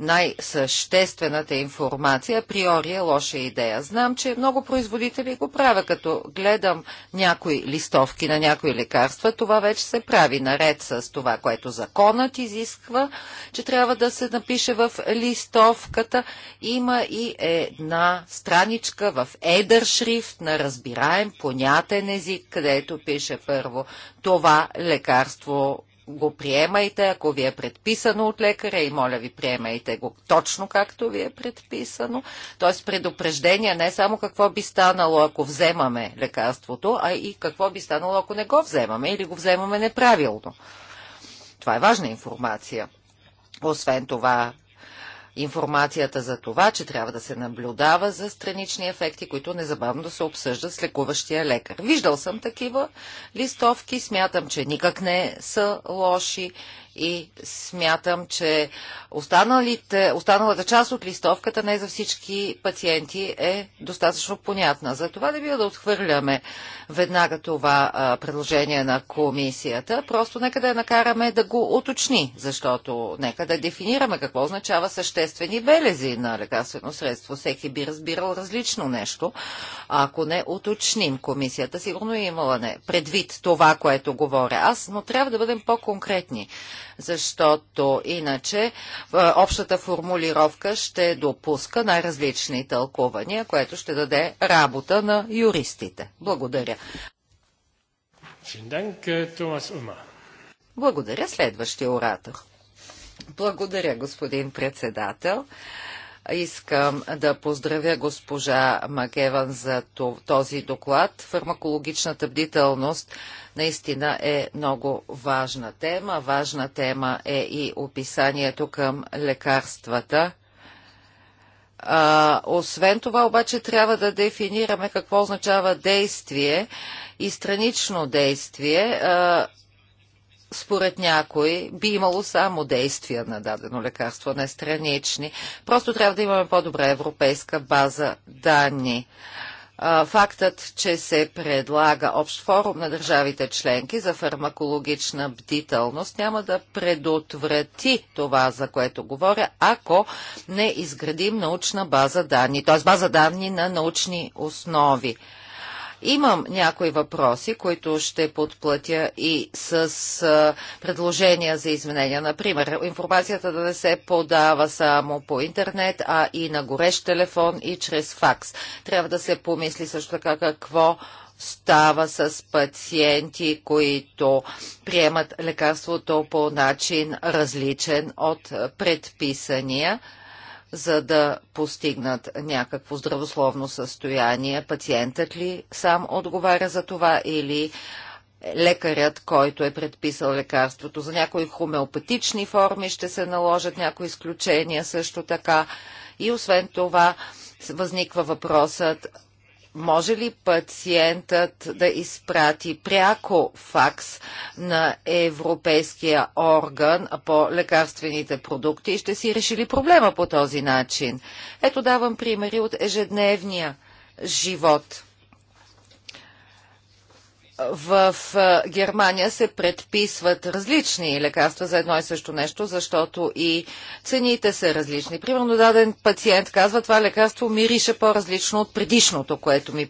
най-съществената информация, априори е лоша идея. Знам, че много производители го правят, като гледам някои листовки на някои лекарства. Това вече се прави наред с това, което законът изисква, че трябва да се напише в листовката. Има и една страничка в едър шрифт на разбираем, понятен език, където пише първо това лекарство го приемайте, ако ви е предписано от лекаря и моля ви приемайте го точно както ви е предписано. Т.е. предупреждение не само какво би станало, ако вземаме лекарството, а и какво би станало, ако не го вземаме или го вземаме неправилно. Това е важна информация. Освен това, информацията за това, че трябва да се наблюдава за странични ефекти, които незабавно да се обсъждат с лекуващия лекар. Виждал съм такива листовки, смятам, че никак не са лоши и смятам, че останалата част от листовката не за всички пациенти е достатъчно понятна. За това не бива да отхвърляме веднага това а, предложение на комисията. Просто нека да я накараме да го уточни, защото нека да дефинираме какво означава съществени белези на лекарствено средство. Всеки би разбирал различно нещо. А ако не уточним, комисията сигурно е имала не, предвид това, което говоря аз, но трябва да бъдем по-конкретни защото иначе е, общата формулировка ще допуска най-различни тълкувания, което ще даде работа на юристите. Благодаря. Е, Благодаря следващия оратор. Благодаря, господин председател. Искам да поздравя госпожа Макеван за този доклад. Фармакологичната бдителност наистина е много важна тема. Важна тема е и описанието към лекарствата. А, освен това, обаче, трябва да дефинираме какво означава действие и странично действие. А, според някои би имало само действия на дадено лекарство, не странични. Просто трябва да имаме по-добра европейска база данни. Фактът, че се предлага общ форум на държавите членки за фармакологична бдителност, няма да предотврати това, за което говоря, ако не изградим научна база данни, т.е. база данни на научни основи. Имам някои въпроси, които ще подплатя и с предложения за изменения. Например, информацията да не се подава само по интернет, а и на горещ телефон и чрез факс. Трябва да се помисли също така какво става с пациенти, които приемат лекарството по начин различен от предписания за да постигнат някакво здравословно състояние? Пациентът ли сам отговаря за това или лекарят, който е предписал лекарството? За някои хомеопатични форми ще се наложат някои изключения също така. И освен това възниква въпросът може ли пациентът да изпрати пряко факс на европейския орган по лекарствените продукти и ще си реши ли проблема по този начин? Ето давам примери от ежедневния живот в Германия се предписват различни лекарства за едно и също нещо, защото и цените са различни. Примерно даден пациент казва, това лекарство мирише по-различно от предишното, което ми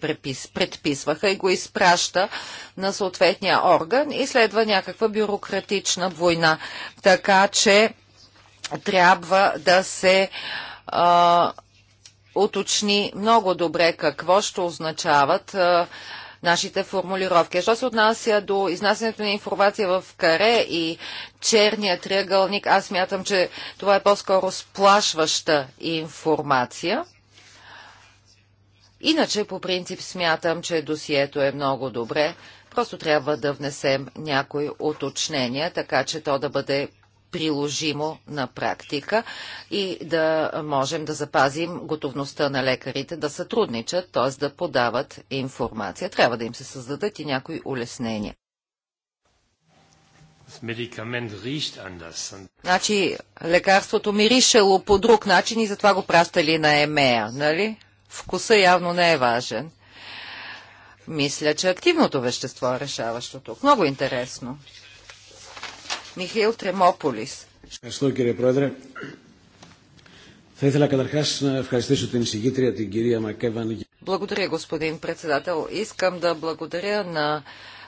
предписваха и го изпраща на съответния орган и следва някаква бюрократична война. Така че трябва да се а, уточни много добре какво ще означават а, нашите формулировки. Що се отнася до изнасянето на информация в каре и черния триъгълник, аз мятам, че това е по-скоро сплашваща информация. Иначе, по принцип, смятам, че досието е много добре. Просто трябва да внесем някои уточнения, така че то да бъде приложимо на практика и да можем да запазим готовността на лекарите да сътрудничат, т.е. да подават информация. Трябва да им се създадат и някои улеснения. Значи, лекарството миришело по друг начин и затова го пращали на Емея, нали? Вкуса явно не е важен. Мисля, че активното вещество е решаващо тук. Много интересно. Михаил Тремополис. Ευχαριστώ κύριε Πρόεδρε. Θα ήθελα καταρχάς να ευχαριστήσω την εισηγήτρια, την κυρία Μακέβαν. Благодаря, господин председател. Искам да благодаря на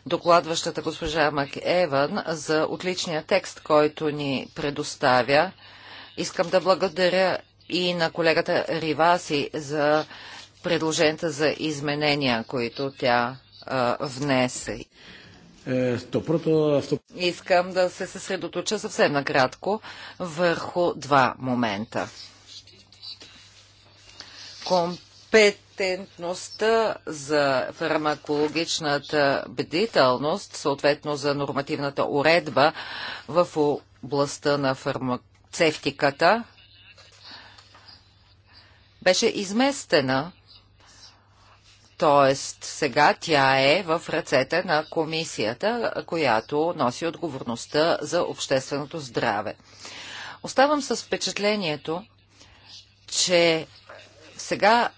докладващата госпожа Макеван за отличния текст, който ни предоставя. Искам да благодаря и на колегата Риваси за предложенията за изменения, които тя а, внесе. Е, Искам да се съсредоточа съвсем накратко върху два момента. Компетентността за фармакологичната бдителност, съответно за нормативната уредба в областта на фармацевтиката, беше изместена Тоест, сега тя е в ръцете на комисията, която носи отговорността за общественото здраве. Оставам с впечатлението, че сега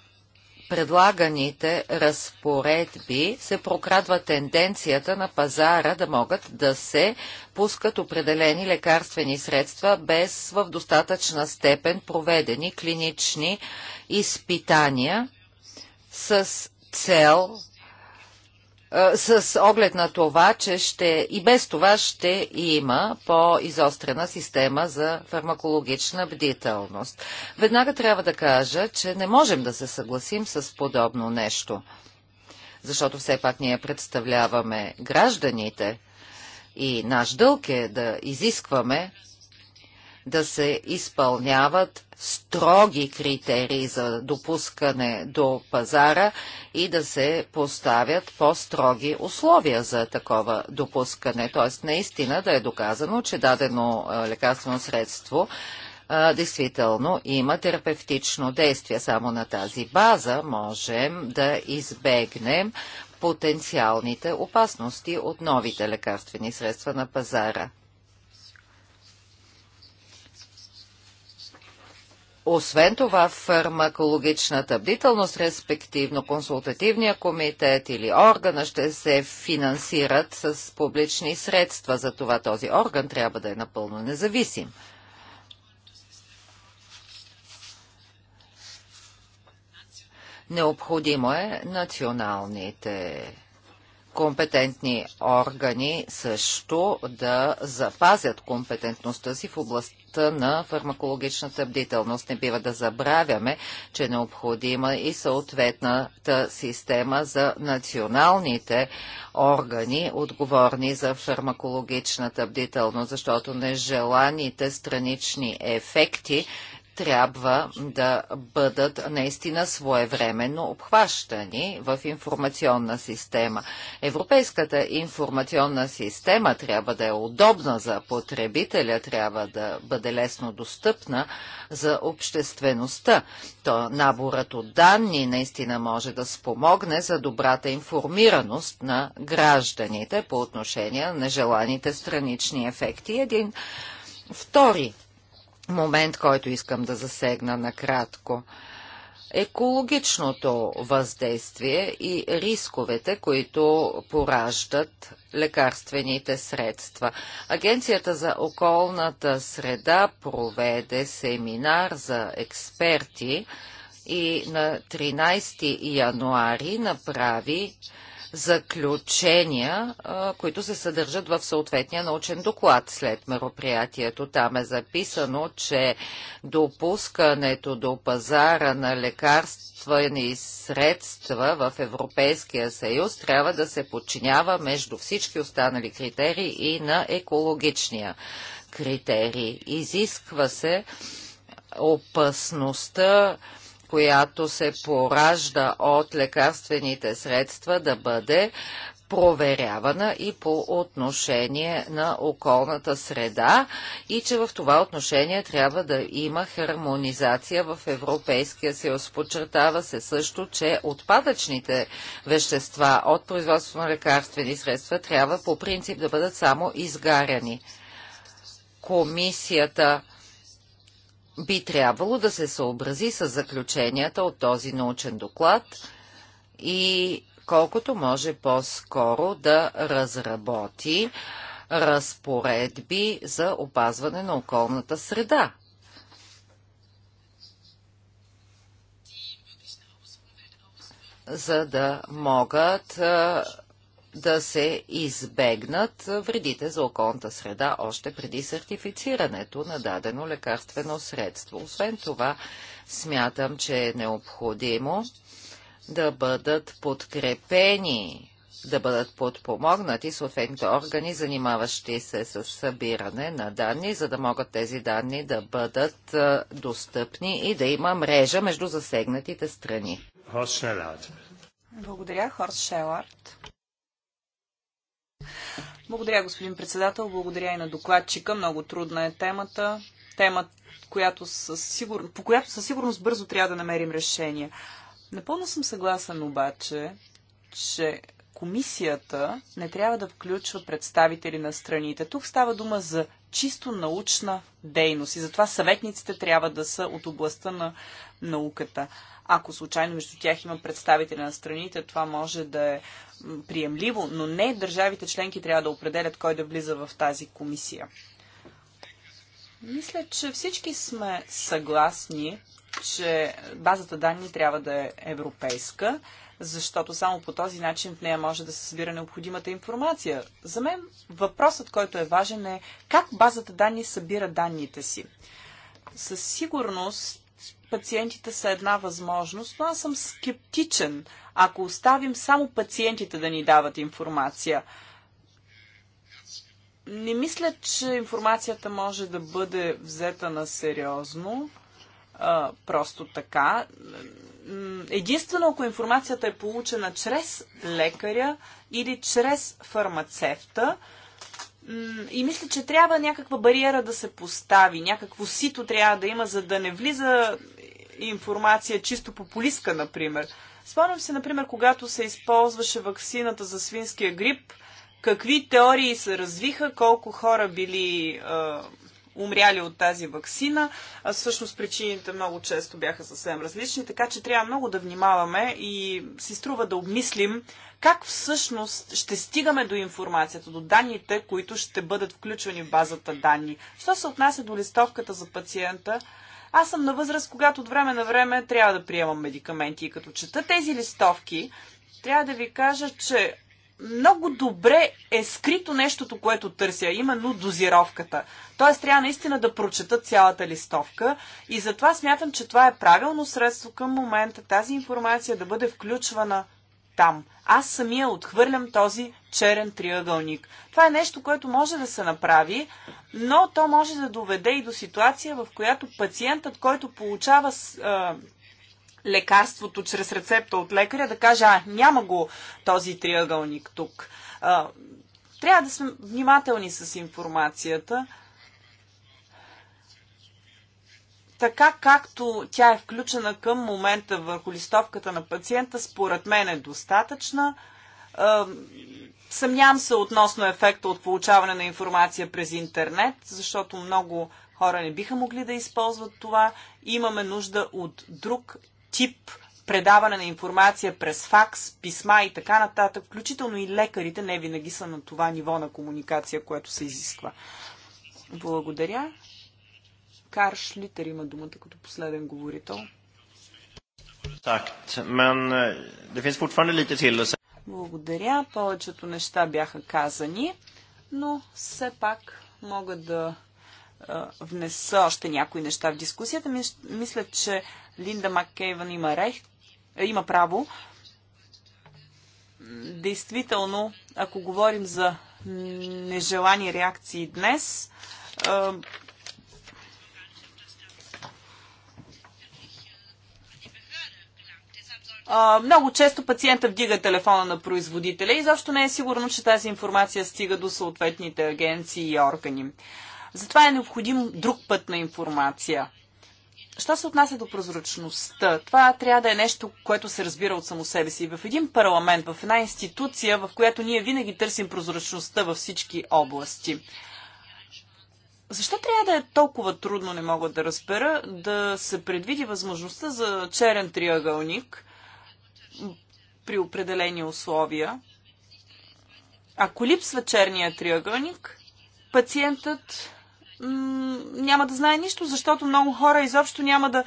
предлаганите разпоредби се прокрадва тенденцията на пазара да могат да се пускат определени лекарствени средства без в достатъчна степен проведени клинични изпитания с цел с оглед на това, че ще и без това ще има по-изострена система за фармакологична бдителност. Веднага трябва да кажа, че не можем да се съгласим с подобно нещо, защото все пак ние представляваме гражданите и наш дълг е да изискваме да се изпълняват строги критерии за допускане до пазара и да се поставят по-строги условия за такова допускане. Тоест наистина да е доказано, че дадено лекарствено средство действително има терапевтично действие. Само на тази база можем да избегнем потенциалните опасности от новите лекарствени средства на пазара. Освен това, фармакологичната бдителност, респективно консултативния комитет или органа ще се финансират с публични средства. Затова този орган трябва да е напълно независим. Необходимо е националните компетентни органи също да запазят компетентността си в областта на фармакологичната бдителност. Не бива да забравяме, че е необходима и съответната система за националните органи, отговорни за фармакологичната бдителност, защото нежеланите странични ефекти трябва да бъдат наистина своевременно обхващани в информационна система. Европейската информационна система трябва да е удобна за потребителя, трябва да бъде лесно достъпна за обществеността. То наборът от данни наистина може да спомогне за добрата информираност на гражданите по отношение на нежеланите странични ефекти. Един втори момент, който искам да засегна накратко. Екологичното въздействие и рисковете, които пораждат лекарствените средства. Агенцията за околната среда проведе семинар за експерти и на 13 януари направи заключения, които се съдържат в съответния научен доклад след мероприятието. Там е записано, че допускането до пазара на лекарствени средства в Европейския съюз трябва да се подчинява между всички останали критерии и на екологичния критерий. Изисква се опасността която се поражда от лекарствените средства, да бъде проверявана и по отношение на околната среда и че в това отношение трябва да има хармонизация в Европейския съюз. Подчертава се също, че отпадъчните вещества от производство на лекарствени средства трябва по принцип да бъдат само изгаряни. Комисията би трябвало да се съобрази с заключенията от този научен доклад и колкото може по-скоро да разработи разпоредби за опазване на околната среда. За да могат да се избегнат вредите за околната среда още преди сертифицирането на дадено лекарствено средство. Освен това, смятам, че е необходимо да бъдат подкрепени, да бъдат подпомогнати съответните органи, занимаващи се с събиране на данни, за да могат тези данни да бъдат достъпни и да има мрежа между засегнатите страни. Благодаря, Хорс Шелард. Благодаря, господин председател. Благодаря и на докладчика. Много трудна е темата. Тема, която със сигур... по която със сигурност бързо трябва да намерим решение. Напълно съм съгласен обаче, че комисията не трябва да включва представители на страните. Тук става дума за чисто научна дейност и затова съветниците трябва да са от областта на науката. Ако случайно между тях има представители на страните, това може да е приемливо, но не държавите членки трябва да определят кой да влиза в тази комисия. Мисля, че всички сме съгласни, че базата данни трябва да е европейска защото само по този начин в нея може да се събира необходимата информация. За мен въпросът, който е важен е как базата данни събира данните си. Със сигурност пациентите са една възможност, но аз съм скептичен, ако оставим само пациентите да ни дават информация. Не мисля, че информацията може да бъде взета на сериозно, просто така единствено ако информацията е получена чрез лекаря или чрез фармацевта. И мисля, че трябва някаква бариера да се постави, някакво сито трябва да има, за да не влиза информация чисто популистка, например. Спомням се, например, когато се използваше ваксината за свинския грип, какви теории се развиха, колко хора били а, умряли от тази вакцина, а всъщност причините много често бяха съвсем различни, така че трябва много да внимаваме и си струва да обмислим как всъщност ще стигаме до информацията, до данните, които ще бъдат включвани в базата данни. Що се отнася до листовката за пациента, аз съм на възраст, когато от време на време трябва да приемам медикаменти и като чета тези листовки, трябва да ви кажа, че много добре е скрито нещото, което търся, именно дозировката. Тоест трябва наистина да прочета цялата листовка и затова смятам, че това е правилно средство към момента тази информация да бъде включвана там. Аз самия отхвърлям този черен триъгълник. Това е нещо, което може да се направи, но то може да доведе и до ситуация, в която пациентът, който получава лекарството чрез рецепта от лекаря, да каже, а, няма го този триъгълник тук. А, трябва да сме внимателни с информацията, така както тя е включена към момента върху листовката на пациента, според мен е достатъчна. Съмнявам се относно ефекта от получаване на информация през интернет, защото много хора не биха могли да използват това. Имаме нужда от друг тип предаване на информация през факс, писма и така нататък, включително и лекарите не винаги са на това ниво на комуникация, което се изисква. Благодаря. Кар Шлитер има думата като последен говорител. Eh, Благодаря. Повечето неща бяха казани, но все пак мога да внеса още някои неща в дискусията. Мисля, че Линда Маккейвън има, рех, има право. Действително, ако говорим за нежелани реакции днес, много често пациента вдига телефона на производителя и защо не е сигурно, че тази информация стига до съответните агенции и органи. Затова е необходим друг път на информация. Що се отнася до прозрачността? Това трябва да е нещо, което се разбира от само себе си. В един парламент, в една институция, в която ние винаги търсим прозрачността във всички области. Защо трябва да е толкова трудно, не мога да разбера, да се предвиди възможността за черен триъгълник при определени условия? Ако липсва черния триъгълник, пациентът няма да знае нищо, защото много хора изобщо няма да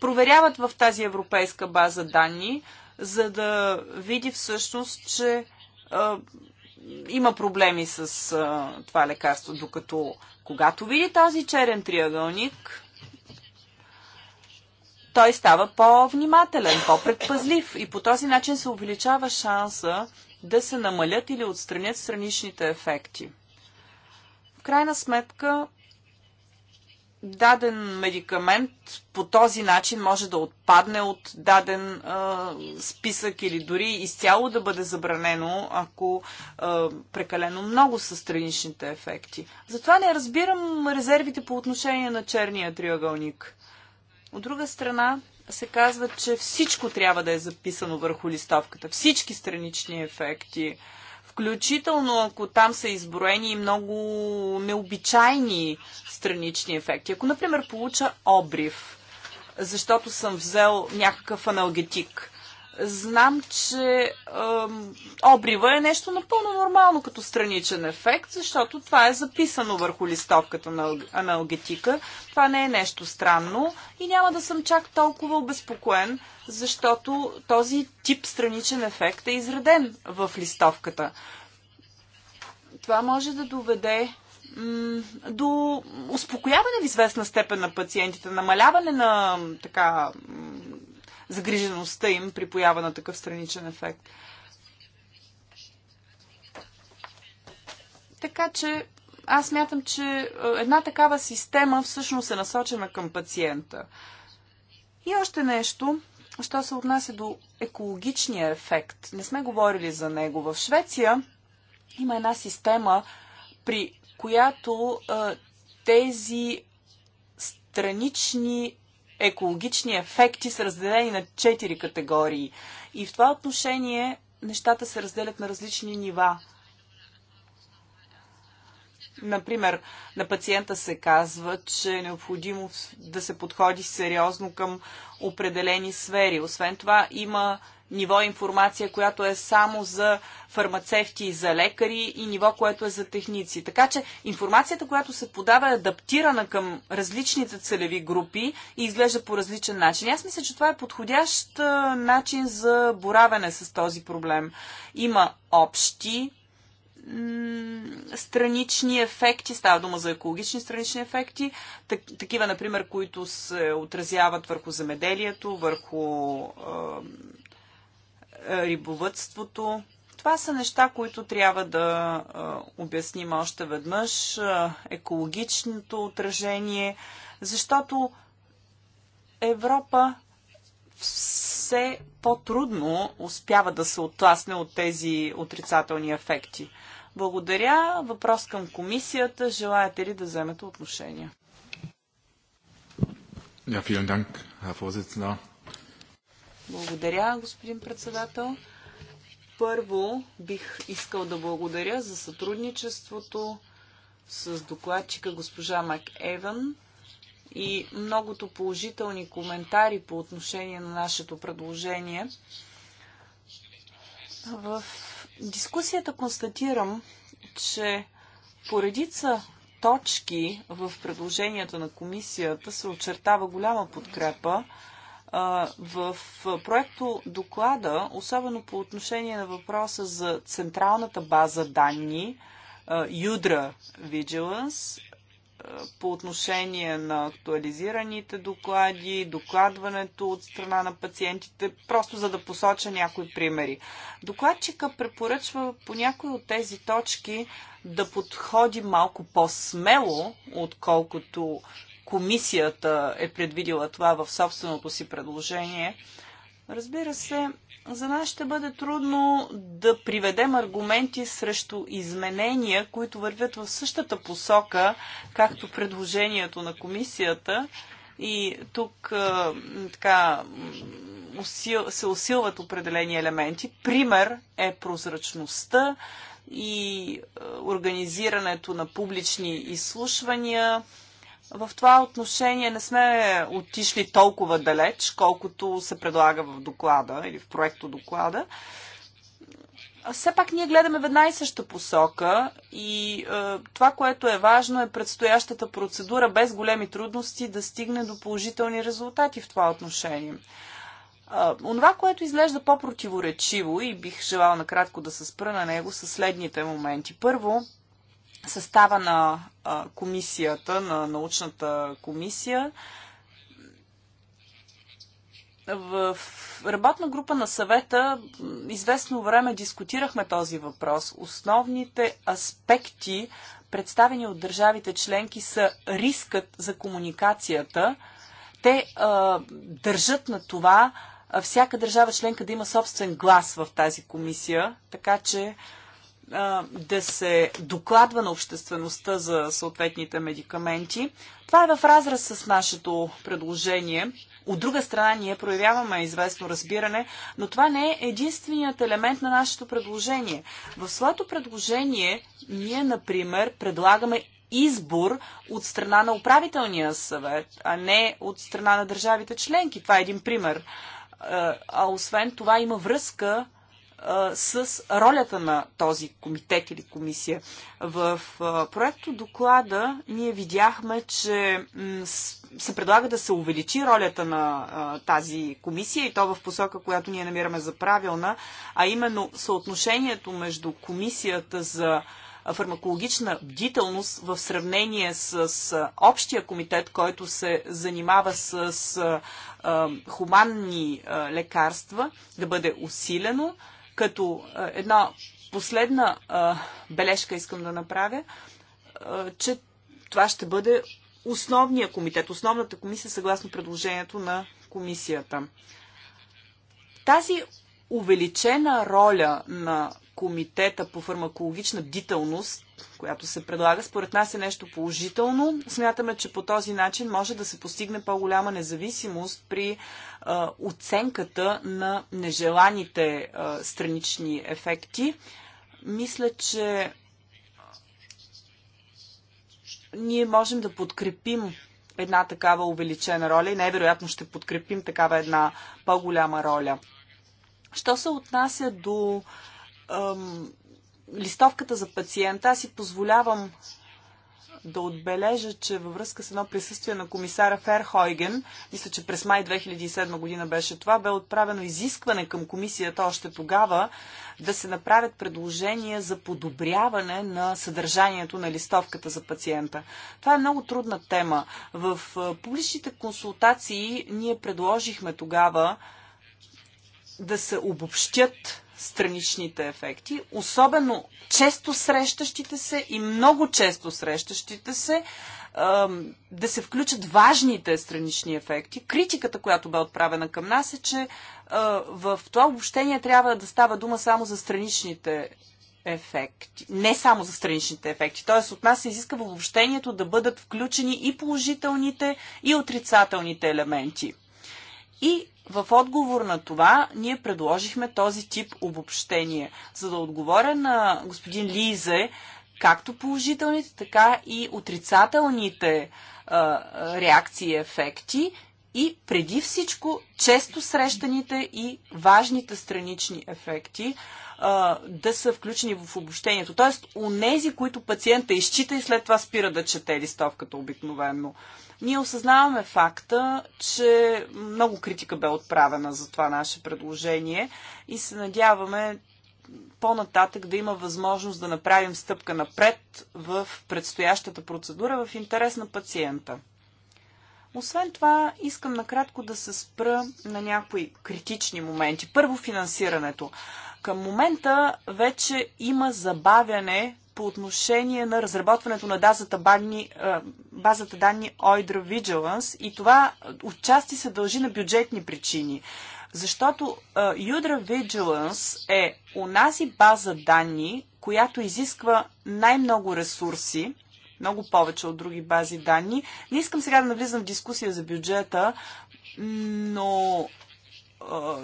проверяват в тази европейска база данни, за да види всъщност, че а, има проблеми с а, това лекарство. Докато когато види този черен триъгълник, той става по-внимателен, по-предпазлив и по този начин се увеличава шанса да се намалят или отстранят страничните ефекти. В крайна сметка, даден медикамент по този начин може да отпадне от даден а, списък или дори изцяло да бъде забранено, ако а, прекалено много са страничните ефекти. Затова не разбирам резервите по отношение на черния триъгълник. От друга страна се казва, че всичко трябва да е записано върху листовката. Всички странични ефекти. А, включително ако там са изброени много необичайни странични ефекти. Ако, например, получа обрив, защото съм взел някакъв аналгетик, Знам, че обрива е нещо напълно нормално като страничен ефект, защото това е записано върху листовката на аналгетика. Това не е нещо странно и няма да съм чак толкова обезпокоен, защото този тип страничен ефект е изреден в листовката. Това може да доведе до успокояване в известна степен на пациентите, намаляване на така загрижеността им при поява на такъв страничен ефект. Така че аз мятам, че е, една такава система всъщност е насочена към пациента. И още нещо, що се отнася до екологичния ефект. Не сме говорили за него. В Швеция има една система, при която а, е, тези странични екологични ефекти са разделени на четири категории. И в това отношение нещата се разделят на различни нива. Например, на пациента се казва, че е необходимо да се подходи сериозно към определени сфери. Освен това, има ниво информация, която е само за фармацевти и за лекари и ниво, което е за техници. Така че информацията, която се подава е адаптирана към различните целеви групи и изглежда по различен начин. Аз мисля, че това е подходящ начин за боравене с този проблем. Има общи странични ефекти, става дума за екологични странични ефекти, так, такива, например, които се отразяват върху земеделието, върху е, рибовътството. Това са неща, които трябва да обясним още веднъж. Екологичното отражение, защото Европа все по-трудно успява да се отласне от тези отрицателни ефекти. Благодаря. Въпрос към комисията. Желаете ли да вземете отношение? Ja, vielen Dank, Herr Vorsitzender. Благодаря, господин председател. Първо бих искал да благодаря за сътрудничеството с докладчика госпожа Мак Еван и многото положителни коментари по отношение на нашето предложение. В дискусията констатирам, че поредица точки в предложенията на комисията се очертава голяма подкрепа в проекто доклада, особено по отношение на въпроса за централната база данни, Юдра Vigilance, по отношение на актуализираните доклади, докладването от страна на пациентите, просто за да посоча някои примери. Докладчика препоръчва по някои от тези точки да подходи малко по-смело, отколкото комисията е предвидила това в собственото си предложение. Разбира се, за нас ще бъде трудно да приведем аргументи срещу изменения, които вървят в същата посока, както предложението на комисията. И тук е, така, усил, се усилват определени елементи. Пример е прозрачността и е, организирането на публични изслушвания, в това отношение не сме отишли толкова далеч, колкото се предлага в доклада или в проекто доклада. Все пак ние гледаме в една и съща посока и е, това, което е важно е предстоящата процедура без големи трудности да стигне до положителни резултати в това отношение. Е, онова, което изглежда по-противоречиво и бих желал накратко да се спра на него, са следните моменти. Първо, състава на комисията, на научната комисия. В работна група на съвета известно време дискутирахме този въпрос. Основните аспекти, представени от държавите членки, са рискът за комуникацията. Те а, държат на това всяка държава членка да има собствен глас в тази комисия, така че а, да се докладва на обществеността за съответните медикаменти. Това е в разраз с нашето предложение. От друга страна, ние проявяваме известно разбиране, но това не е единственият елемент на нашето предложение. В своето предложение ние, например, предлагаме избор от страна на управителния съвет, а не от страна на държавите членки. Това е един пример. А освен това има връзка с ролята на този комитет или комисия. В проекто доклада ние видяхме, че се предлага да се увеличи ролята на тази комисия и то в посока, която ние намираме за правилна, а именно съотношението между комисията за фармакологична бдителност в сравнение с общия комитет, който се занимава с хуманни лекарства, да бъде усилено като една последна бележка искам да направя, че това ще бъде основния комитет, основната комисия, съгласно предложението на комисията. Тази увеличена роля на комитета по фармакологична бдителност, която се предлага, според нас е нещо положително. Смятаме, че по този начин може да се постигне по-голяма независимост при а, оценката на нежеланите а, странични ефекти. Мисля, че ние можем да подкрепим една такава увеличена роля и най-вероятно ще подкрепим такава една по-голяма роля. Що се отнася до ам, листовката за пациента, аз си позволявам да отбележа, че във връзка с едно присъствие на комисара Ферхойген, мисля, че през май 2007 година беше това, бе отправено изискване към комисията още тогава да се направят предложения за подобряване на съдържанието на листовката за пациента. Това е много трудна тема. В публичните консултации ние предложихме тогава да се обобщят страничните ефекти, особено често срещащите се и много често срещащите се, да се включат важните странични ефекти. Критиката, която бе отправена към нас е, че в това обобщение трябва да става дума само за страничните ефекти. Не само за страничните ефекти. Т.е. от нас се изиска в обобщението да бъдат включени и положителните, и отрицателните елементи. И в отговор на това ние предложихме този тип обобщение, за да отговоря на господин Лизе както положителните, така и отрицателните а, реакции и ефекти и преди всичко често срещаните и важните странични ефекти а, да са включени в обобщението. Тоест, нези, които пациента изчита и след това спира да чете листовката обикновенно. Ние осъзнаваме факта, че много критика бе отправена за това наше предложение и се надяваме по-нататък да има възможност да направим стъпка напред в предстоящата процедура в интерес на пациента. Освен това, искам накратко да се спра на някои критични моменти. Първо, финансирането. Към момента вече има забавяне по отношение на разработването на базата, е, базата данни OIDRA Vigilance и това отчасти се дължи на бюджетни причини. Защото Юдра е, Vigilance е унази база данни, която изисква най-много ресурси, много повече от други бази данни. Не искам сега да навлизам в дискусия за бюджета, но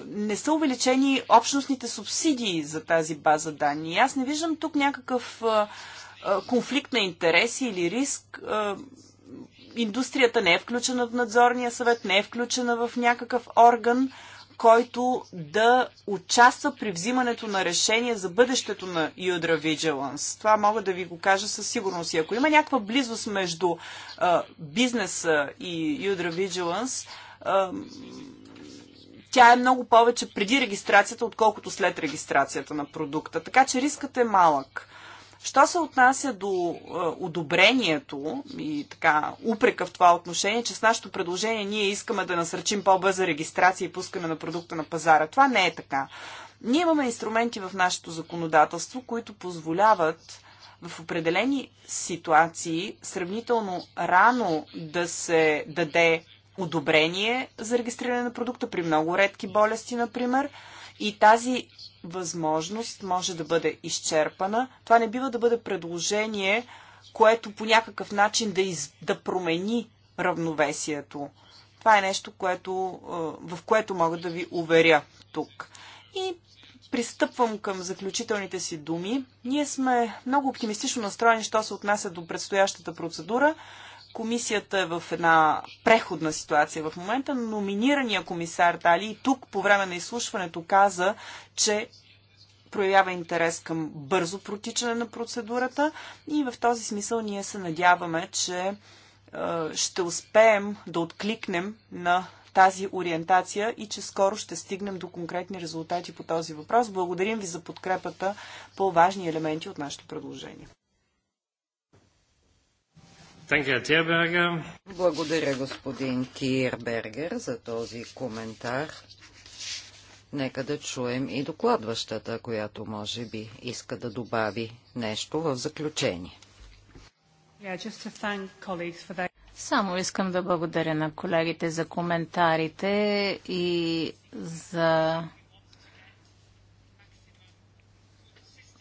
не са увеличени общностните субсидии за тази база данни. Аз не виждам тук някакъв конфликт на интереси или риск. Индустрията не е включена в надзорния съвет, не е включена в някакъв орган, който да участва при взимането на решение за бъдещето на Юдра Виджеланс. Това мога да ви го кажа със сигурност. И ако има някаква близост между бизнеса и Юдра Виджеланс, тя е много повече преди регистрацията, отколкото след регистрацията на продукта. Така че рискът е малък. Що се отнася до е, одобрението и така упрека в това отношение, че с нашето предложение ние искаме да насърчим по-бърза регистрация и пускане на продукта на пазара, това не е така. Ние имаме инструменти в нашето законодателство, които позволяват в определени ситуации сравнително рано да се даде одобрение за регистриране на продукта при много редки болести, например. И тази възможност може да бъде изчерпана. Това не бива да бъде предложение, което по някакъв начин да, из... да промени равновесието. Това е нещо, което, в което мога да ви уверя тук. И пристъпвам към заключителните си думи. Ние сме много оптимистично настроени, що се отнася до предстоящата процедура. Комисията е в една преходна ситуация в момента. Номинирания комисар Тали и тук по време на изслушването каза, че проявява интерес към бързо протичане на процедурата и в този смисъл ние се надяваме, че е, ще успеем да откликнем на тази ориентация и че скоро ще стигнем до конкретни резултати по този въпрос. Благодарим ви за подкрепата по важни елементи от нашето предложение. Благодаря, господин Тирбергер, за този коментар. Нека да чуем и докладващата, която може би иска да добави нещо в заключение. Само искам да благодаря на колегите за коментарите и за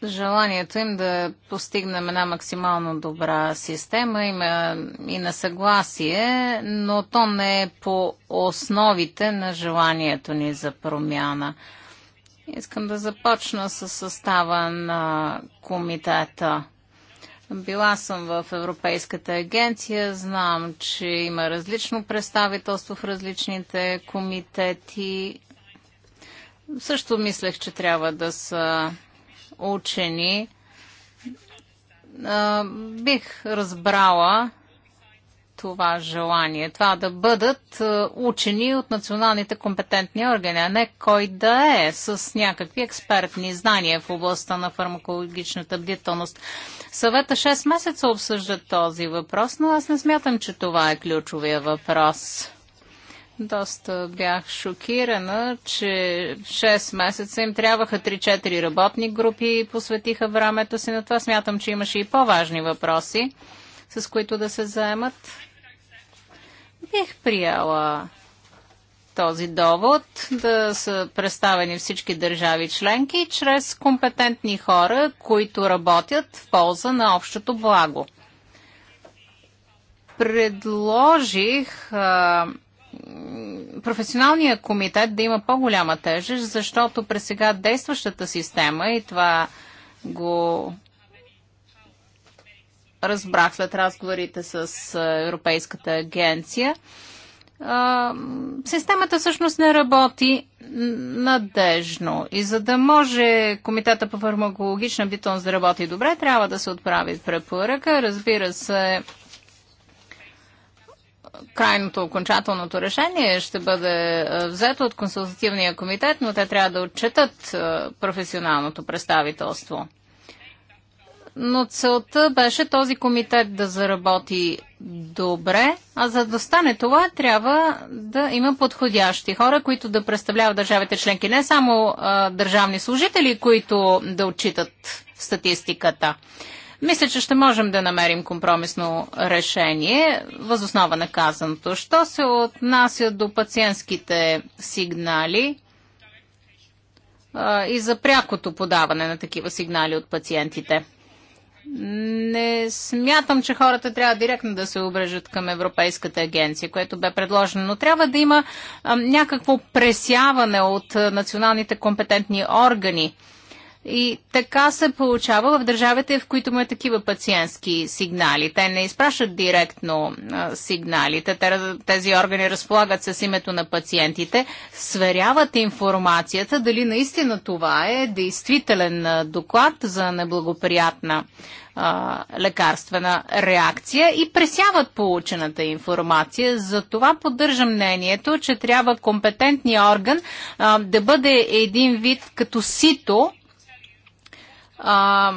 желанието им да постигнем една максимално добра система. Има и на съгласие, но то не е по основите на желанието ни за промяна. Искам да започна с състава на комитета. Била съм в Европейската агенция, знам, че има различно представителство в различните комитети. Също мислех, че трябва да са учени, бих разбрала това желание. Това да бъдат учени от националните компетентни органи, а не кой да е с някакви експертни знания в областта на фармакологичната бдителност. Съвета 6 месеца обсъжда този въпрос, но аз не смятам, че това е ключовия въпрос. Доста бях шокирана, че 6 месеца им трябваха 3-4 работни групи и посветиха времето си на това. Смятам, че имаше и по-важни въпроси, с които да се заемат. Бих приела този довод да са представени всички държави членки чрез компетентни хора, които работят в полза на общото благо. Предложих а, професионалния комитет да има по-голяма тежест, защото през сега действащата система и това го разбрах след разговорите с Европейската агенция, системата всъщност не работи надежно. И за да може Комитета по фармакологична битон да работи добре, трябва да се отправи препоръка. Разбира се, крайното окончателното решение ще бъде е, взето от консултативния комитет, но те трябва да отчетат е, професионалното представителство. Но целта беше този комитет да заработи добре, а за да стане това трябва да има подходящи хора, които да представляват държавите членки, не само а, е, държавни служители, които да отчитат статистиката. Мисля, че ще можем да намерим компромисно решение възоснова на казаното. Що се отнася до пациентските сигнали а, и за прякото подаване на такива сигнали от пациентите? Не смятам, че хората трябва директно да се обрежат към Европейската агенция, което бе предложено, но трябва да има а, някакво пресяване от националните компетентни органи. И така се получава в държавите, в които има такива пациентски сигнали. Те не изпращат директно а, сигналите. Тези органи разполагат с името на пациентите, сверяват информацията дали наистина това е действителен доклад за неблагоприятна а, лекарствена реакция и пресяват получената информация. За това поддържа мнението, че трябва компетентния орган а, да бъде един вид като сито, а,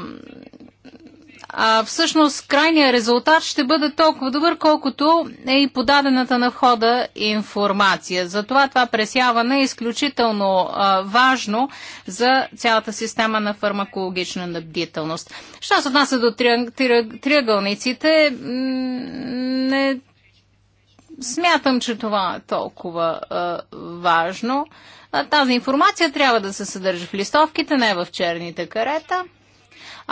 а всъщност крайният резултат ще бъде толкова добър, колкото е и подадената на входа информация. Затова това пресяване е изключително а, важно за цялата система на фармакологична набдителност. Що се отнася до триъгълниците, не смятам, че това е толкова а, важно. А, тази информация трябва да се съдържа в листовките, не в черните карета.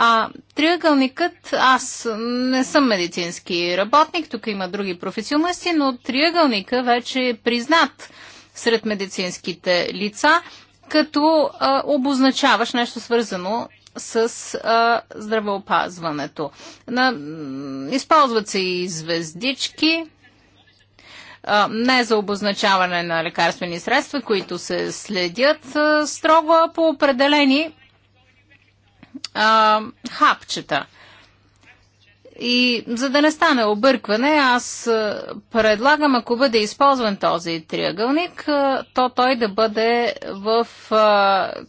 А триъгълникът, аз не съм медицински работник, тук има други професионалисти, но триъгълника вече е признат сред медицинските лица, като а, обозначаваш нещо свързано с а, здравеопазването. На, използват се и звездички, не за обозначаване на лекарствени средства, които се следят строго по определени хапчета. И за да не стане объркване, аз предлагам, ако бъде използван този триъгълник, то той да бъде в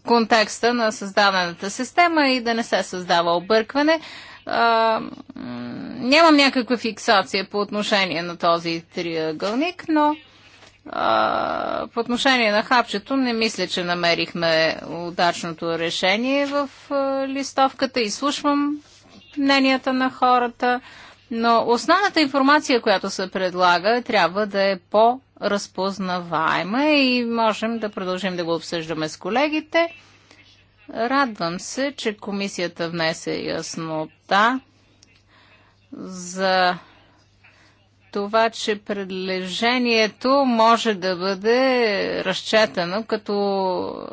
контекста на създадената система и да не се създава объркване нямам някаква фиксация по отношение на този триъгълник, но а, по отношение на хапчето не мисля, че намерихме удачното решение в а, листовката. Изслушвам мненията на хората, но основната информация, която се предлага, трябва да е по-разпознаваема и можем да продължим да го обсъждаме с колегите. Радвам се, че комисията внесе яснота възможността за това, че предлежението може да бъде разчетено като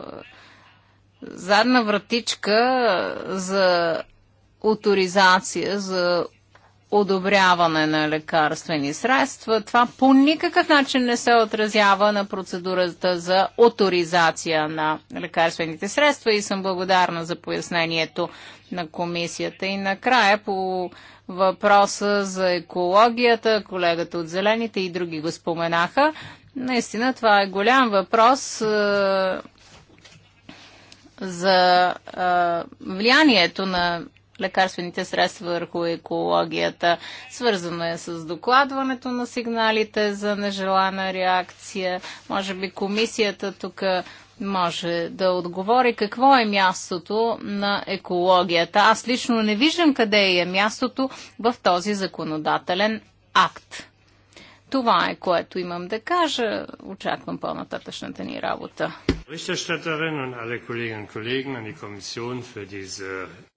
задна вратичка за авторизация, за одобряване на лекарствени средства. Това по никакъв начин не се отразява на процедурата за авторизация на лекарствените средства и съм благодарна за пояснението на комисията. И накрая по въпроса за екологията, колегата от Зелените и други го споменаха. Наистина това е голям въпрос е, за е, влиянието на лекарствените средства върху екологията. Свързано е с докладването на сигналите за нежелана реакция. Може би комисията тук може да отговори какво е мястото на екологията. Аз лично не виждам къде е мястото в този законодателен акт. Това е което имам да кажа. Очаквам по-нататъчната ни работа.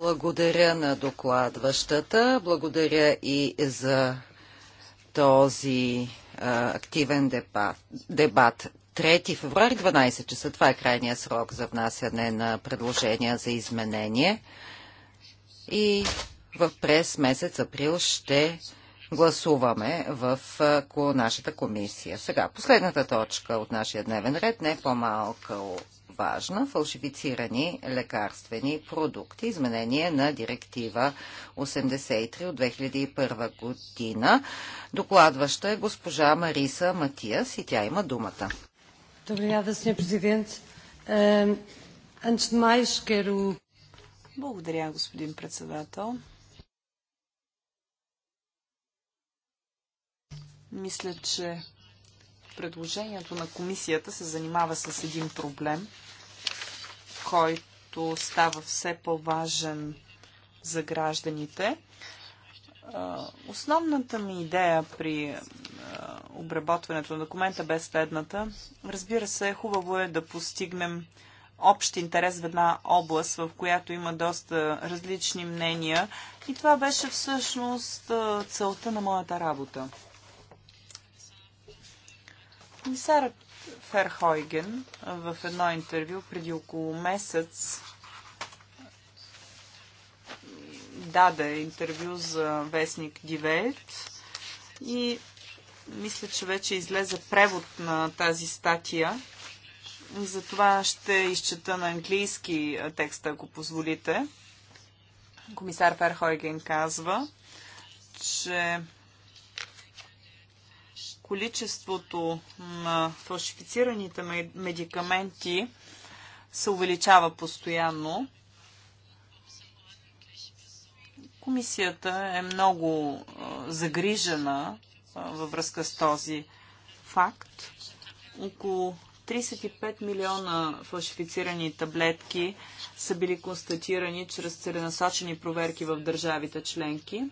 Благодаря на докладващата. Благодаря и за този а, активен дебат. дебат. 3 февруари 12 часа. Това е крайният срок за внасяне на предложения за изменение. И в през месец април ще гласуваме в нашата комисия. Сега, последната точка от нашия дневен ред, не е по-малка важна, фалшифицирани лекарствени продукти, изменение на директива 83 от 2001 година. Докладваща е госпожа Мариса Матиас и тя има думата. Obrigada, Sr. Presidente. Благодаря, господин председател. Мисля, че предложението на комисията се занимава с един проблем, който става все по-важен за гражданите. Основната ми идея при обработването на документа бе следната. Разбира се, хубаво е да постигнем общ интерес в една област, в която има доста различни мнения. И това беше всъщност целта на моята работа. Комисарът Ферхойген в едно интервю преди около месец даде интервю за вестник Дивейт и мисля, че вече излезе превод на тази статия. затова ще изчета на английски текста, ако позволите. Комисар Ферхойген казва, че количеството на фалшифицираните медикаменти се увеличава постоянно. Комисията е много загрижена във връзка с този факт. Около 35 милиона фалшифицирани таблетки са били констатирани чрез целенасочени проверки в държавите членки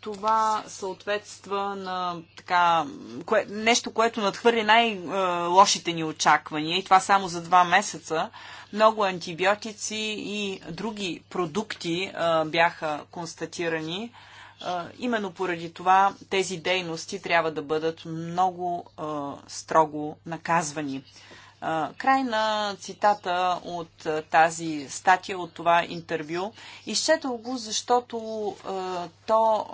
това съответства на така, кое, нещо, което надхвърли най-лошите ни очаквания и това само за два месеца. Много антибиотици и други продукти а, бяха констатирани. А, именно поради това тези дейности трябва да бъдат много а, строго наказвани. Край на цитата от тази статия, от това интервю. Изчетал го, защото то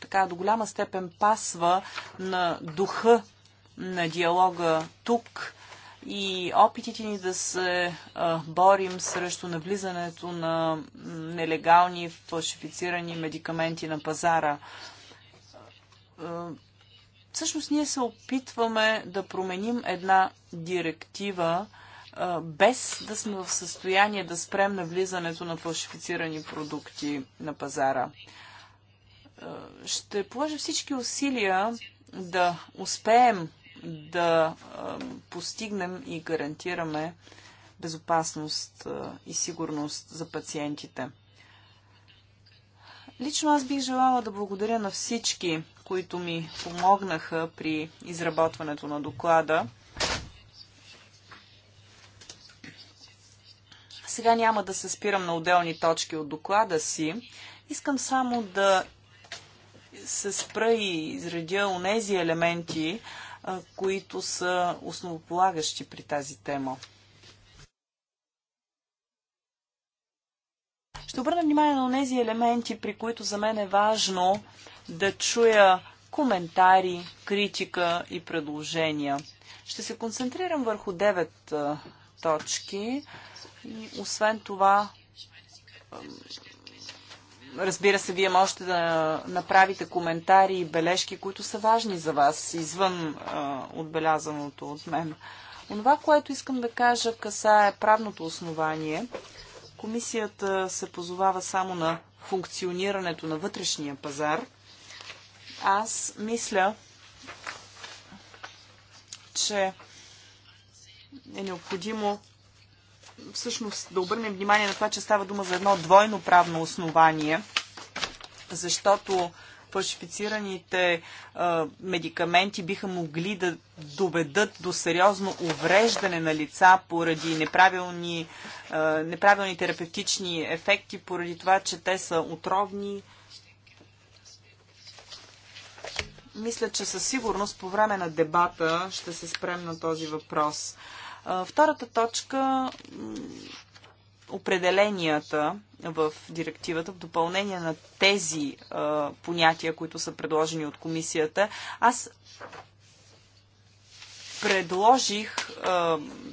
така до голяма степен пасва на духа на диалога тук и опитите ни да се борим срещу навлизането на нелегални фалшифицирани медикаменти на пазара Всъщност ние се опитваме да променим една директива, без да сме в състояние да спрем навлизането на фалшифицирани продукти на пазара. Ще положа всички усилия да успеем да постигнем и гарантираме безопасност и сигурност за пациентите. Лично аз бих желала да благодаря на всички които ми помогнаха при изработването на доклада. Сега няма да се спирам на отделни точки от доклада си. Искам само да се спра и изредя онези елементи, които са основополагащи при тази тема. Ще обърна внимание на тези елементи, при които за мен е важно да чуя коментари, критика и предложения. Ще се концентрирам върху 9 точки. Освен това, разбира се, вие можете да направите коментари и бележки, които са важни за вас, извън отбелязаното от мен. Онова, което искам да кажа, касае правното основание. Комисията се позовава само на функционирането на вътрешния пазар – аз мисля, че е необходимо всъщност да обърнем внимание на това, че става дума за едно двойно правно основание, защото фалшифицираните медикаменти биха могли да доведат до сериозно увреждане на лица поради неправилни, а, неправилни терапевтични ефекти, поради това, че те са отровни, Мисля, че със сигурност по време на дебата ще се спрем на този въпрос. Втората точка определенията в директивата, в допълнение на тези понятия, които са предложени от комисията, аз предложих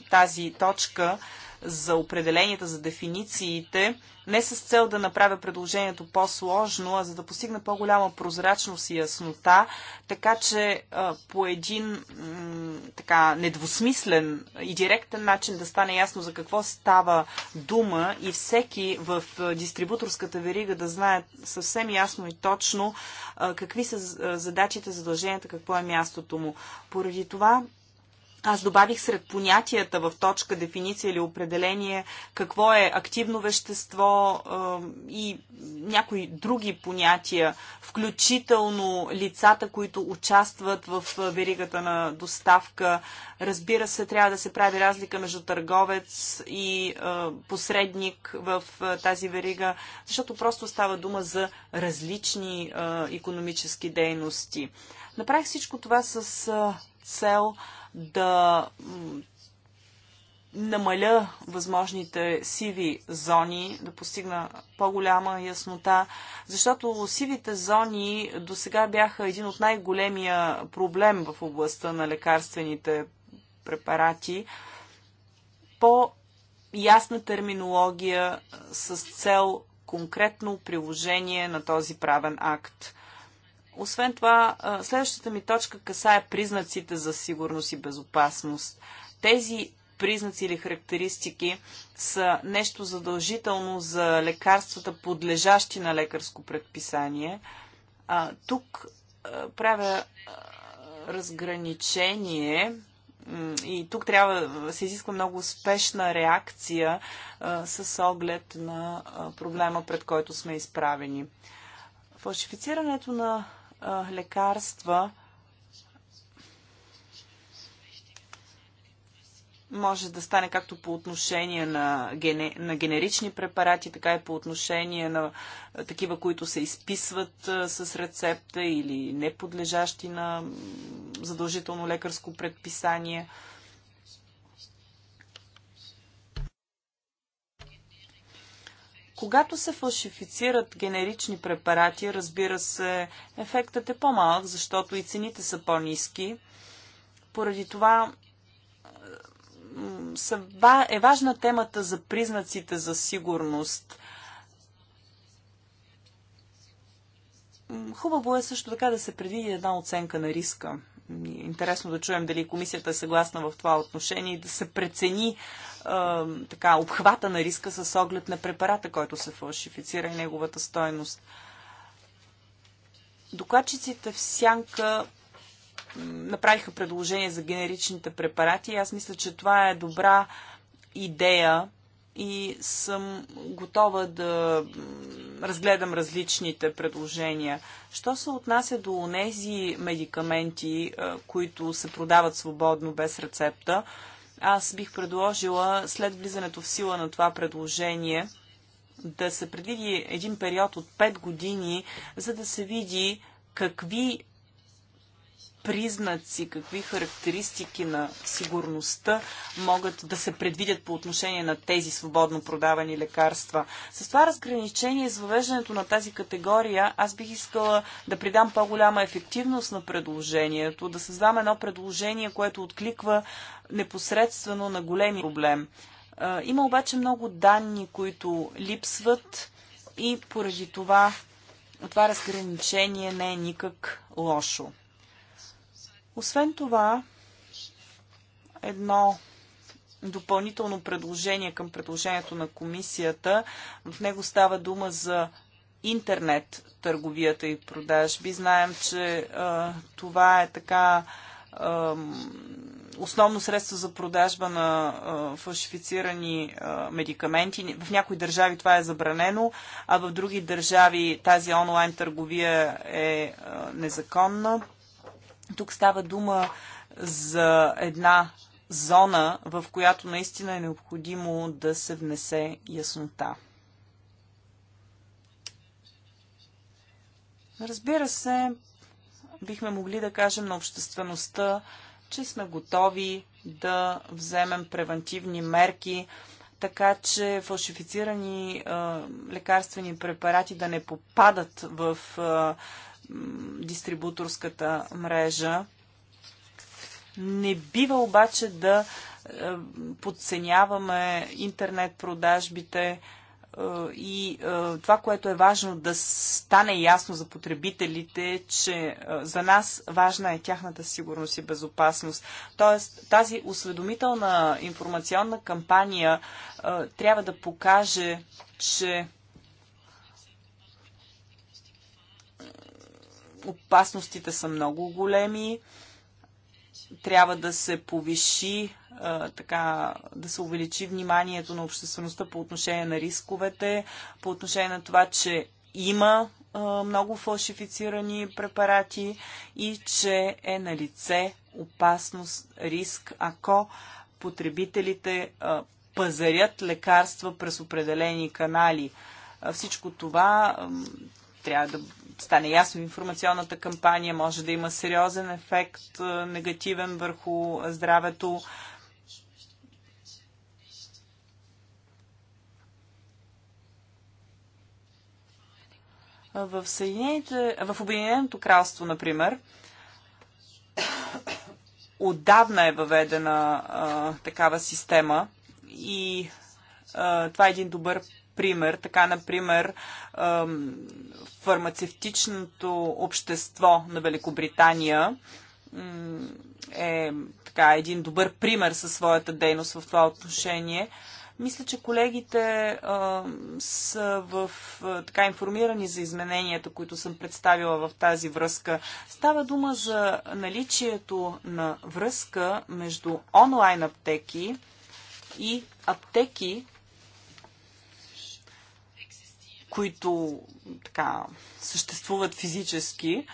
тази точка за определенията, за дефинициите не с цел да направя предложението по-сложно, а за да постигна по-голяма прозрачност и яснота, така че по един така недвусмислен и директен начин да стане ясно за какво става дума и всеки в дистрибуторската верига да знае съвсем ясно и точно какви са задачите, задълженията, какво е мястото му. Поради това аз добавих сред понятията в точка дефиниция или определение какво е активно вещество е, и някои други понятия, включително лицата, които участват в веригата на доставка. Разбира се, трябва да се прави разлика между търговец и е, посредник в е, тази верига, защото просто става дума за различни е, економически дейности. Направих всичко това с е, цел да намаля възможните сиви зони, да постигна по-голяма яснота, защото сивите зони до сега бяха един от най-големия проблем в областта на лекарствените препарати. По ясна терминология с цел конкретно приложение на този правен акт. Освен това, следващата ми точка касае признаците за сигурност и безопасност. Тези признаци или характеристики са нещо задължително за лекарствата, подлежащи на лекарско предписание. А, тук а, правя а, разграничение и тук трябва да се изисква много успешна реакция а, с оглед на а, проблема, пред който сме изправени. Фалшифицирането на лекарства може да стане както по отношение на, гене, на генерични препарати, така и по отношение на такива, които се изписват с рецепта или не подлежащи на задължително лекарско предписание. Когато се фалшифицират генерични препарати, разбира се, ефектът е по-малък, защото и цените са по-низки. Поради това е важна темата за признаците за сигурност. Хубаво е също така да се предвиди една оценка на риска. Интересно да чуем дали комисията е съгласна в това отношение и да се прецени а, така, обхвата на риска с оглед на препарата, който се фалшифицира и неговата стойност. Докладчиците в сянка направиха предложение за генеричните препарати и аз мисля, че това е добра идея и съм готова да разгледам различните предложения. Що се отнася до нези медикаменти, които се продават свободно без рецепта, аз бих предложила след влизането в сила на това предложение да се предвиди един период от 5 години, за да се види какви признаци, какви характеристики на сигурността могат да се предвидят по отношение на тези свободно продавани лекарства. С това разграничение с въвеждането на тази категория, аз бих искала да придам по-голяма ефективност на предложението, да създам едно предложение, което откликва непосредствено на големи проблем. Има обаче много данни, които липсват и поради това това разграничение не е никак лошо. Освен това, едно допълнително предложение към предложението на комисията. В него става дума за интернет търговията и продажби. Знаем, че а, това е така а, основно средство за продажба на а, фалшифицирани а, медикаменти. В някои държави това е забранено, а в други държави тази онлайн търговия е а, незаконна. Тук става дума за една зона, в която наистина е необходимо да се внесе яснота. Разбира се, бихме могли да кажем на обществеността, че сме готови да вземем превентивни мерки, така че фалшифицирани а, лекарствени препарати да не попадат в а, дистрибуторската мрежа. Не бива обаче да е, подценяваме интернет продажбите е, и е, това, което е важно да стане ясно за потребителите, че за нас важна е тяхната сигурност и безопасност. Тоест, тази осведомителна информационна кампания трябва да покаже, че Опасностите са много големи. Трябва да се повиши, така, да се увеличи вниманието на обществеността по отношение на рисковете, по отношение на това, че има много фалшифицирани препарати и че е на лице опасност, риск, ако потребителите пазарят лекарства през определени канали. Всичко това трябва да стане ясно информационната кампания, може да има сериозен ефект, е, негативен върху здравето. В, Съединените, в Обединеното кралство, например, отдавна е въведена а, такава система и а, това е един добър пример. Така, например, фармацевтичното общество на Великобритания е така, един добър пример със своята дейност в това отношение. Мисля, че колегите а, са в, а, така информирани за измененията, които съм представила в тази връзка. Става дума за наличието на връзка между онлайн аптеки и аптеки, които така, съществуват физически.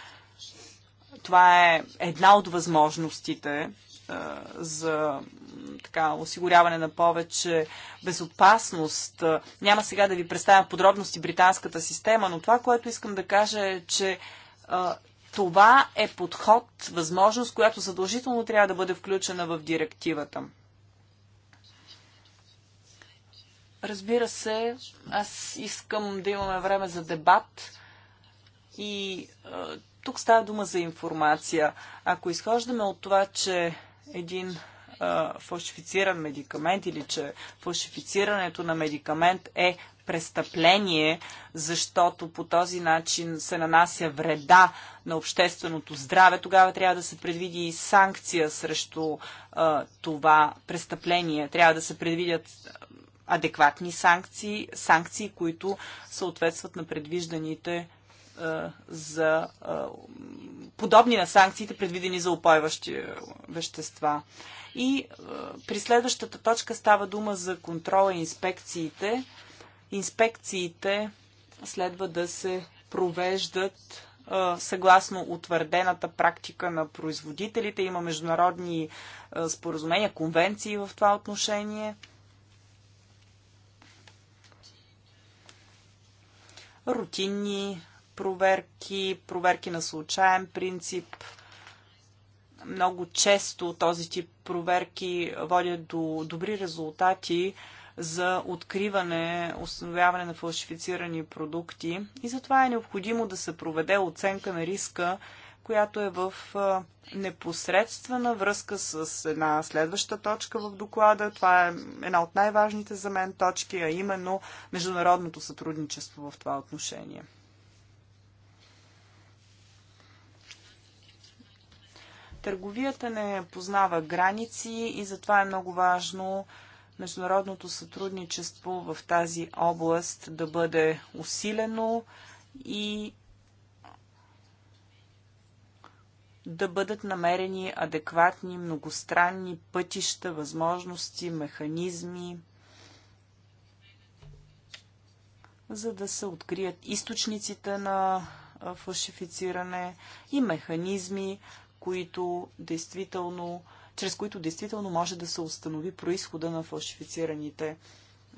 Това е една от възможностите е, за така, осигуряване на повече безопасност. Е, няма сега да ви представя подробности британската система, но това, което искам да кажа е, че а, е, това е подход, възможност, която задължително трябва да бъде включена в директивата. Разбира се, аз искам да имаме време за дебат и а, тук става дума за информация. Ако изхождаме от това, че един а, фалшифициран медикамент или че фалшифицирането на медикамент е престъпление, защото по този начин се нанася вреда на общественото здраве, тогава трябва да се предвиди и санкция срещу а, това престъпление. Трябва да се предвидят адекватни санкции, санкции, които съответстват на предвижданите е, за е, подобни на санкциите, предвидени за опойващи е, вещества. И при следващата точка става дума за контрола и инспекциите. Инспекциите следва да се провеждат съгласно утвърдената практика на производителите. Има международни споразумения, конвенции в това отношение – рутинни проверки, проверки на случайен принцип. Много често този тип проверки водят до добри резултати за откриване, установяване на фалшифицирани продукти и затова е необходимо да се проведе оценка на риска която е в непосредствена връзка с една следваща точка в доклада. Това е една от най-важните за мен точки, а именно международното сътрудничество в това отношение. Търговията не познава граници и затова е много важно международното сътрудничество в тази област да бъде усилено и да бъдат намерени адекватни многостранни пътища, възможности, механизми, за да се открият източниците на фалшифициране и механизми, които действително, чрез които действително може да се установи происхода на фалшифицираните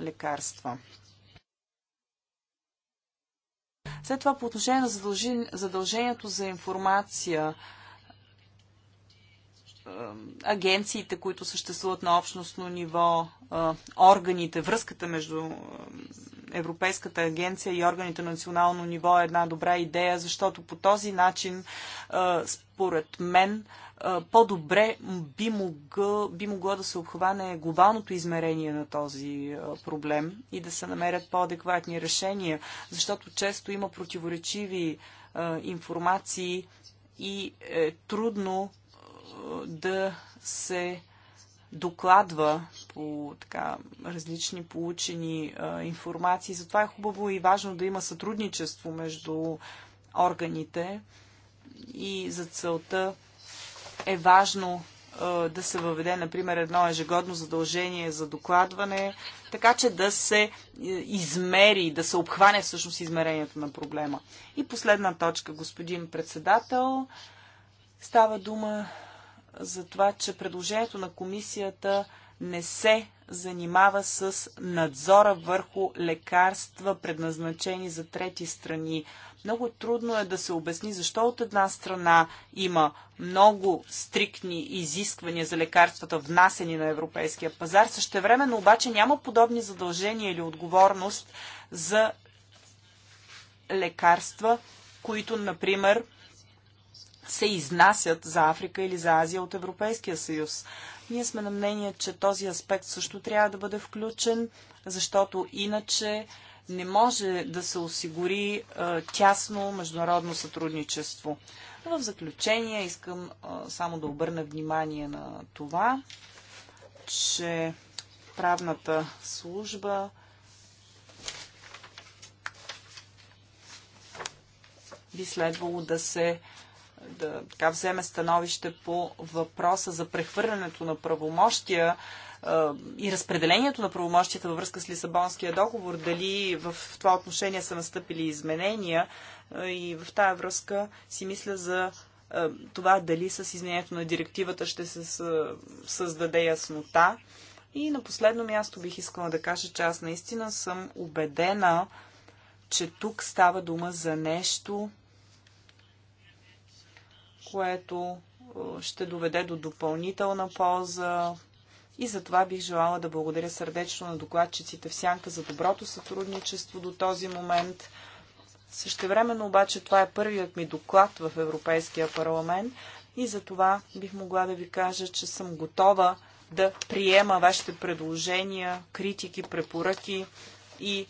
лекарства. След това по отношение на задължението за информация, агенциите, които съществуват на общностно ниво, органите, връзката между Европейската агенция и органите на национално ниво е една добра идея, защото по този начин, според мен, по-добре би, могло, би могло да се обхване глобалното измерение на този проблем и да се намерят по-адекватни решения, защото често има противоречиви информации и е трудно да се докладва по така, различни получени а, информации. Затова е хубаво и важно да има сътрудничество между органите и за целта е важно а, да се въведе, например, едно ежегодно задължение за докладване, така че да се е, измери, да се обхване всъщност измерението на проблема. И последна точка, господин председател, става дума за това, че предложението на комисията не се занимава с надзора върху лекарства, предназначени за трети страни. Много трудно е да се обясни защо от една страна има много стриктни изисквания за лекарствата, внасени на европейския пазар, същевременно обаче няма подобни задължения или отговорност за лекарства, които, например, се изнасят за Африка или за Азия от Европейския съюз. Ние сме на мнение, че този аспект също трябва да бъде включен, защото иначе не може да се осигури е, тясно международно сътрудничество. В заключение искам е, само да обърна внимание на това, че правната служба би следвало да се да така, вземе становище по въпроса за прехвърлянето на правомощия и разпределението на правомощията във връзка с Лисабонския договор, дали в това отношение са настъпили изменения и в тая връзка си мисля за това дали с изменението на директивата ще се създаде яснота. И на последно място бих искала да кажа, че аз наистина съм убедена, че тук става дума за нещо, което е, ще доведе до допълнителна полза. И за това бих желала да благодаря сърдечно на докладчиците в Сянка за доброто сътрудничество до този момент. Същевременно обаче това е първият ми доклад в Европейския парламент и за това бих могла да ви кажа, че съм готова да приема вашите предложения, критики, препоръки и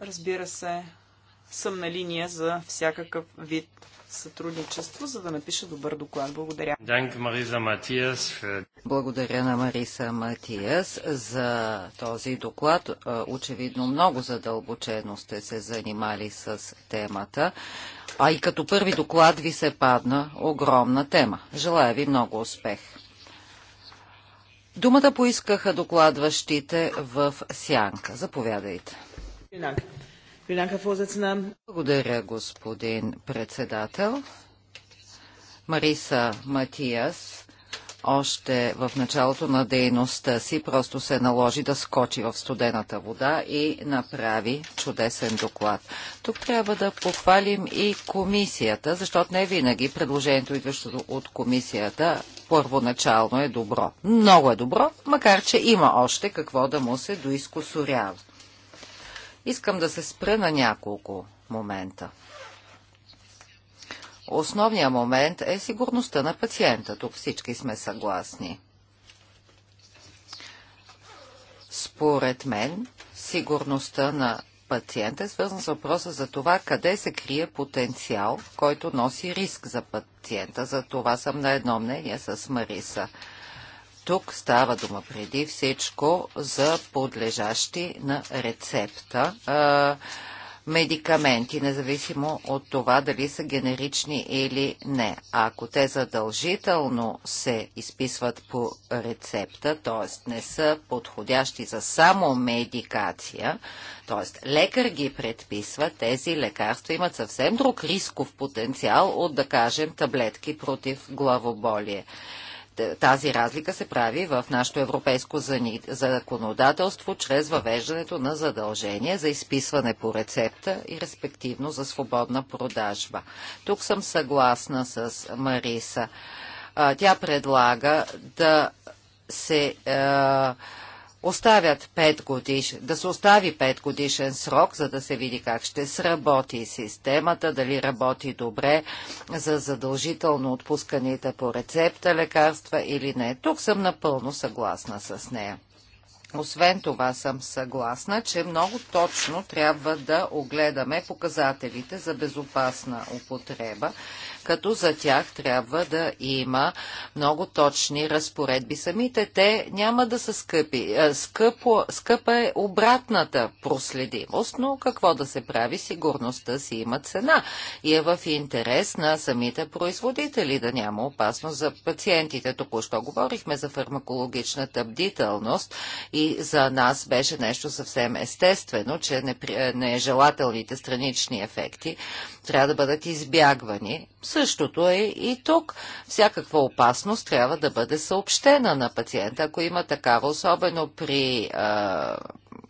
разбира се, съм на линия за всякакъв вид сътрудничество, за да напиша добър доклад. Благодаря. Благодаря на Мариса Матиас за този доклад. Е, очевидно много задълбочено сте се занимали с темата, а и като първи доклад ви се падна огромна тема. Желая ви много успех. Думата поискаха докладващите в Сянка. Заповядайте. Благодаря, господин председател. Мариса Матиас още в началото на дейността си просто се наложи да скочи в студената вода и направи чудесен доклад. Тук трябва да похвалим и комисията, защото не винаги предложението, идващо от комисията, първоначално е добро. Много е добро, макар че има още какво да му се доискосурява. Искам да се спра на няколко момента. Основният момент е сигурността на пациента. Тук всички сме съгласни. Според мен, сигурността на пациента е свързан с въпроса за това къде се крие потенциал, който носи риск за пациента. За това съм на едно мнение с Мариса. Тук става дума преди всичко за подлежащи на рецепта а, медикаменти, независимо от това дали са генерични или не. ако те задължително се изписват по рецепта, т.е. не са подходящи за само медикация, т.е. лекар ги предписва, тези лекарства имат съвсем друг рисков потенциал от, да кажем, таблетки против главоболие. Тази разлика се прави в нашето европейско законодателство чрез въвеждането на задължение за изписване по рецепта и респективно за свободна продажба. Тук съм съгласна с Мариса. Тя предлага да се е, оставят 5 годиш, да се остави 5 годишен срок, за да се види как ще сработи системата, дали работи добре за задължително отпусканите по рецепта лекарства или не. Тук съм напълно съгласна с нея. Освен това съм съгласна, че много точно трябва да огледаме показателите за безопасна употреба, като за тях трябва да има много точни разпоредби. Самите те няма да са скъпи. Е, скъпо, скъпа е обратната проследимост, но какво да се прави, сигурността си има цена и е в интерес на самите производители да няма опасност за пациентите. Току-що говорихме за фармакологичната бдителност и за нас беше нещо съвсем естествено, че нежелателните странични ефекти трябва да бъдат избягвани Същото е и тук. Всякаква опасност трябва да бъде съобщена на пациента, ако има такава, особено при а,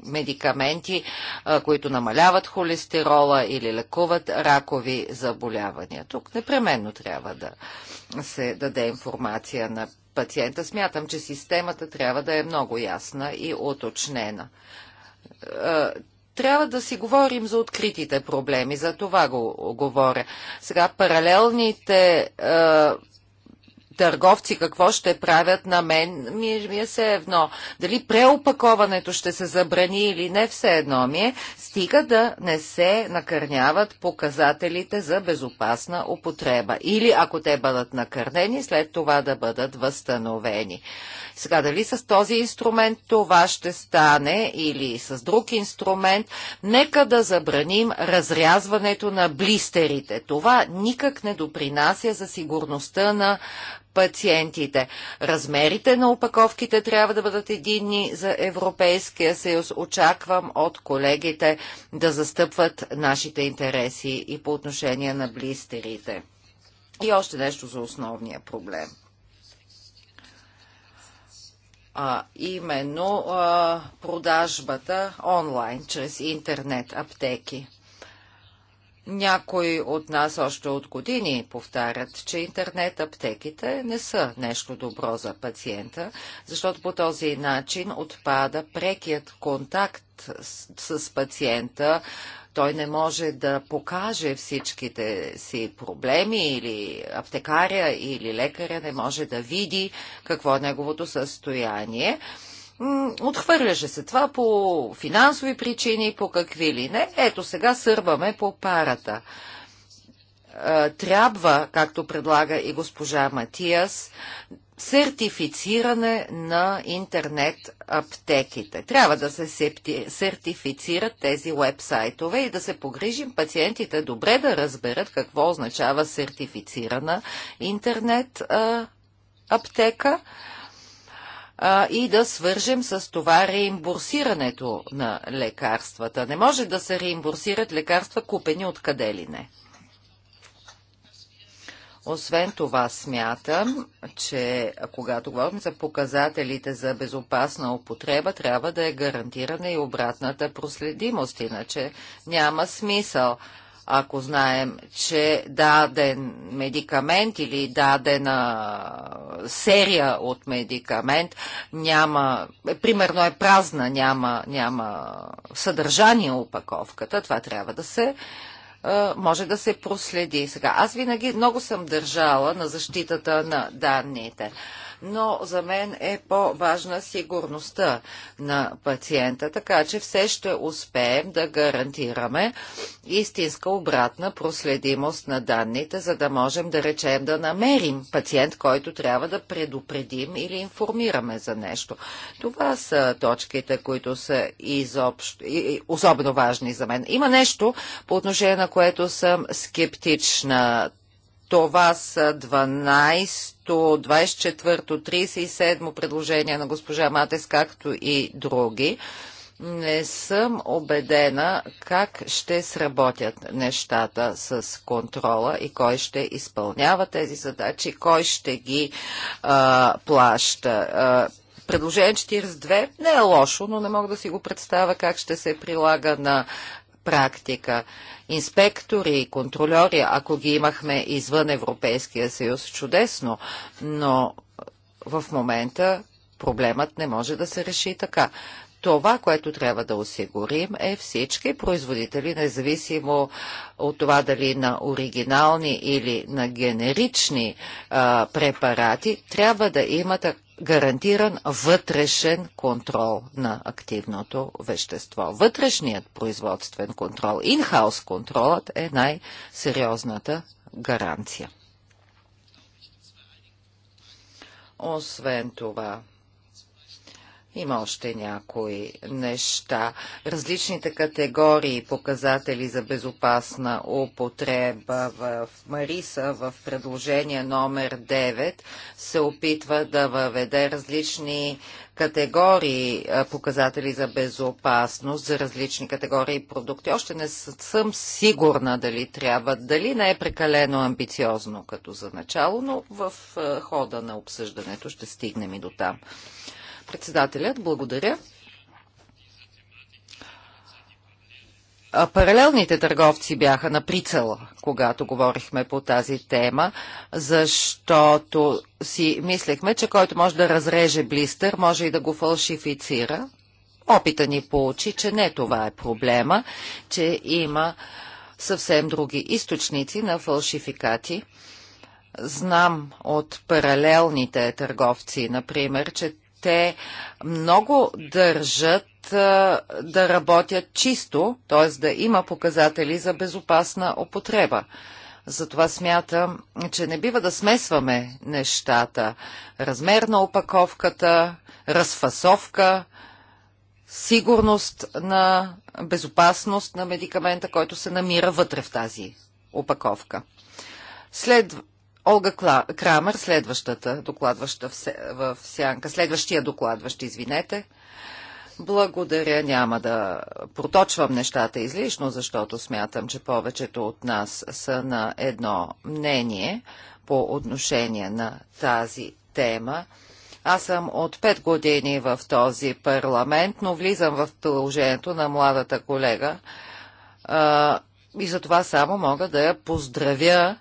медикаменти, а, които намаляват холестерола или лекуват ракови заболявания. Тук непременно трябва да се даде информация на пациента. Смятам, че системата трябва да е много ясна и уточнена трябва да си говорим за откритите проблеми, за това го говоря. Сега паралелните е, търговци какво ще правят на мен, ми, ми е все едно. Дали преопаковането ще се забрани или не, все едно ми е, стига да не се накърняват показателите за безопасна употреба. Или ако те бъдат накърнени, след това да бъдат възстановени. Сега дали с този инструмент това ще стане или с друг инструмент, нека да забраним разрязването на блистерите. Това никак не допринася за сигурността на пациентите. Размерите на опаковките трябва да бъдат единни за Европейския съюз. Очаквам от колегите да застъпват нашите интереси и по отношение на блистерите. И още нещо за основния проблем – а именно а, продажбата онлайн, чрез интернет аптеки. Някои от нас още от години повтарят, че интернет аптеките не са нещо добро за пациента, защото по този начин отпада прекият контакт с, с пациента, той не може да покаже всичките си проблеми или аптекаря или лекаря не може да види какво е неговото състояние. Отхвърляше се това по финансови причини, по какви ли не. Ето сега сърбаме по парата. Е, трябва, както предлага и госпожа Матиас, сертифициране на интернет аптеките. Трябва да се сертифицират тези вебсайтове и да се погрижим пациентите добре да разберат какво означава сертифицирана интернет аптека и да свържем с това реимбурсирането на лекарствата. Не може да се реимбурсират лекарства, купени от къде ли не. Освен това смятам, че когато говорим за показателите за безопасна употреба, трябва да е гарантирана и обратната проследимост, иначе няма смисъл. Ако знаем, че даден медикамент или дадена серия от медикамент няма, е, примерно е празна, няма, няма съдържание упаковката, това трябва да се може да се проследи. Сега, аз винаги много съм държала на защитата на данните но за мен е по-важна сигурността на пациента, така че все ще успеем да гарантираме истинска обратна проследимост на данните, за да можем да речем да намерим пациент, който трябва да предупредим или информираме за нещо. Това са точките, които са изобщо, особено важни за мен. Има нещо, по отношение на което съм скептична това са 12, 24, 37 предложение на госпожа Матес, както и други. Не съм убедена как ще сработят нещата с контрола и кой ще изпълнява тези задачи, кой ще ги а, плаща. А, Предложение 42 не е лошо, но не мога да си го представя как ще се прилага на практика. Инспектори и контролери, ако ги имахме извън Европейския съюз, чудесно, но в момента проблемът не може да се реши така. Това, което трябва да осигурим е всички производители, независимо от това дали на оригинални или на генерични а, препарати, трябва да имат гарантиран вътрешен контрол на активното вещество. Вътрешният производствен контрол, инхаус контролът е най-сериозната гаранция. Освен това, има още някои неща. Различните категории показатели за безопасна употреба в Мариса в предложение номер 9 се опитва да въведе различни категории показатели за безопасност за различни категории продукти. Още не съм сигурна дали трябва, дали не е прекалено амбициозно като за начало, но в хода на обсъждането ще стигнем и до там. Председателят, благодаря. Паралелните търговци бяха на прицел, когато говорихме по тази тема, защото си мислехме, че който може да разреже блистър, може и да го фалшифицира. Опита ни получи, че не това е проблема, че има съвсем други източници на фалшификати. Знам от паралелните търговци, например, че те много държат да работят чисто, т.е. да има показатели за безопасна употреба. Затова смятам, че не бива да смесваме нещата. Размер на опаковката, разфасовка, сигурност на безопасност на медикамента, който се намира вътре в тази опаковка. След Олга Крамер, следващата докладваща в сянка, следващия докладващ, извинете. Благодаря, няма да проточвам нещата излишно, защото смятам, че повечето от нас са на едно мнение по отношение на тази тема. Аз съм от пет години в този парламент, но влизам в положението на младата колега а, и за това само мога да я поздравя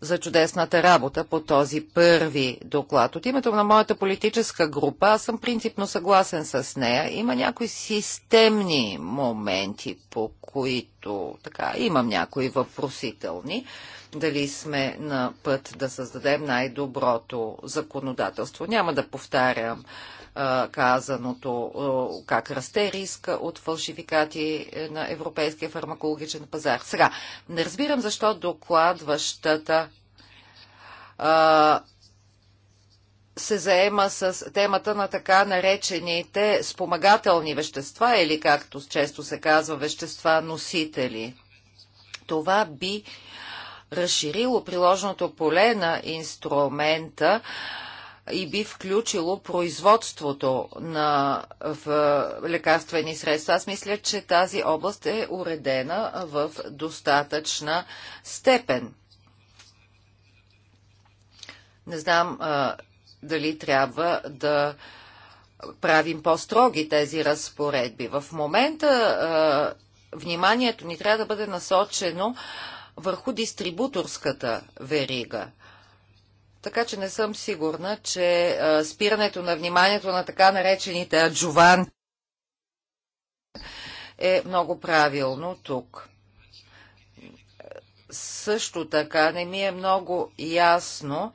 за чудесната работа по този първи доклад. От името на моята политическа група аз съм принципно съгласен с нея. Има някои системни моменти, по които така, имам някои въпросителни. Дали сме на път да създадем най-доброто законодателство. Няма да повтарям казаното как расте риска от фалшификати на европейския фармакологичен пазар. Сега, не разбирам защо докладващата се заема с темата на така наречените спомагателни вещества или както често се казва вещества носители. Това би разширило приложното поле на инструмента и би включило производството на в лекарствени средства. Аз мисля, че тази област е уредена в достатъчна степен. Не знам а, дали трябва да правим по-строги тези разпоредби. В момента а, вниманието ни трябва да бъде насочено върху дистрибуторската верига. Така че не съм сигурна, че спирането на вниманието на така наречените аджуван е много правилно тук. Също така не ми е много ясно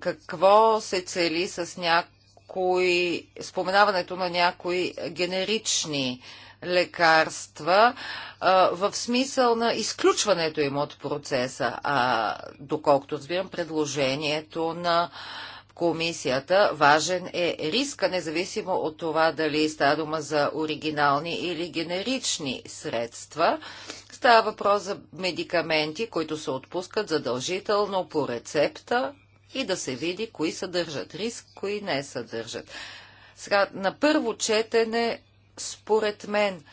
какво се цели с някои, споменаването на някои генерични а, лекарства в смисъл на изключването им от процеса, а доколкото разбирам предложението на комисията. Важен е риска, независимо от това дали става дума за оригинални или генерични средства. Става въпрос за медикаменти, които се отпускат задължително по рецепта и да се види кои съдържат риск, кои не съдържат. Сега, на първо четене според мен.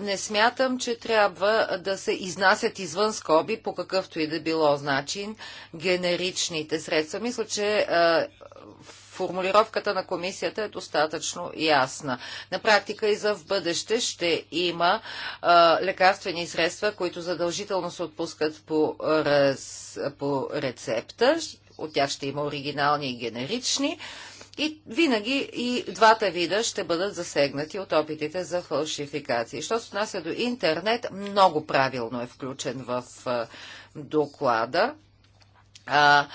Не смятам, че трябва да се изнасят извън скоби по какъвто и да било начин генеричните средства. Мисля, че формулировката на комисията е достатъчно ясна. На практика и за в бъдеще ще има а, лекарствени средства, които задължително се отпускат по, раз, по рецепта. От тях ще има оригинални и генерични. И винаги и двата вида ще бъдат засегнати от опитите за фалшификации. Що се отнася до интернет, много правилно е включен в доклада. А,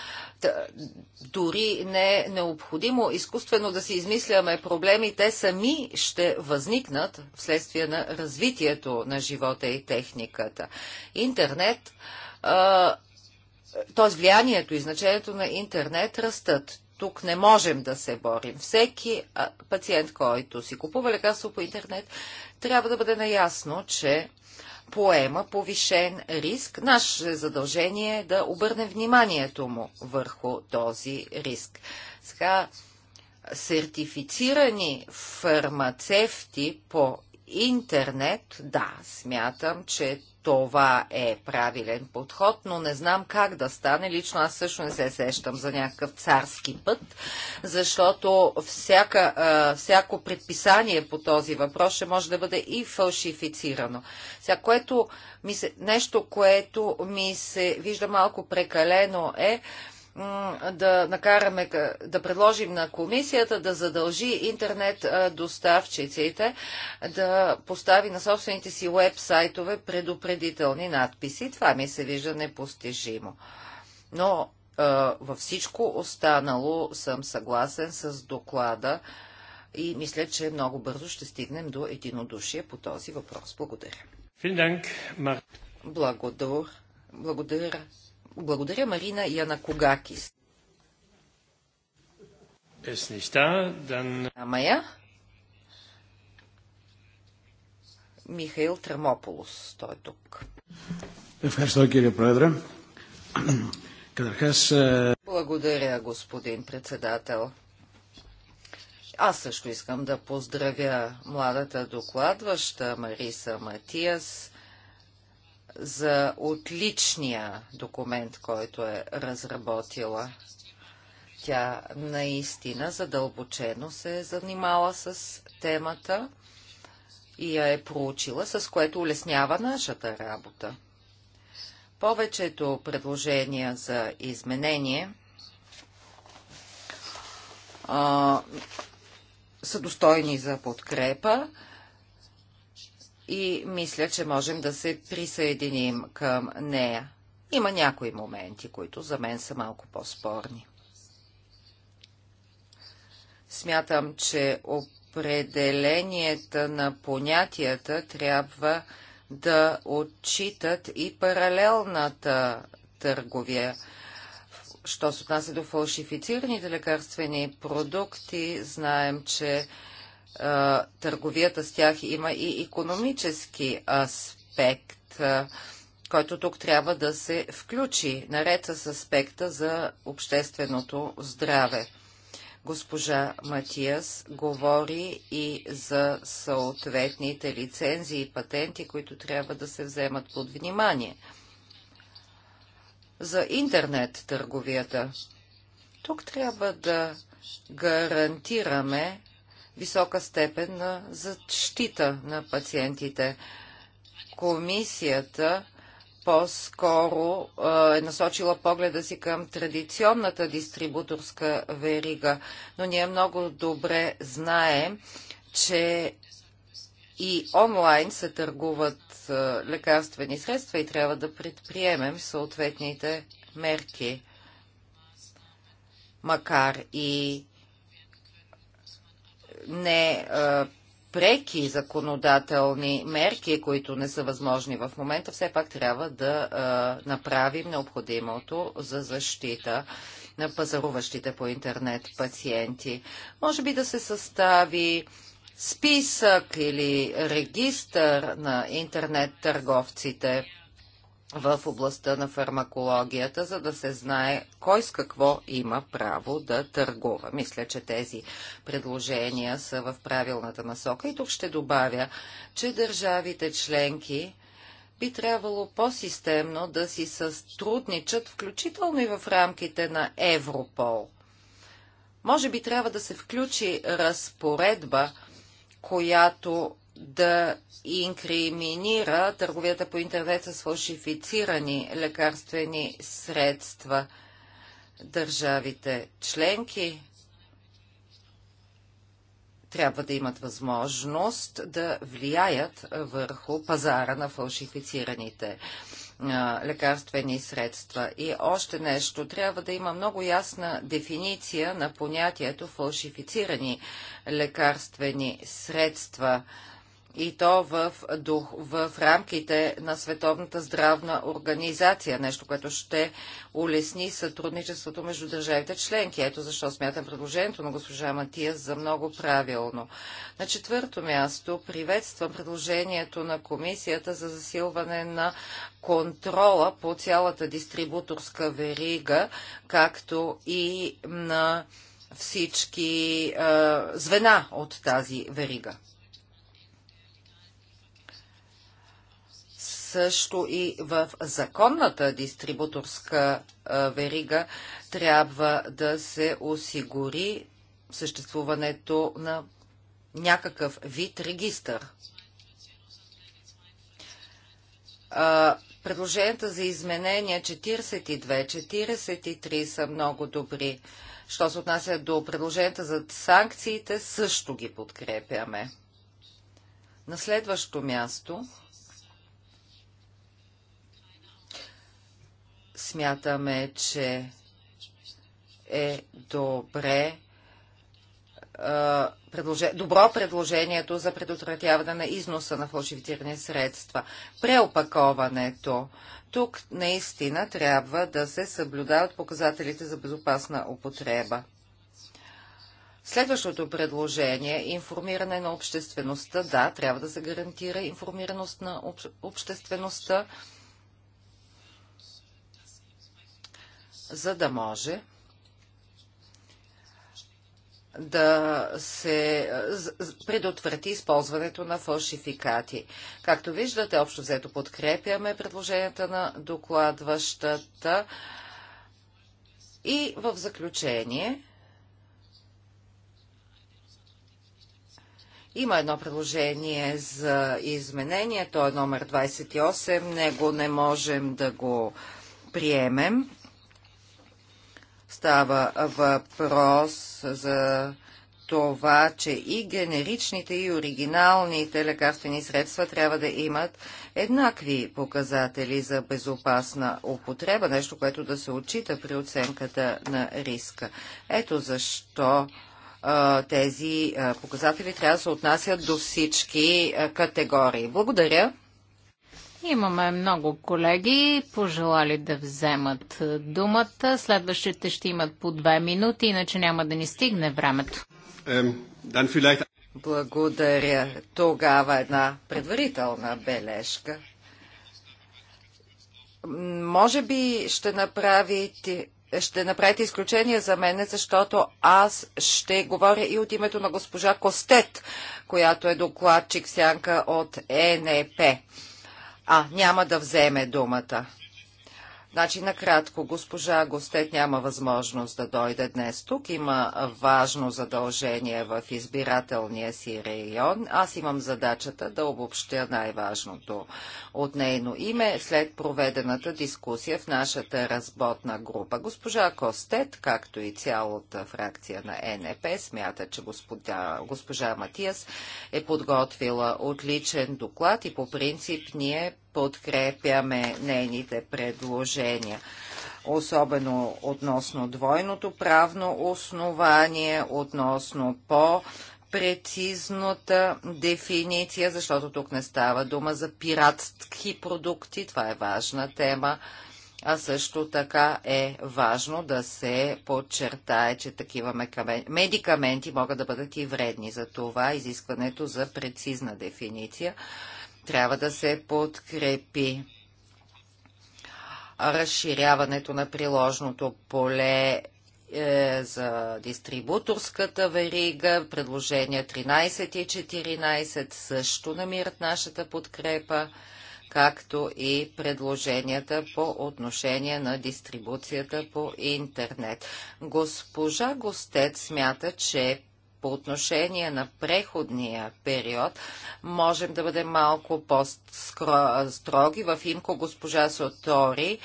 т, дори не е необходимо изкуствено да си измисляме проблеми, те сами ще възникнат вследствие на развитието на живота и техниката. Интернет, т.е. влиянието и значението на интернет растат тук не можем да се борим. Всеки пациент, който си купува лекарство по интернет, трябва да бъде наясно, че поема повишен риск. Наше задължение е да обърнем вниманието му върху този риск. Сега, сертифицирани фармацевти по интернет, да, смятам, че това е правилен подход, но не знам как да стане. Лично аз също не се сещам за някакъв царски път, защото всяка, всяко предписание по този въпрос ще може да бъде и фалшифицирано. Сега, което ми се, нещо, което ми се вижда малко прекалено е, да накараме, да предложим на комисията да задължи интернет доставчиците да постави на собствените си уебсайтове предупредителни надписи. Това ми се вижда непостижимо. Но във всичко останало съм съгласен с доклада и мисля, че много бързо ще стигнем до единодушие по този въпрос. Благодаря. Благодаря. Благодаря. Благодаря, Марина Янакогакис. Ама я? Михаил Трамополос, той е тук. Е, Благодаря, господин председател. Аз също искам да поздравя младата докладваща Мариса Матиас за отличния документ, който е разработила. Тя наистина задълбочено се е занимала с темата и я е проучила, с което улеснява нашата работа. Повечето предложения за изменение а, са достойни за подкрепа и мисля, че можем да се присъединим към нея. Има някои моменти, които за мен са малко по-спорни. Смятам, че определенията на понятията трябва да отчитат и паралелната търговия. Що се отнася до фалшифицираните лекарствени продукти, знаем, че е, търговията с тях има и економически аспект, е, който тук трябва да се включи, наред с аспекта за общественото здраве. Госпожа Матиас говори и за съответните лицензии и патенти, които трябва да се вземат под внимание. За интернет търговията. Тук трябва да гарантираме висока степен на защита на пациентите. Комисията по-скоро е насочила погледа си към традиционната дистрибуторска верига, но ние много добре знаем, че и онлайн се търгуват лекарствени средства и трябва да предприемем съответните мерки. Макар и не е, преки законодателни мерки, които не са възможни в момента, все пак трябва да а, е, направим необходимото за защита на пазаруващите по интернет пациенти. Може би да се състави списък или регистър на интернет търговците в областта на фармакологията, за да се знае кой с какво има право да търгува. Мисля, че тези предложения са в правилната насока. И тук ще добавя, че държавите членки би трябвало по-системно да си сътрудничат, включително и в рамките на Европол. Може би трябва да се включи разпоредба, която да инкриминира търговията по интернет с фалшифицирани лекарствени средства. Държавите членки трябва да имат възможност да влияят върху пазара на фалшифицираните лекарствени средства. И още нещо, трябва да има много ясна дефиниция на понятието фалшифицирани лекарствени средства и то в, дух, в рамките на Световната здравна организация, нещо, което ще улесни сътрудничеството между държавите членки. Ето защо смятам предложението на госпожа Матия за много правилно. На четвърто място приветствам предложението на комисията за засилване на контрола по цялата дистрибуторска верига, както и на всички е, звена от тази верига. също и в законната дистрибуторска верига трябва да се осигури съществуването на някакъв вид регистър. Предложенията за изменения 42, 43 са много добри. Що се отнася до предложенията за санкциите, също ги подкрепяме. На следващо място Смятаме, че е добре добро предложението за предотвратяване на износа на фалшифицирани средства. Преопаковането. Тук наистина трябва да се съблюдават показателите за безопасна употреба. Следващото предложение е – информиране на обществеността. Да, трябва да се гарантира информираност на обществеността за да може да се предотврати използването на фалшификати. Както виждате, общо взето подкрепяме предложенията на докладващата. И в заключение има едно предложение за изменение, то е номер 28, него не можем да го приемем. Става въпрос за това, че и генеричните, и оригиналните лекарствени средства трябва да имат еднакви показатели за безопасна употреба, нещо, което да се отчита при оценката на риска. Ето защо тези показатели трябва да се отнасят до всички категории. Благодаря. Имаме много колеги, пожелали да вземат е, думата. Следващите ще имат по две минути, иначе няма да ни стигне времето. Благодаря. Тогава една предварителна бележка. Може би ще направите ще направите изключение за мене, защото аз ще говоря и от името на госпожа Костет, която е докладчик сянка от ЕНЕП. А, няма да вземе думата. Значи, накратко, госпожа Гостет няма възможност да дойде днес тук. Има важно задължение в избирателния си район. Аз имам задачата да обобщя най-важното от нейно име след проведената дискусия в нашата разботна група. Госпожа Костет, както и цялата фракция на НЕП, смята, че господа, госпожа Матиас е подготвила отличен доклад и по принцип ние подкрепяме нейните предложения особено относно двойното правно основание, относно по прецизната дефиниция, защото тук не става дума за пиратски продукти, това е важна тема, а също така е важно да се подчертае, че такива медикаменти могат да бъдат и вредни. За това изискването за прецизна дефиниция трябва да се подкрепи разширяването на приложното поле е, за дистрибуторската верига. Предложения 13 и 14 също намират нашата подкрепа, както и предложенията по отношение на дистрибуцията по интернет. Госпожа Гостет смята, че по отношение на преходния период можем да бъдем малко по-строги. В имко госпожа Сотори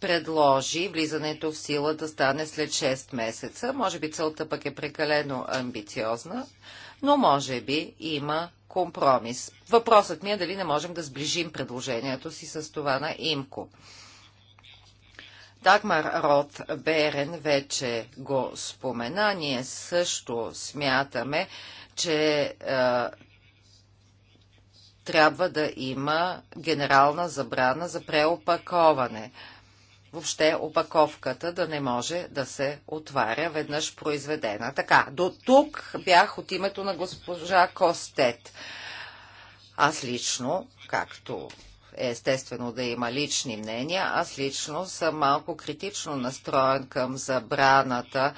предложи влизането в сила да стане след 6 месеца. Може би целта пък е прекалено амбициозна, но може би има компромис. Въпросът ми е дали не можем да сближим предложението си с това на имко. Дагмар Рот Берен вече го спомена. Ние също смятаме, че е, трябва да има генерална забрана за преопаковане. Въобще опаковката да не може да се отваря веднъж произведена. Така, до тук бях от името на госпожа Костет. Аз лично, както е естествено да има лични мнения. Аз лично съм малко критично настроен към забраната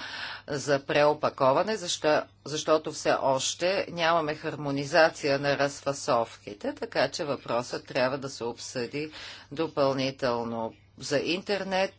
за преопаковане, защо, защото все още нямаме хармонизация на разфасовките, така че въпросът трябва да се обсъди допълнително. За интернет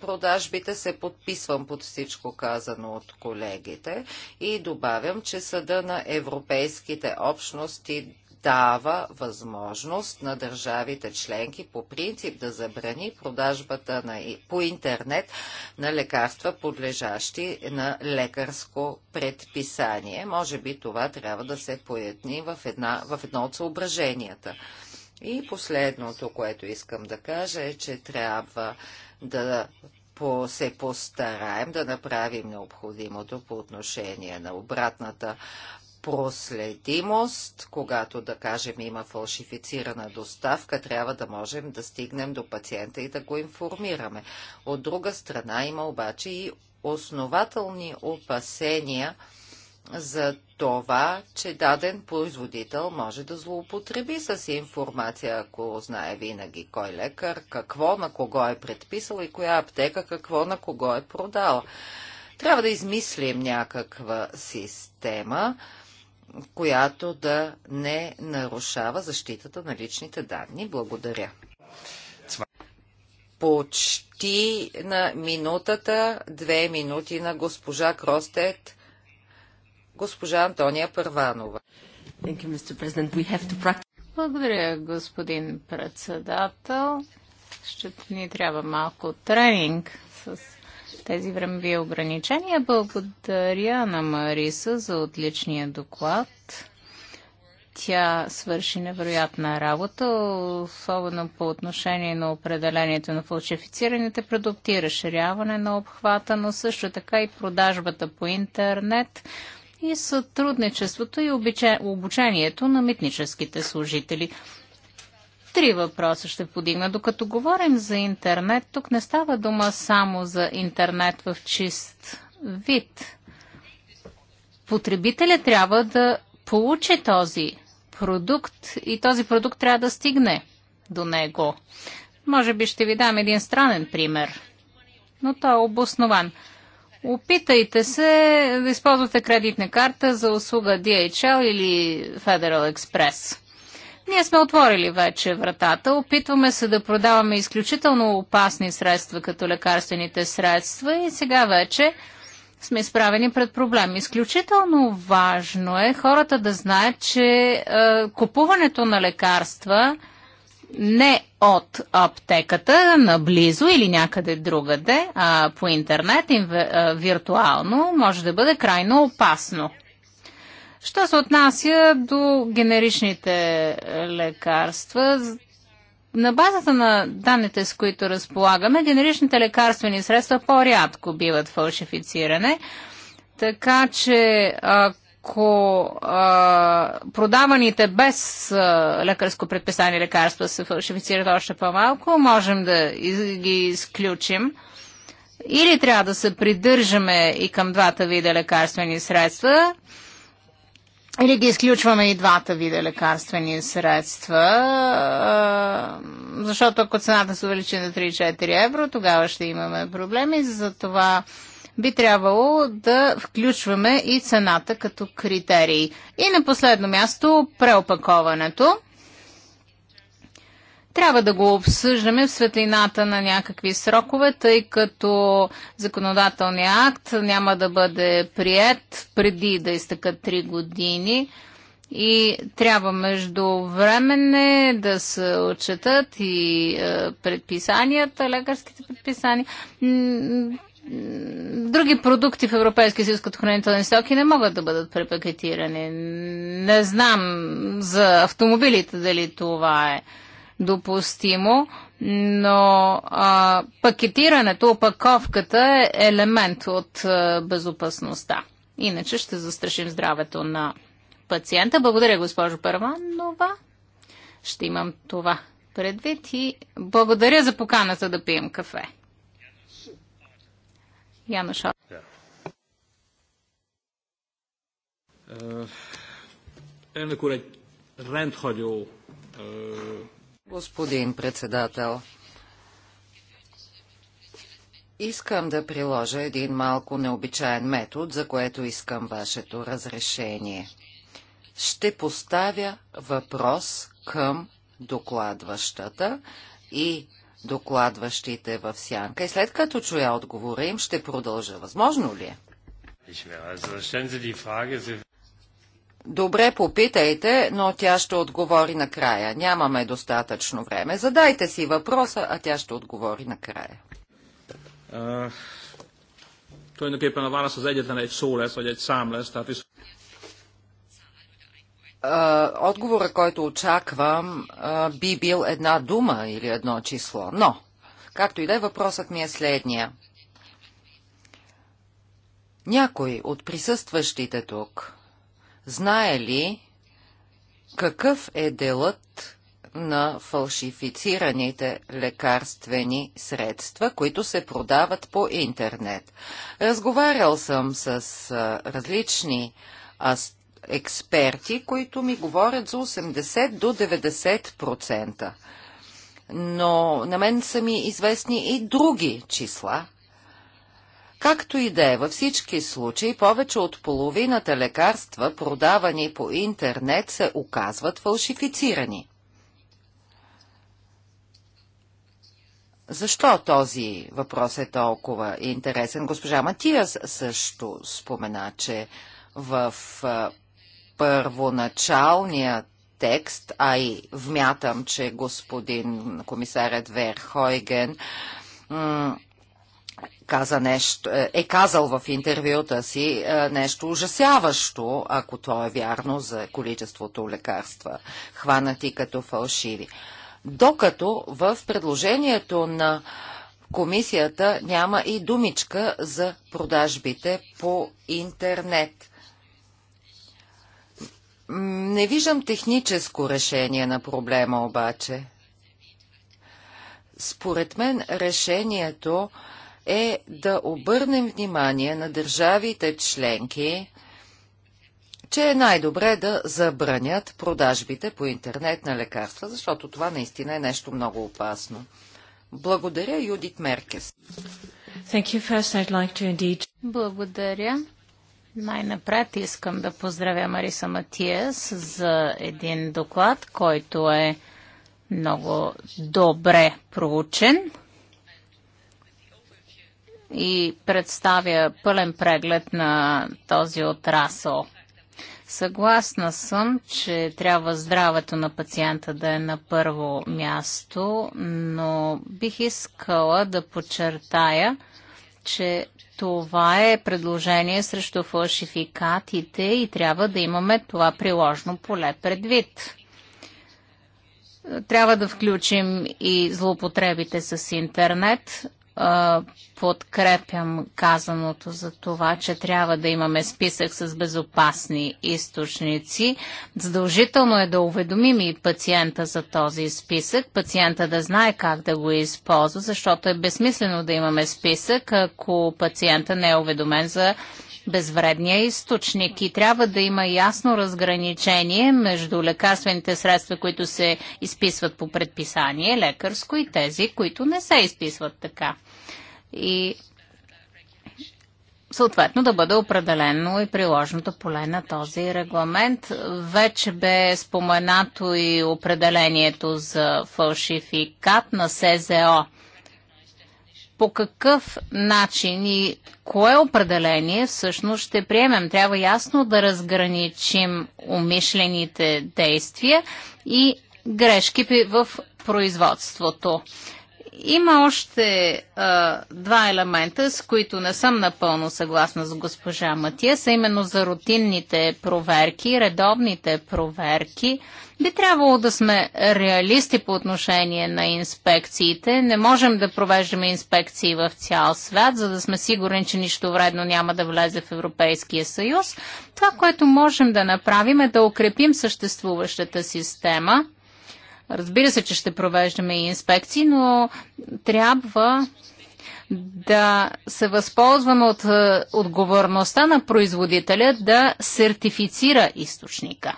продажбите се подписвам под всичко казано от колегите и добавям, че съда на европейските общности дава възможност на държавите членки по принцип да забрани продажбата на, по интернет на лекарства, подлежащи на лекарско предписание. Може би това трябва да се поясни в, една, в едно от съображенията. И последното, което искам да кажа е, че трябва да се постараем да направим необходимото по отношение на обратната проследимост, когато, да кажем, има фалшифицирана доставка, трябва да можем да стигнем до пациента и да го информираме. От друга страна има обаче и основателни опасения за това, че даден производител може да злоупотреби с информация, ако знае винаги кой лекар, какво на кого е предписал и коя аптека какво на кого е продала. Трябва да измислим някаква система, която да не нарушава защитата на личните данни. Благодаря. Почти на минутата, две минути на госпожа Кростет, госпожа Антония Първанова. Благодаря, господин председател. Ще ни трябва малко тренинг с тези времеви ограничения. Благодаря на Мариса за отличния доклад. Тя свърши невероятна работа, особено по отношение на определението на фалшифицираните продукти, разширяване на обхвата, но също така и продажбата по интернет и сътрудничеството и обучението на митническите служители. Три въпроса ще подигна. Докато говорим за интернет, тук не става дума само за интернет в чист вид. Потребителя трябва да получи този продукт и този продукт трябва да стигне до него. Може би ще ви дам един странен пример, но той е обоснован. Опитайте се да използвате кредитна карта за услуга DHL или Federal Express. Ние сме отворили вече вратата. Опитваме се да продаваме изключително опасни средства, като лекарствените средства и сега вече сме изправени пред проблем. Изключително важно е хората да знаят, че е, купуването на лекарства не от аптеката, наблизо или някъде другаде, а по интернет, е, виртуално, може да бъде крайно опасно. Що се отнася до генеричните е, лекарства, на базата на данните, с които разполагаме, генеричните лекарствени средства по-рядко биват фалшифициране, така че ако а, продаваните без а, лекарско предписание лекарства се фалшифицират още по-малко, можем да из, ги изключим. Или трябва да се придържаме и към двата вида лекарствени средства, или ги изключваме и двата вида лекарствени средства, защото ако цената се увеличи на 3-4 евро, тогава ще имаме проблеми. За това би трябвало да включваме и цената като критерий. И на последно място преопаковането. Трябва да го обсъждаме в светлината на някакви срокове, тъй като законодателният акт няма да бъде прият преди да изтъкат 3 години и трябва между междувремене да се отчетат и е, предписанията, лекарските предписания. Други продукти в Европейския съюз като хранителни стоки не могат да бъдат препакетирани. Не знам за автомобилите дали това е допустимо, но а, пакетирането, опаковката е елемент от а, безопасността. Иначе ще застрашим здравето на пациента. Благодаря, госпожо Първанова. Ще имам това предвид и благодаря за поканата да пием кафе. Яна Шо. Elnök úr, Господин председател, искам да приложа един малко необичаен метод, за което искам вашето разрешение. Ще поставя въпрос към докладващата и докладващите в сянка. И след като чуя отговора им, ще продължа. Възможно ли е? Добре, попитайте, но тя ще отговори накрая. Нямаме достатъчно време. Задайте си въпроса, а тя ще отговори накрая. Uh, отговора, който очаквам, би бил една дума или едно число. Но, както и да е, въпросът ми е следния. Някой от присъстващите тук знае ли какъв е делът на фалшифицираните лекарствени средства, които се продават по интернет. Разговарял съм с различни експерти, които ми говорят за 80 до 90%. Но на мен са ми известни и други числа, Както и да е, във всички случаи повече от половината лекарства, продавани по интернет, се оказват фалшифицирани. Защо този въпрос е толкова интересен? Госпожа Матиас също спомена, че в първоначалния текст, а и вмятам, че господин комисарят Верхойген каза нещо, е, е казал в интервюта си е, нещо ужасяващо, ако то е вярно за количеството лекарства, хванати като фалшиви. Докато в предложението на комисията няма и думичка за продажбите по интернет. Не виждам техническо решение на проблема обаче. Според мен решението е да обърнем внимание на държавите членки, че е най-добре да забранят продажбите по интернет на лекарства, защото това наистина е нещо много опасно. Благодаря, Юдит Меркес. First, like indeed... Благодаря. Най-напред искам да поздравя Мариса Матиес за един доклад, който е много добре проучен и представя пълен преглед на този отрасъл. Съгласна съм, че трябва здравето на пациента да е на първо място, но бих искала да подчертая, че това е предложение срещу фалшификатите и трябва да имаме това приложно поле предвид. Трябва да включим и злоупотребите с интернет, подкрепям казаното за това, че трябва да имаме списък с безопасни източници. Задължително е да уведомим и пациента за този списък, пациента да знае как да го използва, защото е безсмислено да имаме списък, ако пациента не е уведомен за безвредния източник и трябва да има ясно разграничение между лекарствените средства, които се изписват по предписание лекарско и тези, които не се изписват така и съответно да бъде определено и приложното поле на този регламент. Вече бе споменато и определението за фалшификат на СЗО. По какъв начин и кое определение всъщност ще приемем? Трябва ясно да разграничим умишлените действия и грешки в производството. Има още а, два елемента, с които не съм напълно съгласна с госпожа Матия, са именно за рутинните проверки, редовните проверки. Би трябвало да сме реалисти по отношение на инспекциите. Не можем да провеждаме инспекции в цял свят, за да сме сигурни, че нищо вредно няма да влезе в Европейския съюз. Това, което можем да направим е да укрепим съществуващата система – Разбира се, че ще провеждаме и инспекции, но трябва да се възползваме от е, отговорността на производителя да сертифицира източника.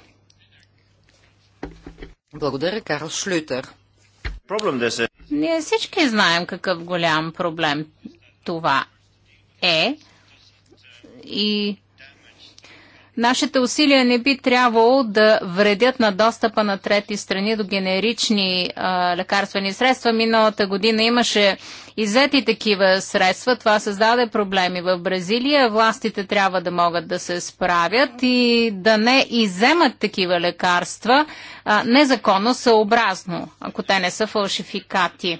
Благодаря, Карл Шлютер. Ние всички знаем какъв голям проблем това е и Нашите усилия не би трябвало да вредят на достъпа на трети страни до генерични а, лекарствени средства. Миналата година имаше иззети такива средства. Това създаде проблеми в Бразилия. Властите трябва да могат да се справят и да не иземат такива лекарства а, незаконно съобразно, ако те не са фалшификати.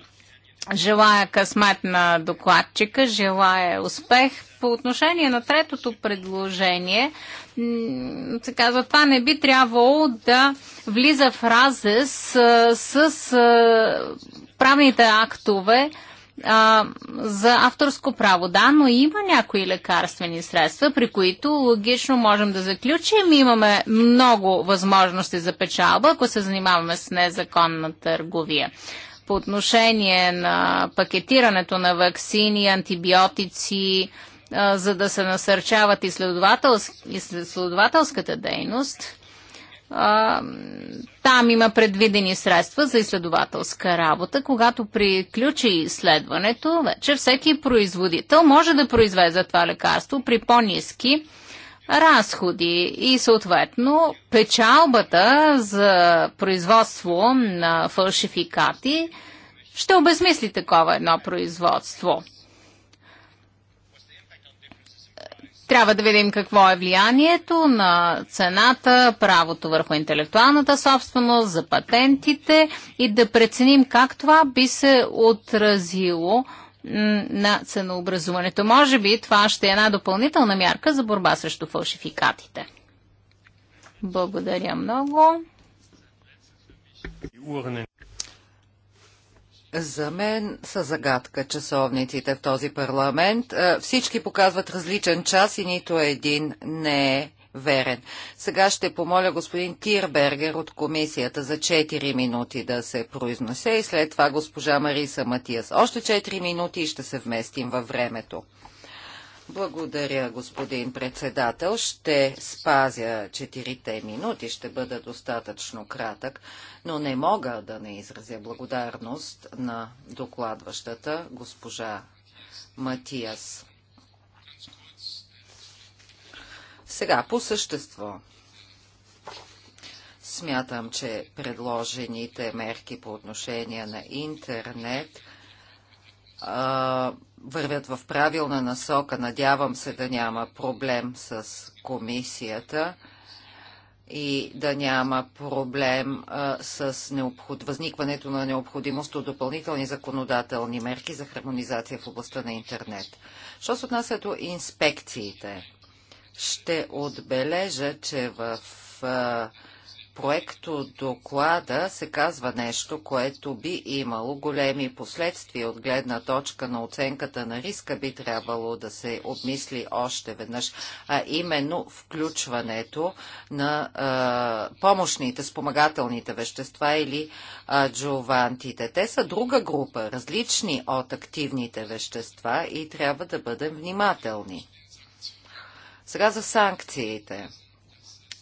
Желая късмет на докладчика, желая успех. По отношение на третото предложение, се казва, това не би трябвало да влиза в разес с, с, с правните актове а, за авторско право. Да, но има някои лекарствени средства, при които логично можем да заключим. Имаме много възможности за печалба, ако се занимаваме с незаконна търговия по отношение на пакетирането на вакцини, антибиотици, за да се насърчават изследователската дейност. Там има предвидени средства за изследователска работа. Когато приключи изследването, вече всеки производител може да произведе това лекарство при по-низки разходи и съответно печалбата за производство на фалшификати ще обезмисли такова едно производство. Трябва да видим какво е влиянието на цената, правото върху интелектуалната собственост, за патентите и да преценим как това би се отразило на ценообразуването. Може би това ще е една допълнителна мярка за борба срещу фалшификатите. Благодаря много. За мен са загадка часовниците в този парламент. Е, всички показват различен час и нито един не е верен. Сега ще помоля господин Тирбергер от комисията за 4 минути да се произнесе и след това госпожа Мариса Матиас. Още 4 минути и ще се вместим във времето. Благодаря, господин председател. Ще спазя четирите минути, ще бъда достатъчно кратък но не мога да не изразя благодарност на докладващата госпожа Матиас. Сега по същество. Смятам, че предложените мерки по отношение на интернет а, вървят в правилна насока. Надявам се да няма проблем с комисията и да няма проблем а, с необход... възникването на необходимост от допълнителни законодателни мерки за хармонизация в областта на интернет. Що се отнася до инспекциите? Ще отбележа, че в а, проекто доклада се казва нещо, което би имало големи последствия от гледна точка на оценката на риска, би трябвало да се обмисли още веднъж, а именно включването на а, помощните, спомагателните вещества или джовантите. Те са друга група, различни от активните вещества и трябва да бъдем внимателни. Сега за санкциите.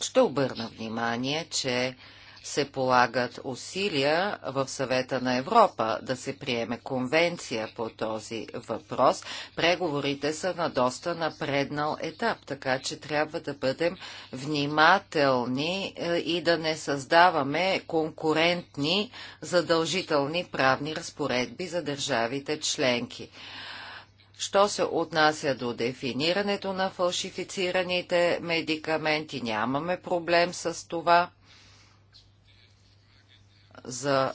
Ще обърна внимание, че се полагат усилия в съвета на Европа да се приеме конвенция по този въпрос. Преговорите са на доста напреднал етап, така че трябва да бъдем внимателни е, и да не създаваме конкурентни задължителни правни разпоредби за държавите членки. Що се отнася до дефинирането на фалшифицираните медикаменти, нямаме проблем с това. За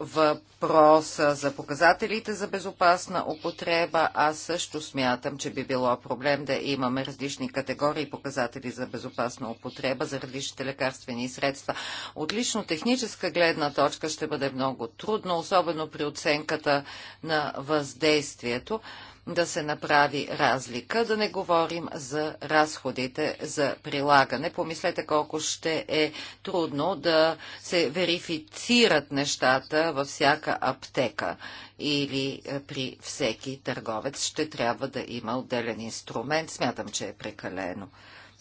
въпроса за показателите за безопасна употреба, аз също смятам, че би било проблем да имаме различни категории показатели за безопасна употреба за различните лекарствени средства. От лично техническа гледна точка ще бъде много трудно, особено при оценката на въздействието да се направи разлика, да не говорим за разходите за прилагане. Помислете колко ще е трудно да се верифицират нещата във всяка аптека или е, при всеки търговец. Ще трябва да има отделен инструмент. Смятам, че е прекалено.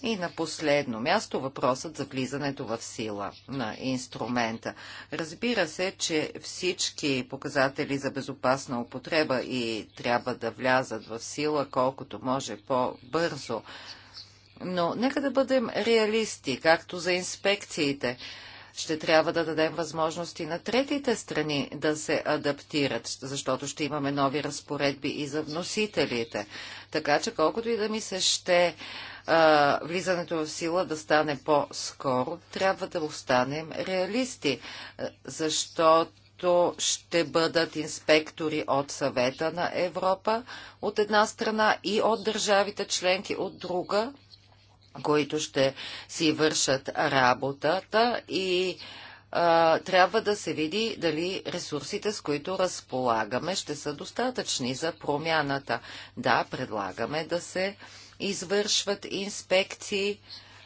И на последно място въпросът за влизането в сила на инструмента. Разбира се, че всички показатели за безопасна употреба и трябва да влязат в сила колкото може по-бързо. Но нека да бъдем реалисти, както за инспекциите ще трябва да дадем възможности на третите страни да се адаптират, защото ще имаме нови разпоредби и за вносителите. Така че колкото и да ми се ще а, влизането в сила да стане по-скоро, трябва да останем реалисти, защото ще бъдат инспектори от съвета на Европа от една страна и от държавите членки от друга, които ще си вършат работата и а, трябва да се види дали ресурсите, с които разполагаме, ще са достатъчни за промяната. Да, предлагаме да се извършват инспекции,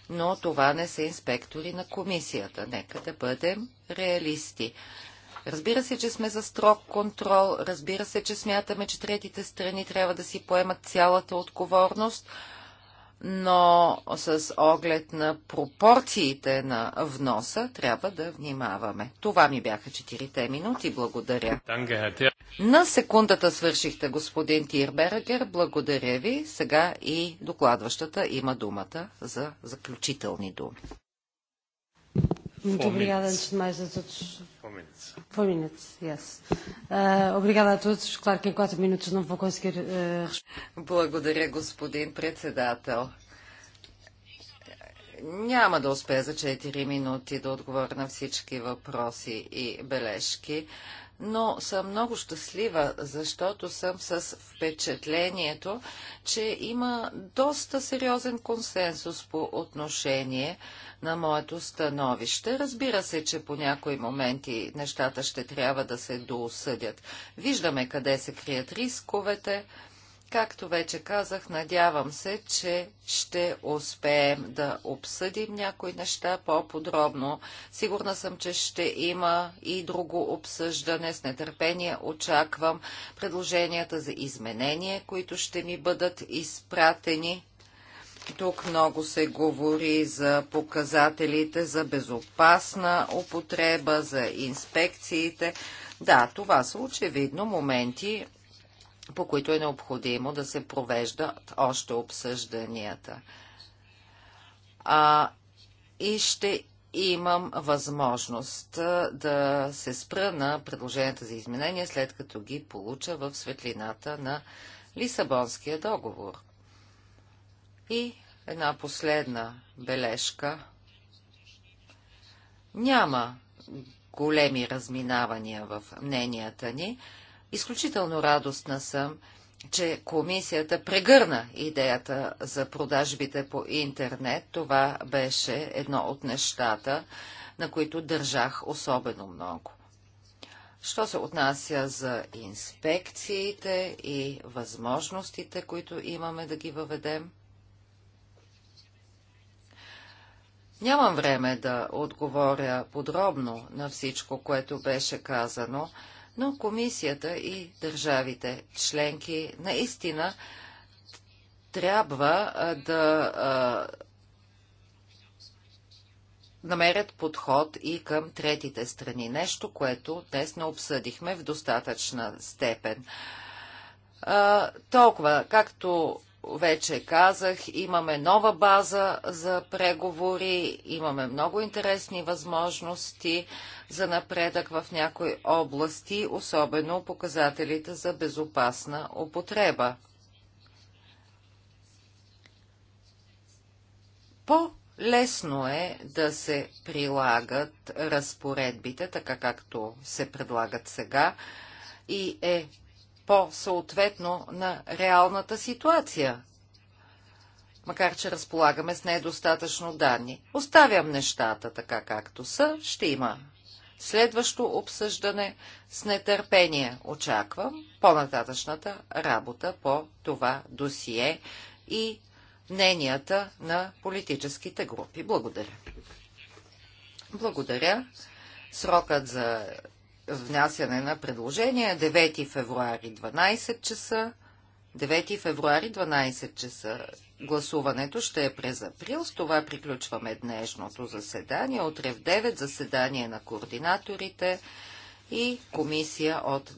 но това не са инспектори на комисията. Нека да бъдем реалисти. Разбира се, че сме за строг контрол, разбира се, че смятаме, че третите страни трябва да си поемат цялата отговорност, но с оглед на пропорциите на вноса трябва да внимаваме. Това ми бяха четирите минути. Благодаря. На секундата свършихте, господин Тирбергер. Благодаря ви. Сега и докладващата има думата за заключителни думи. Muito obrigada, antes de mais, a todos. Four minutes. Four minutes, yes. Uh, obrigada a todos. Claro que em quatro minutos não vou conseguir... responder. Uh... господин председател. Няма да успея за 4 минути да отговоря на всички въпроси и бележки. Uh, но съм много щастлива, защото съм с впечатлението, че има доста сериозен консенсус по отношение на моето становище. Разбира се, че по някои моменти нещата ще трябва да се доосъдят. Виждаме къде се крият рисковете Както вече казах, надявам се, че ще успеем да обсъдим някои неща по-подробно. Сигурна съм, че ще има и друго обсъждане. С нетърпение очаквам предложенията за изменение, които ще ми бъдат изпратени. Тук много се говори за показателите за безопасна употреба, за инспекциите. Да, това са очевидно моменти, по които е необходимо да се провеждат още обсъжданията. А, и ще имам възможност да се спра на предложенията за изменения, след като ги получа в светлината на Лисабонския договор. И една последна бележка. Няма големи разминавания в мненията ни. Изключително радостна съм, че комисията прегърна идеята за продажбите по интернет. Това беше едно от нещата, на които държах особено много. Що се отнася за инспекциите и възможностите, които имаме да ги въведем? Нямам време да отговоря подробно на всичко, което беше казано, но комисията и държавите членки наистина трябва да намерят подход и към третите страни. Нещо, което днес не обсъдихме в достатъчна степен. толкова, както вече казах, имаме нова база за преговори, имаме много интересни възможности за напредък в някои области, особено показателите за безопасна употреба. По-лесно е да се прилагат разпоредбите, така както се предлагат сега, и е по-съответно на реалната ситуация, макар че разполагаме с недостатъчно данни. Оставям нещата така както са, ще има следващо обсъждане. С нетърпение очаквам по-нататъчната работа по това досие и мненията на политическите групи. Благодаря. Благодаря. Срокът за внасяне на предложения 9 февруари 12 часа. 9 февруари 12 часа. Гласуването ще е през април. С това приключваме днешното заседание. Утре в 9 заседание на координаторите и комисия от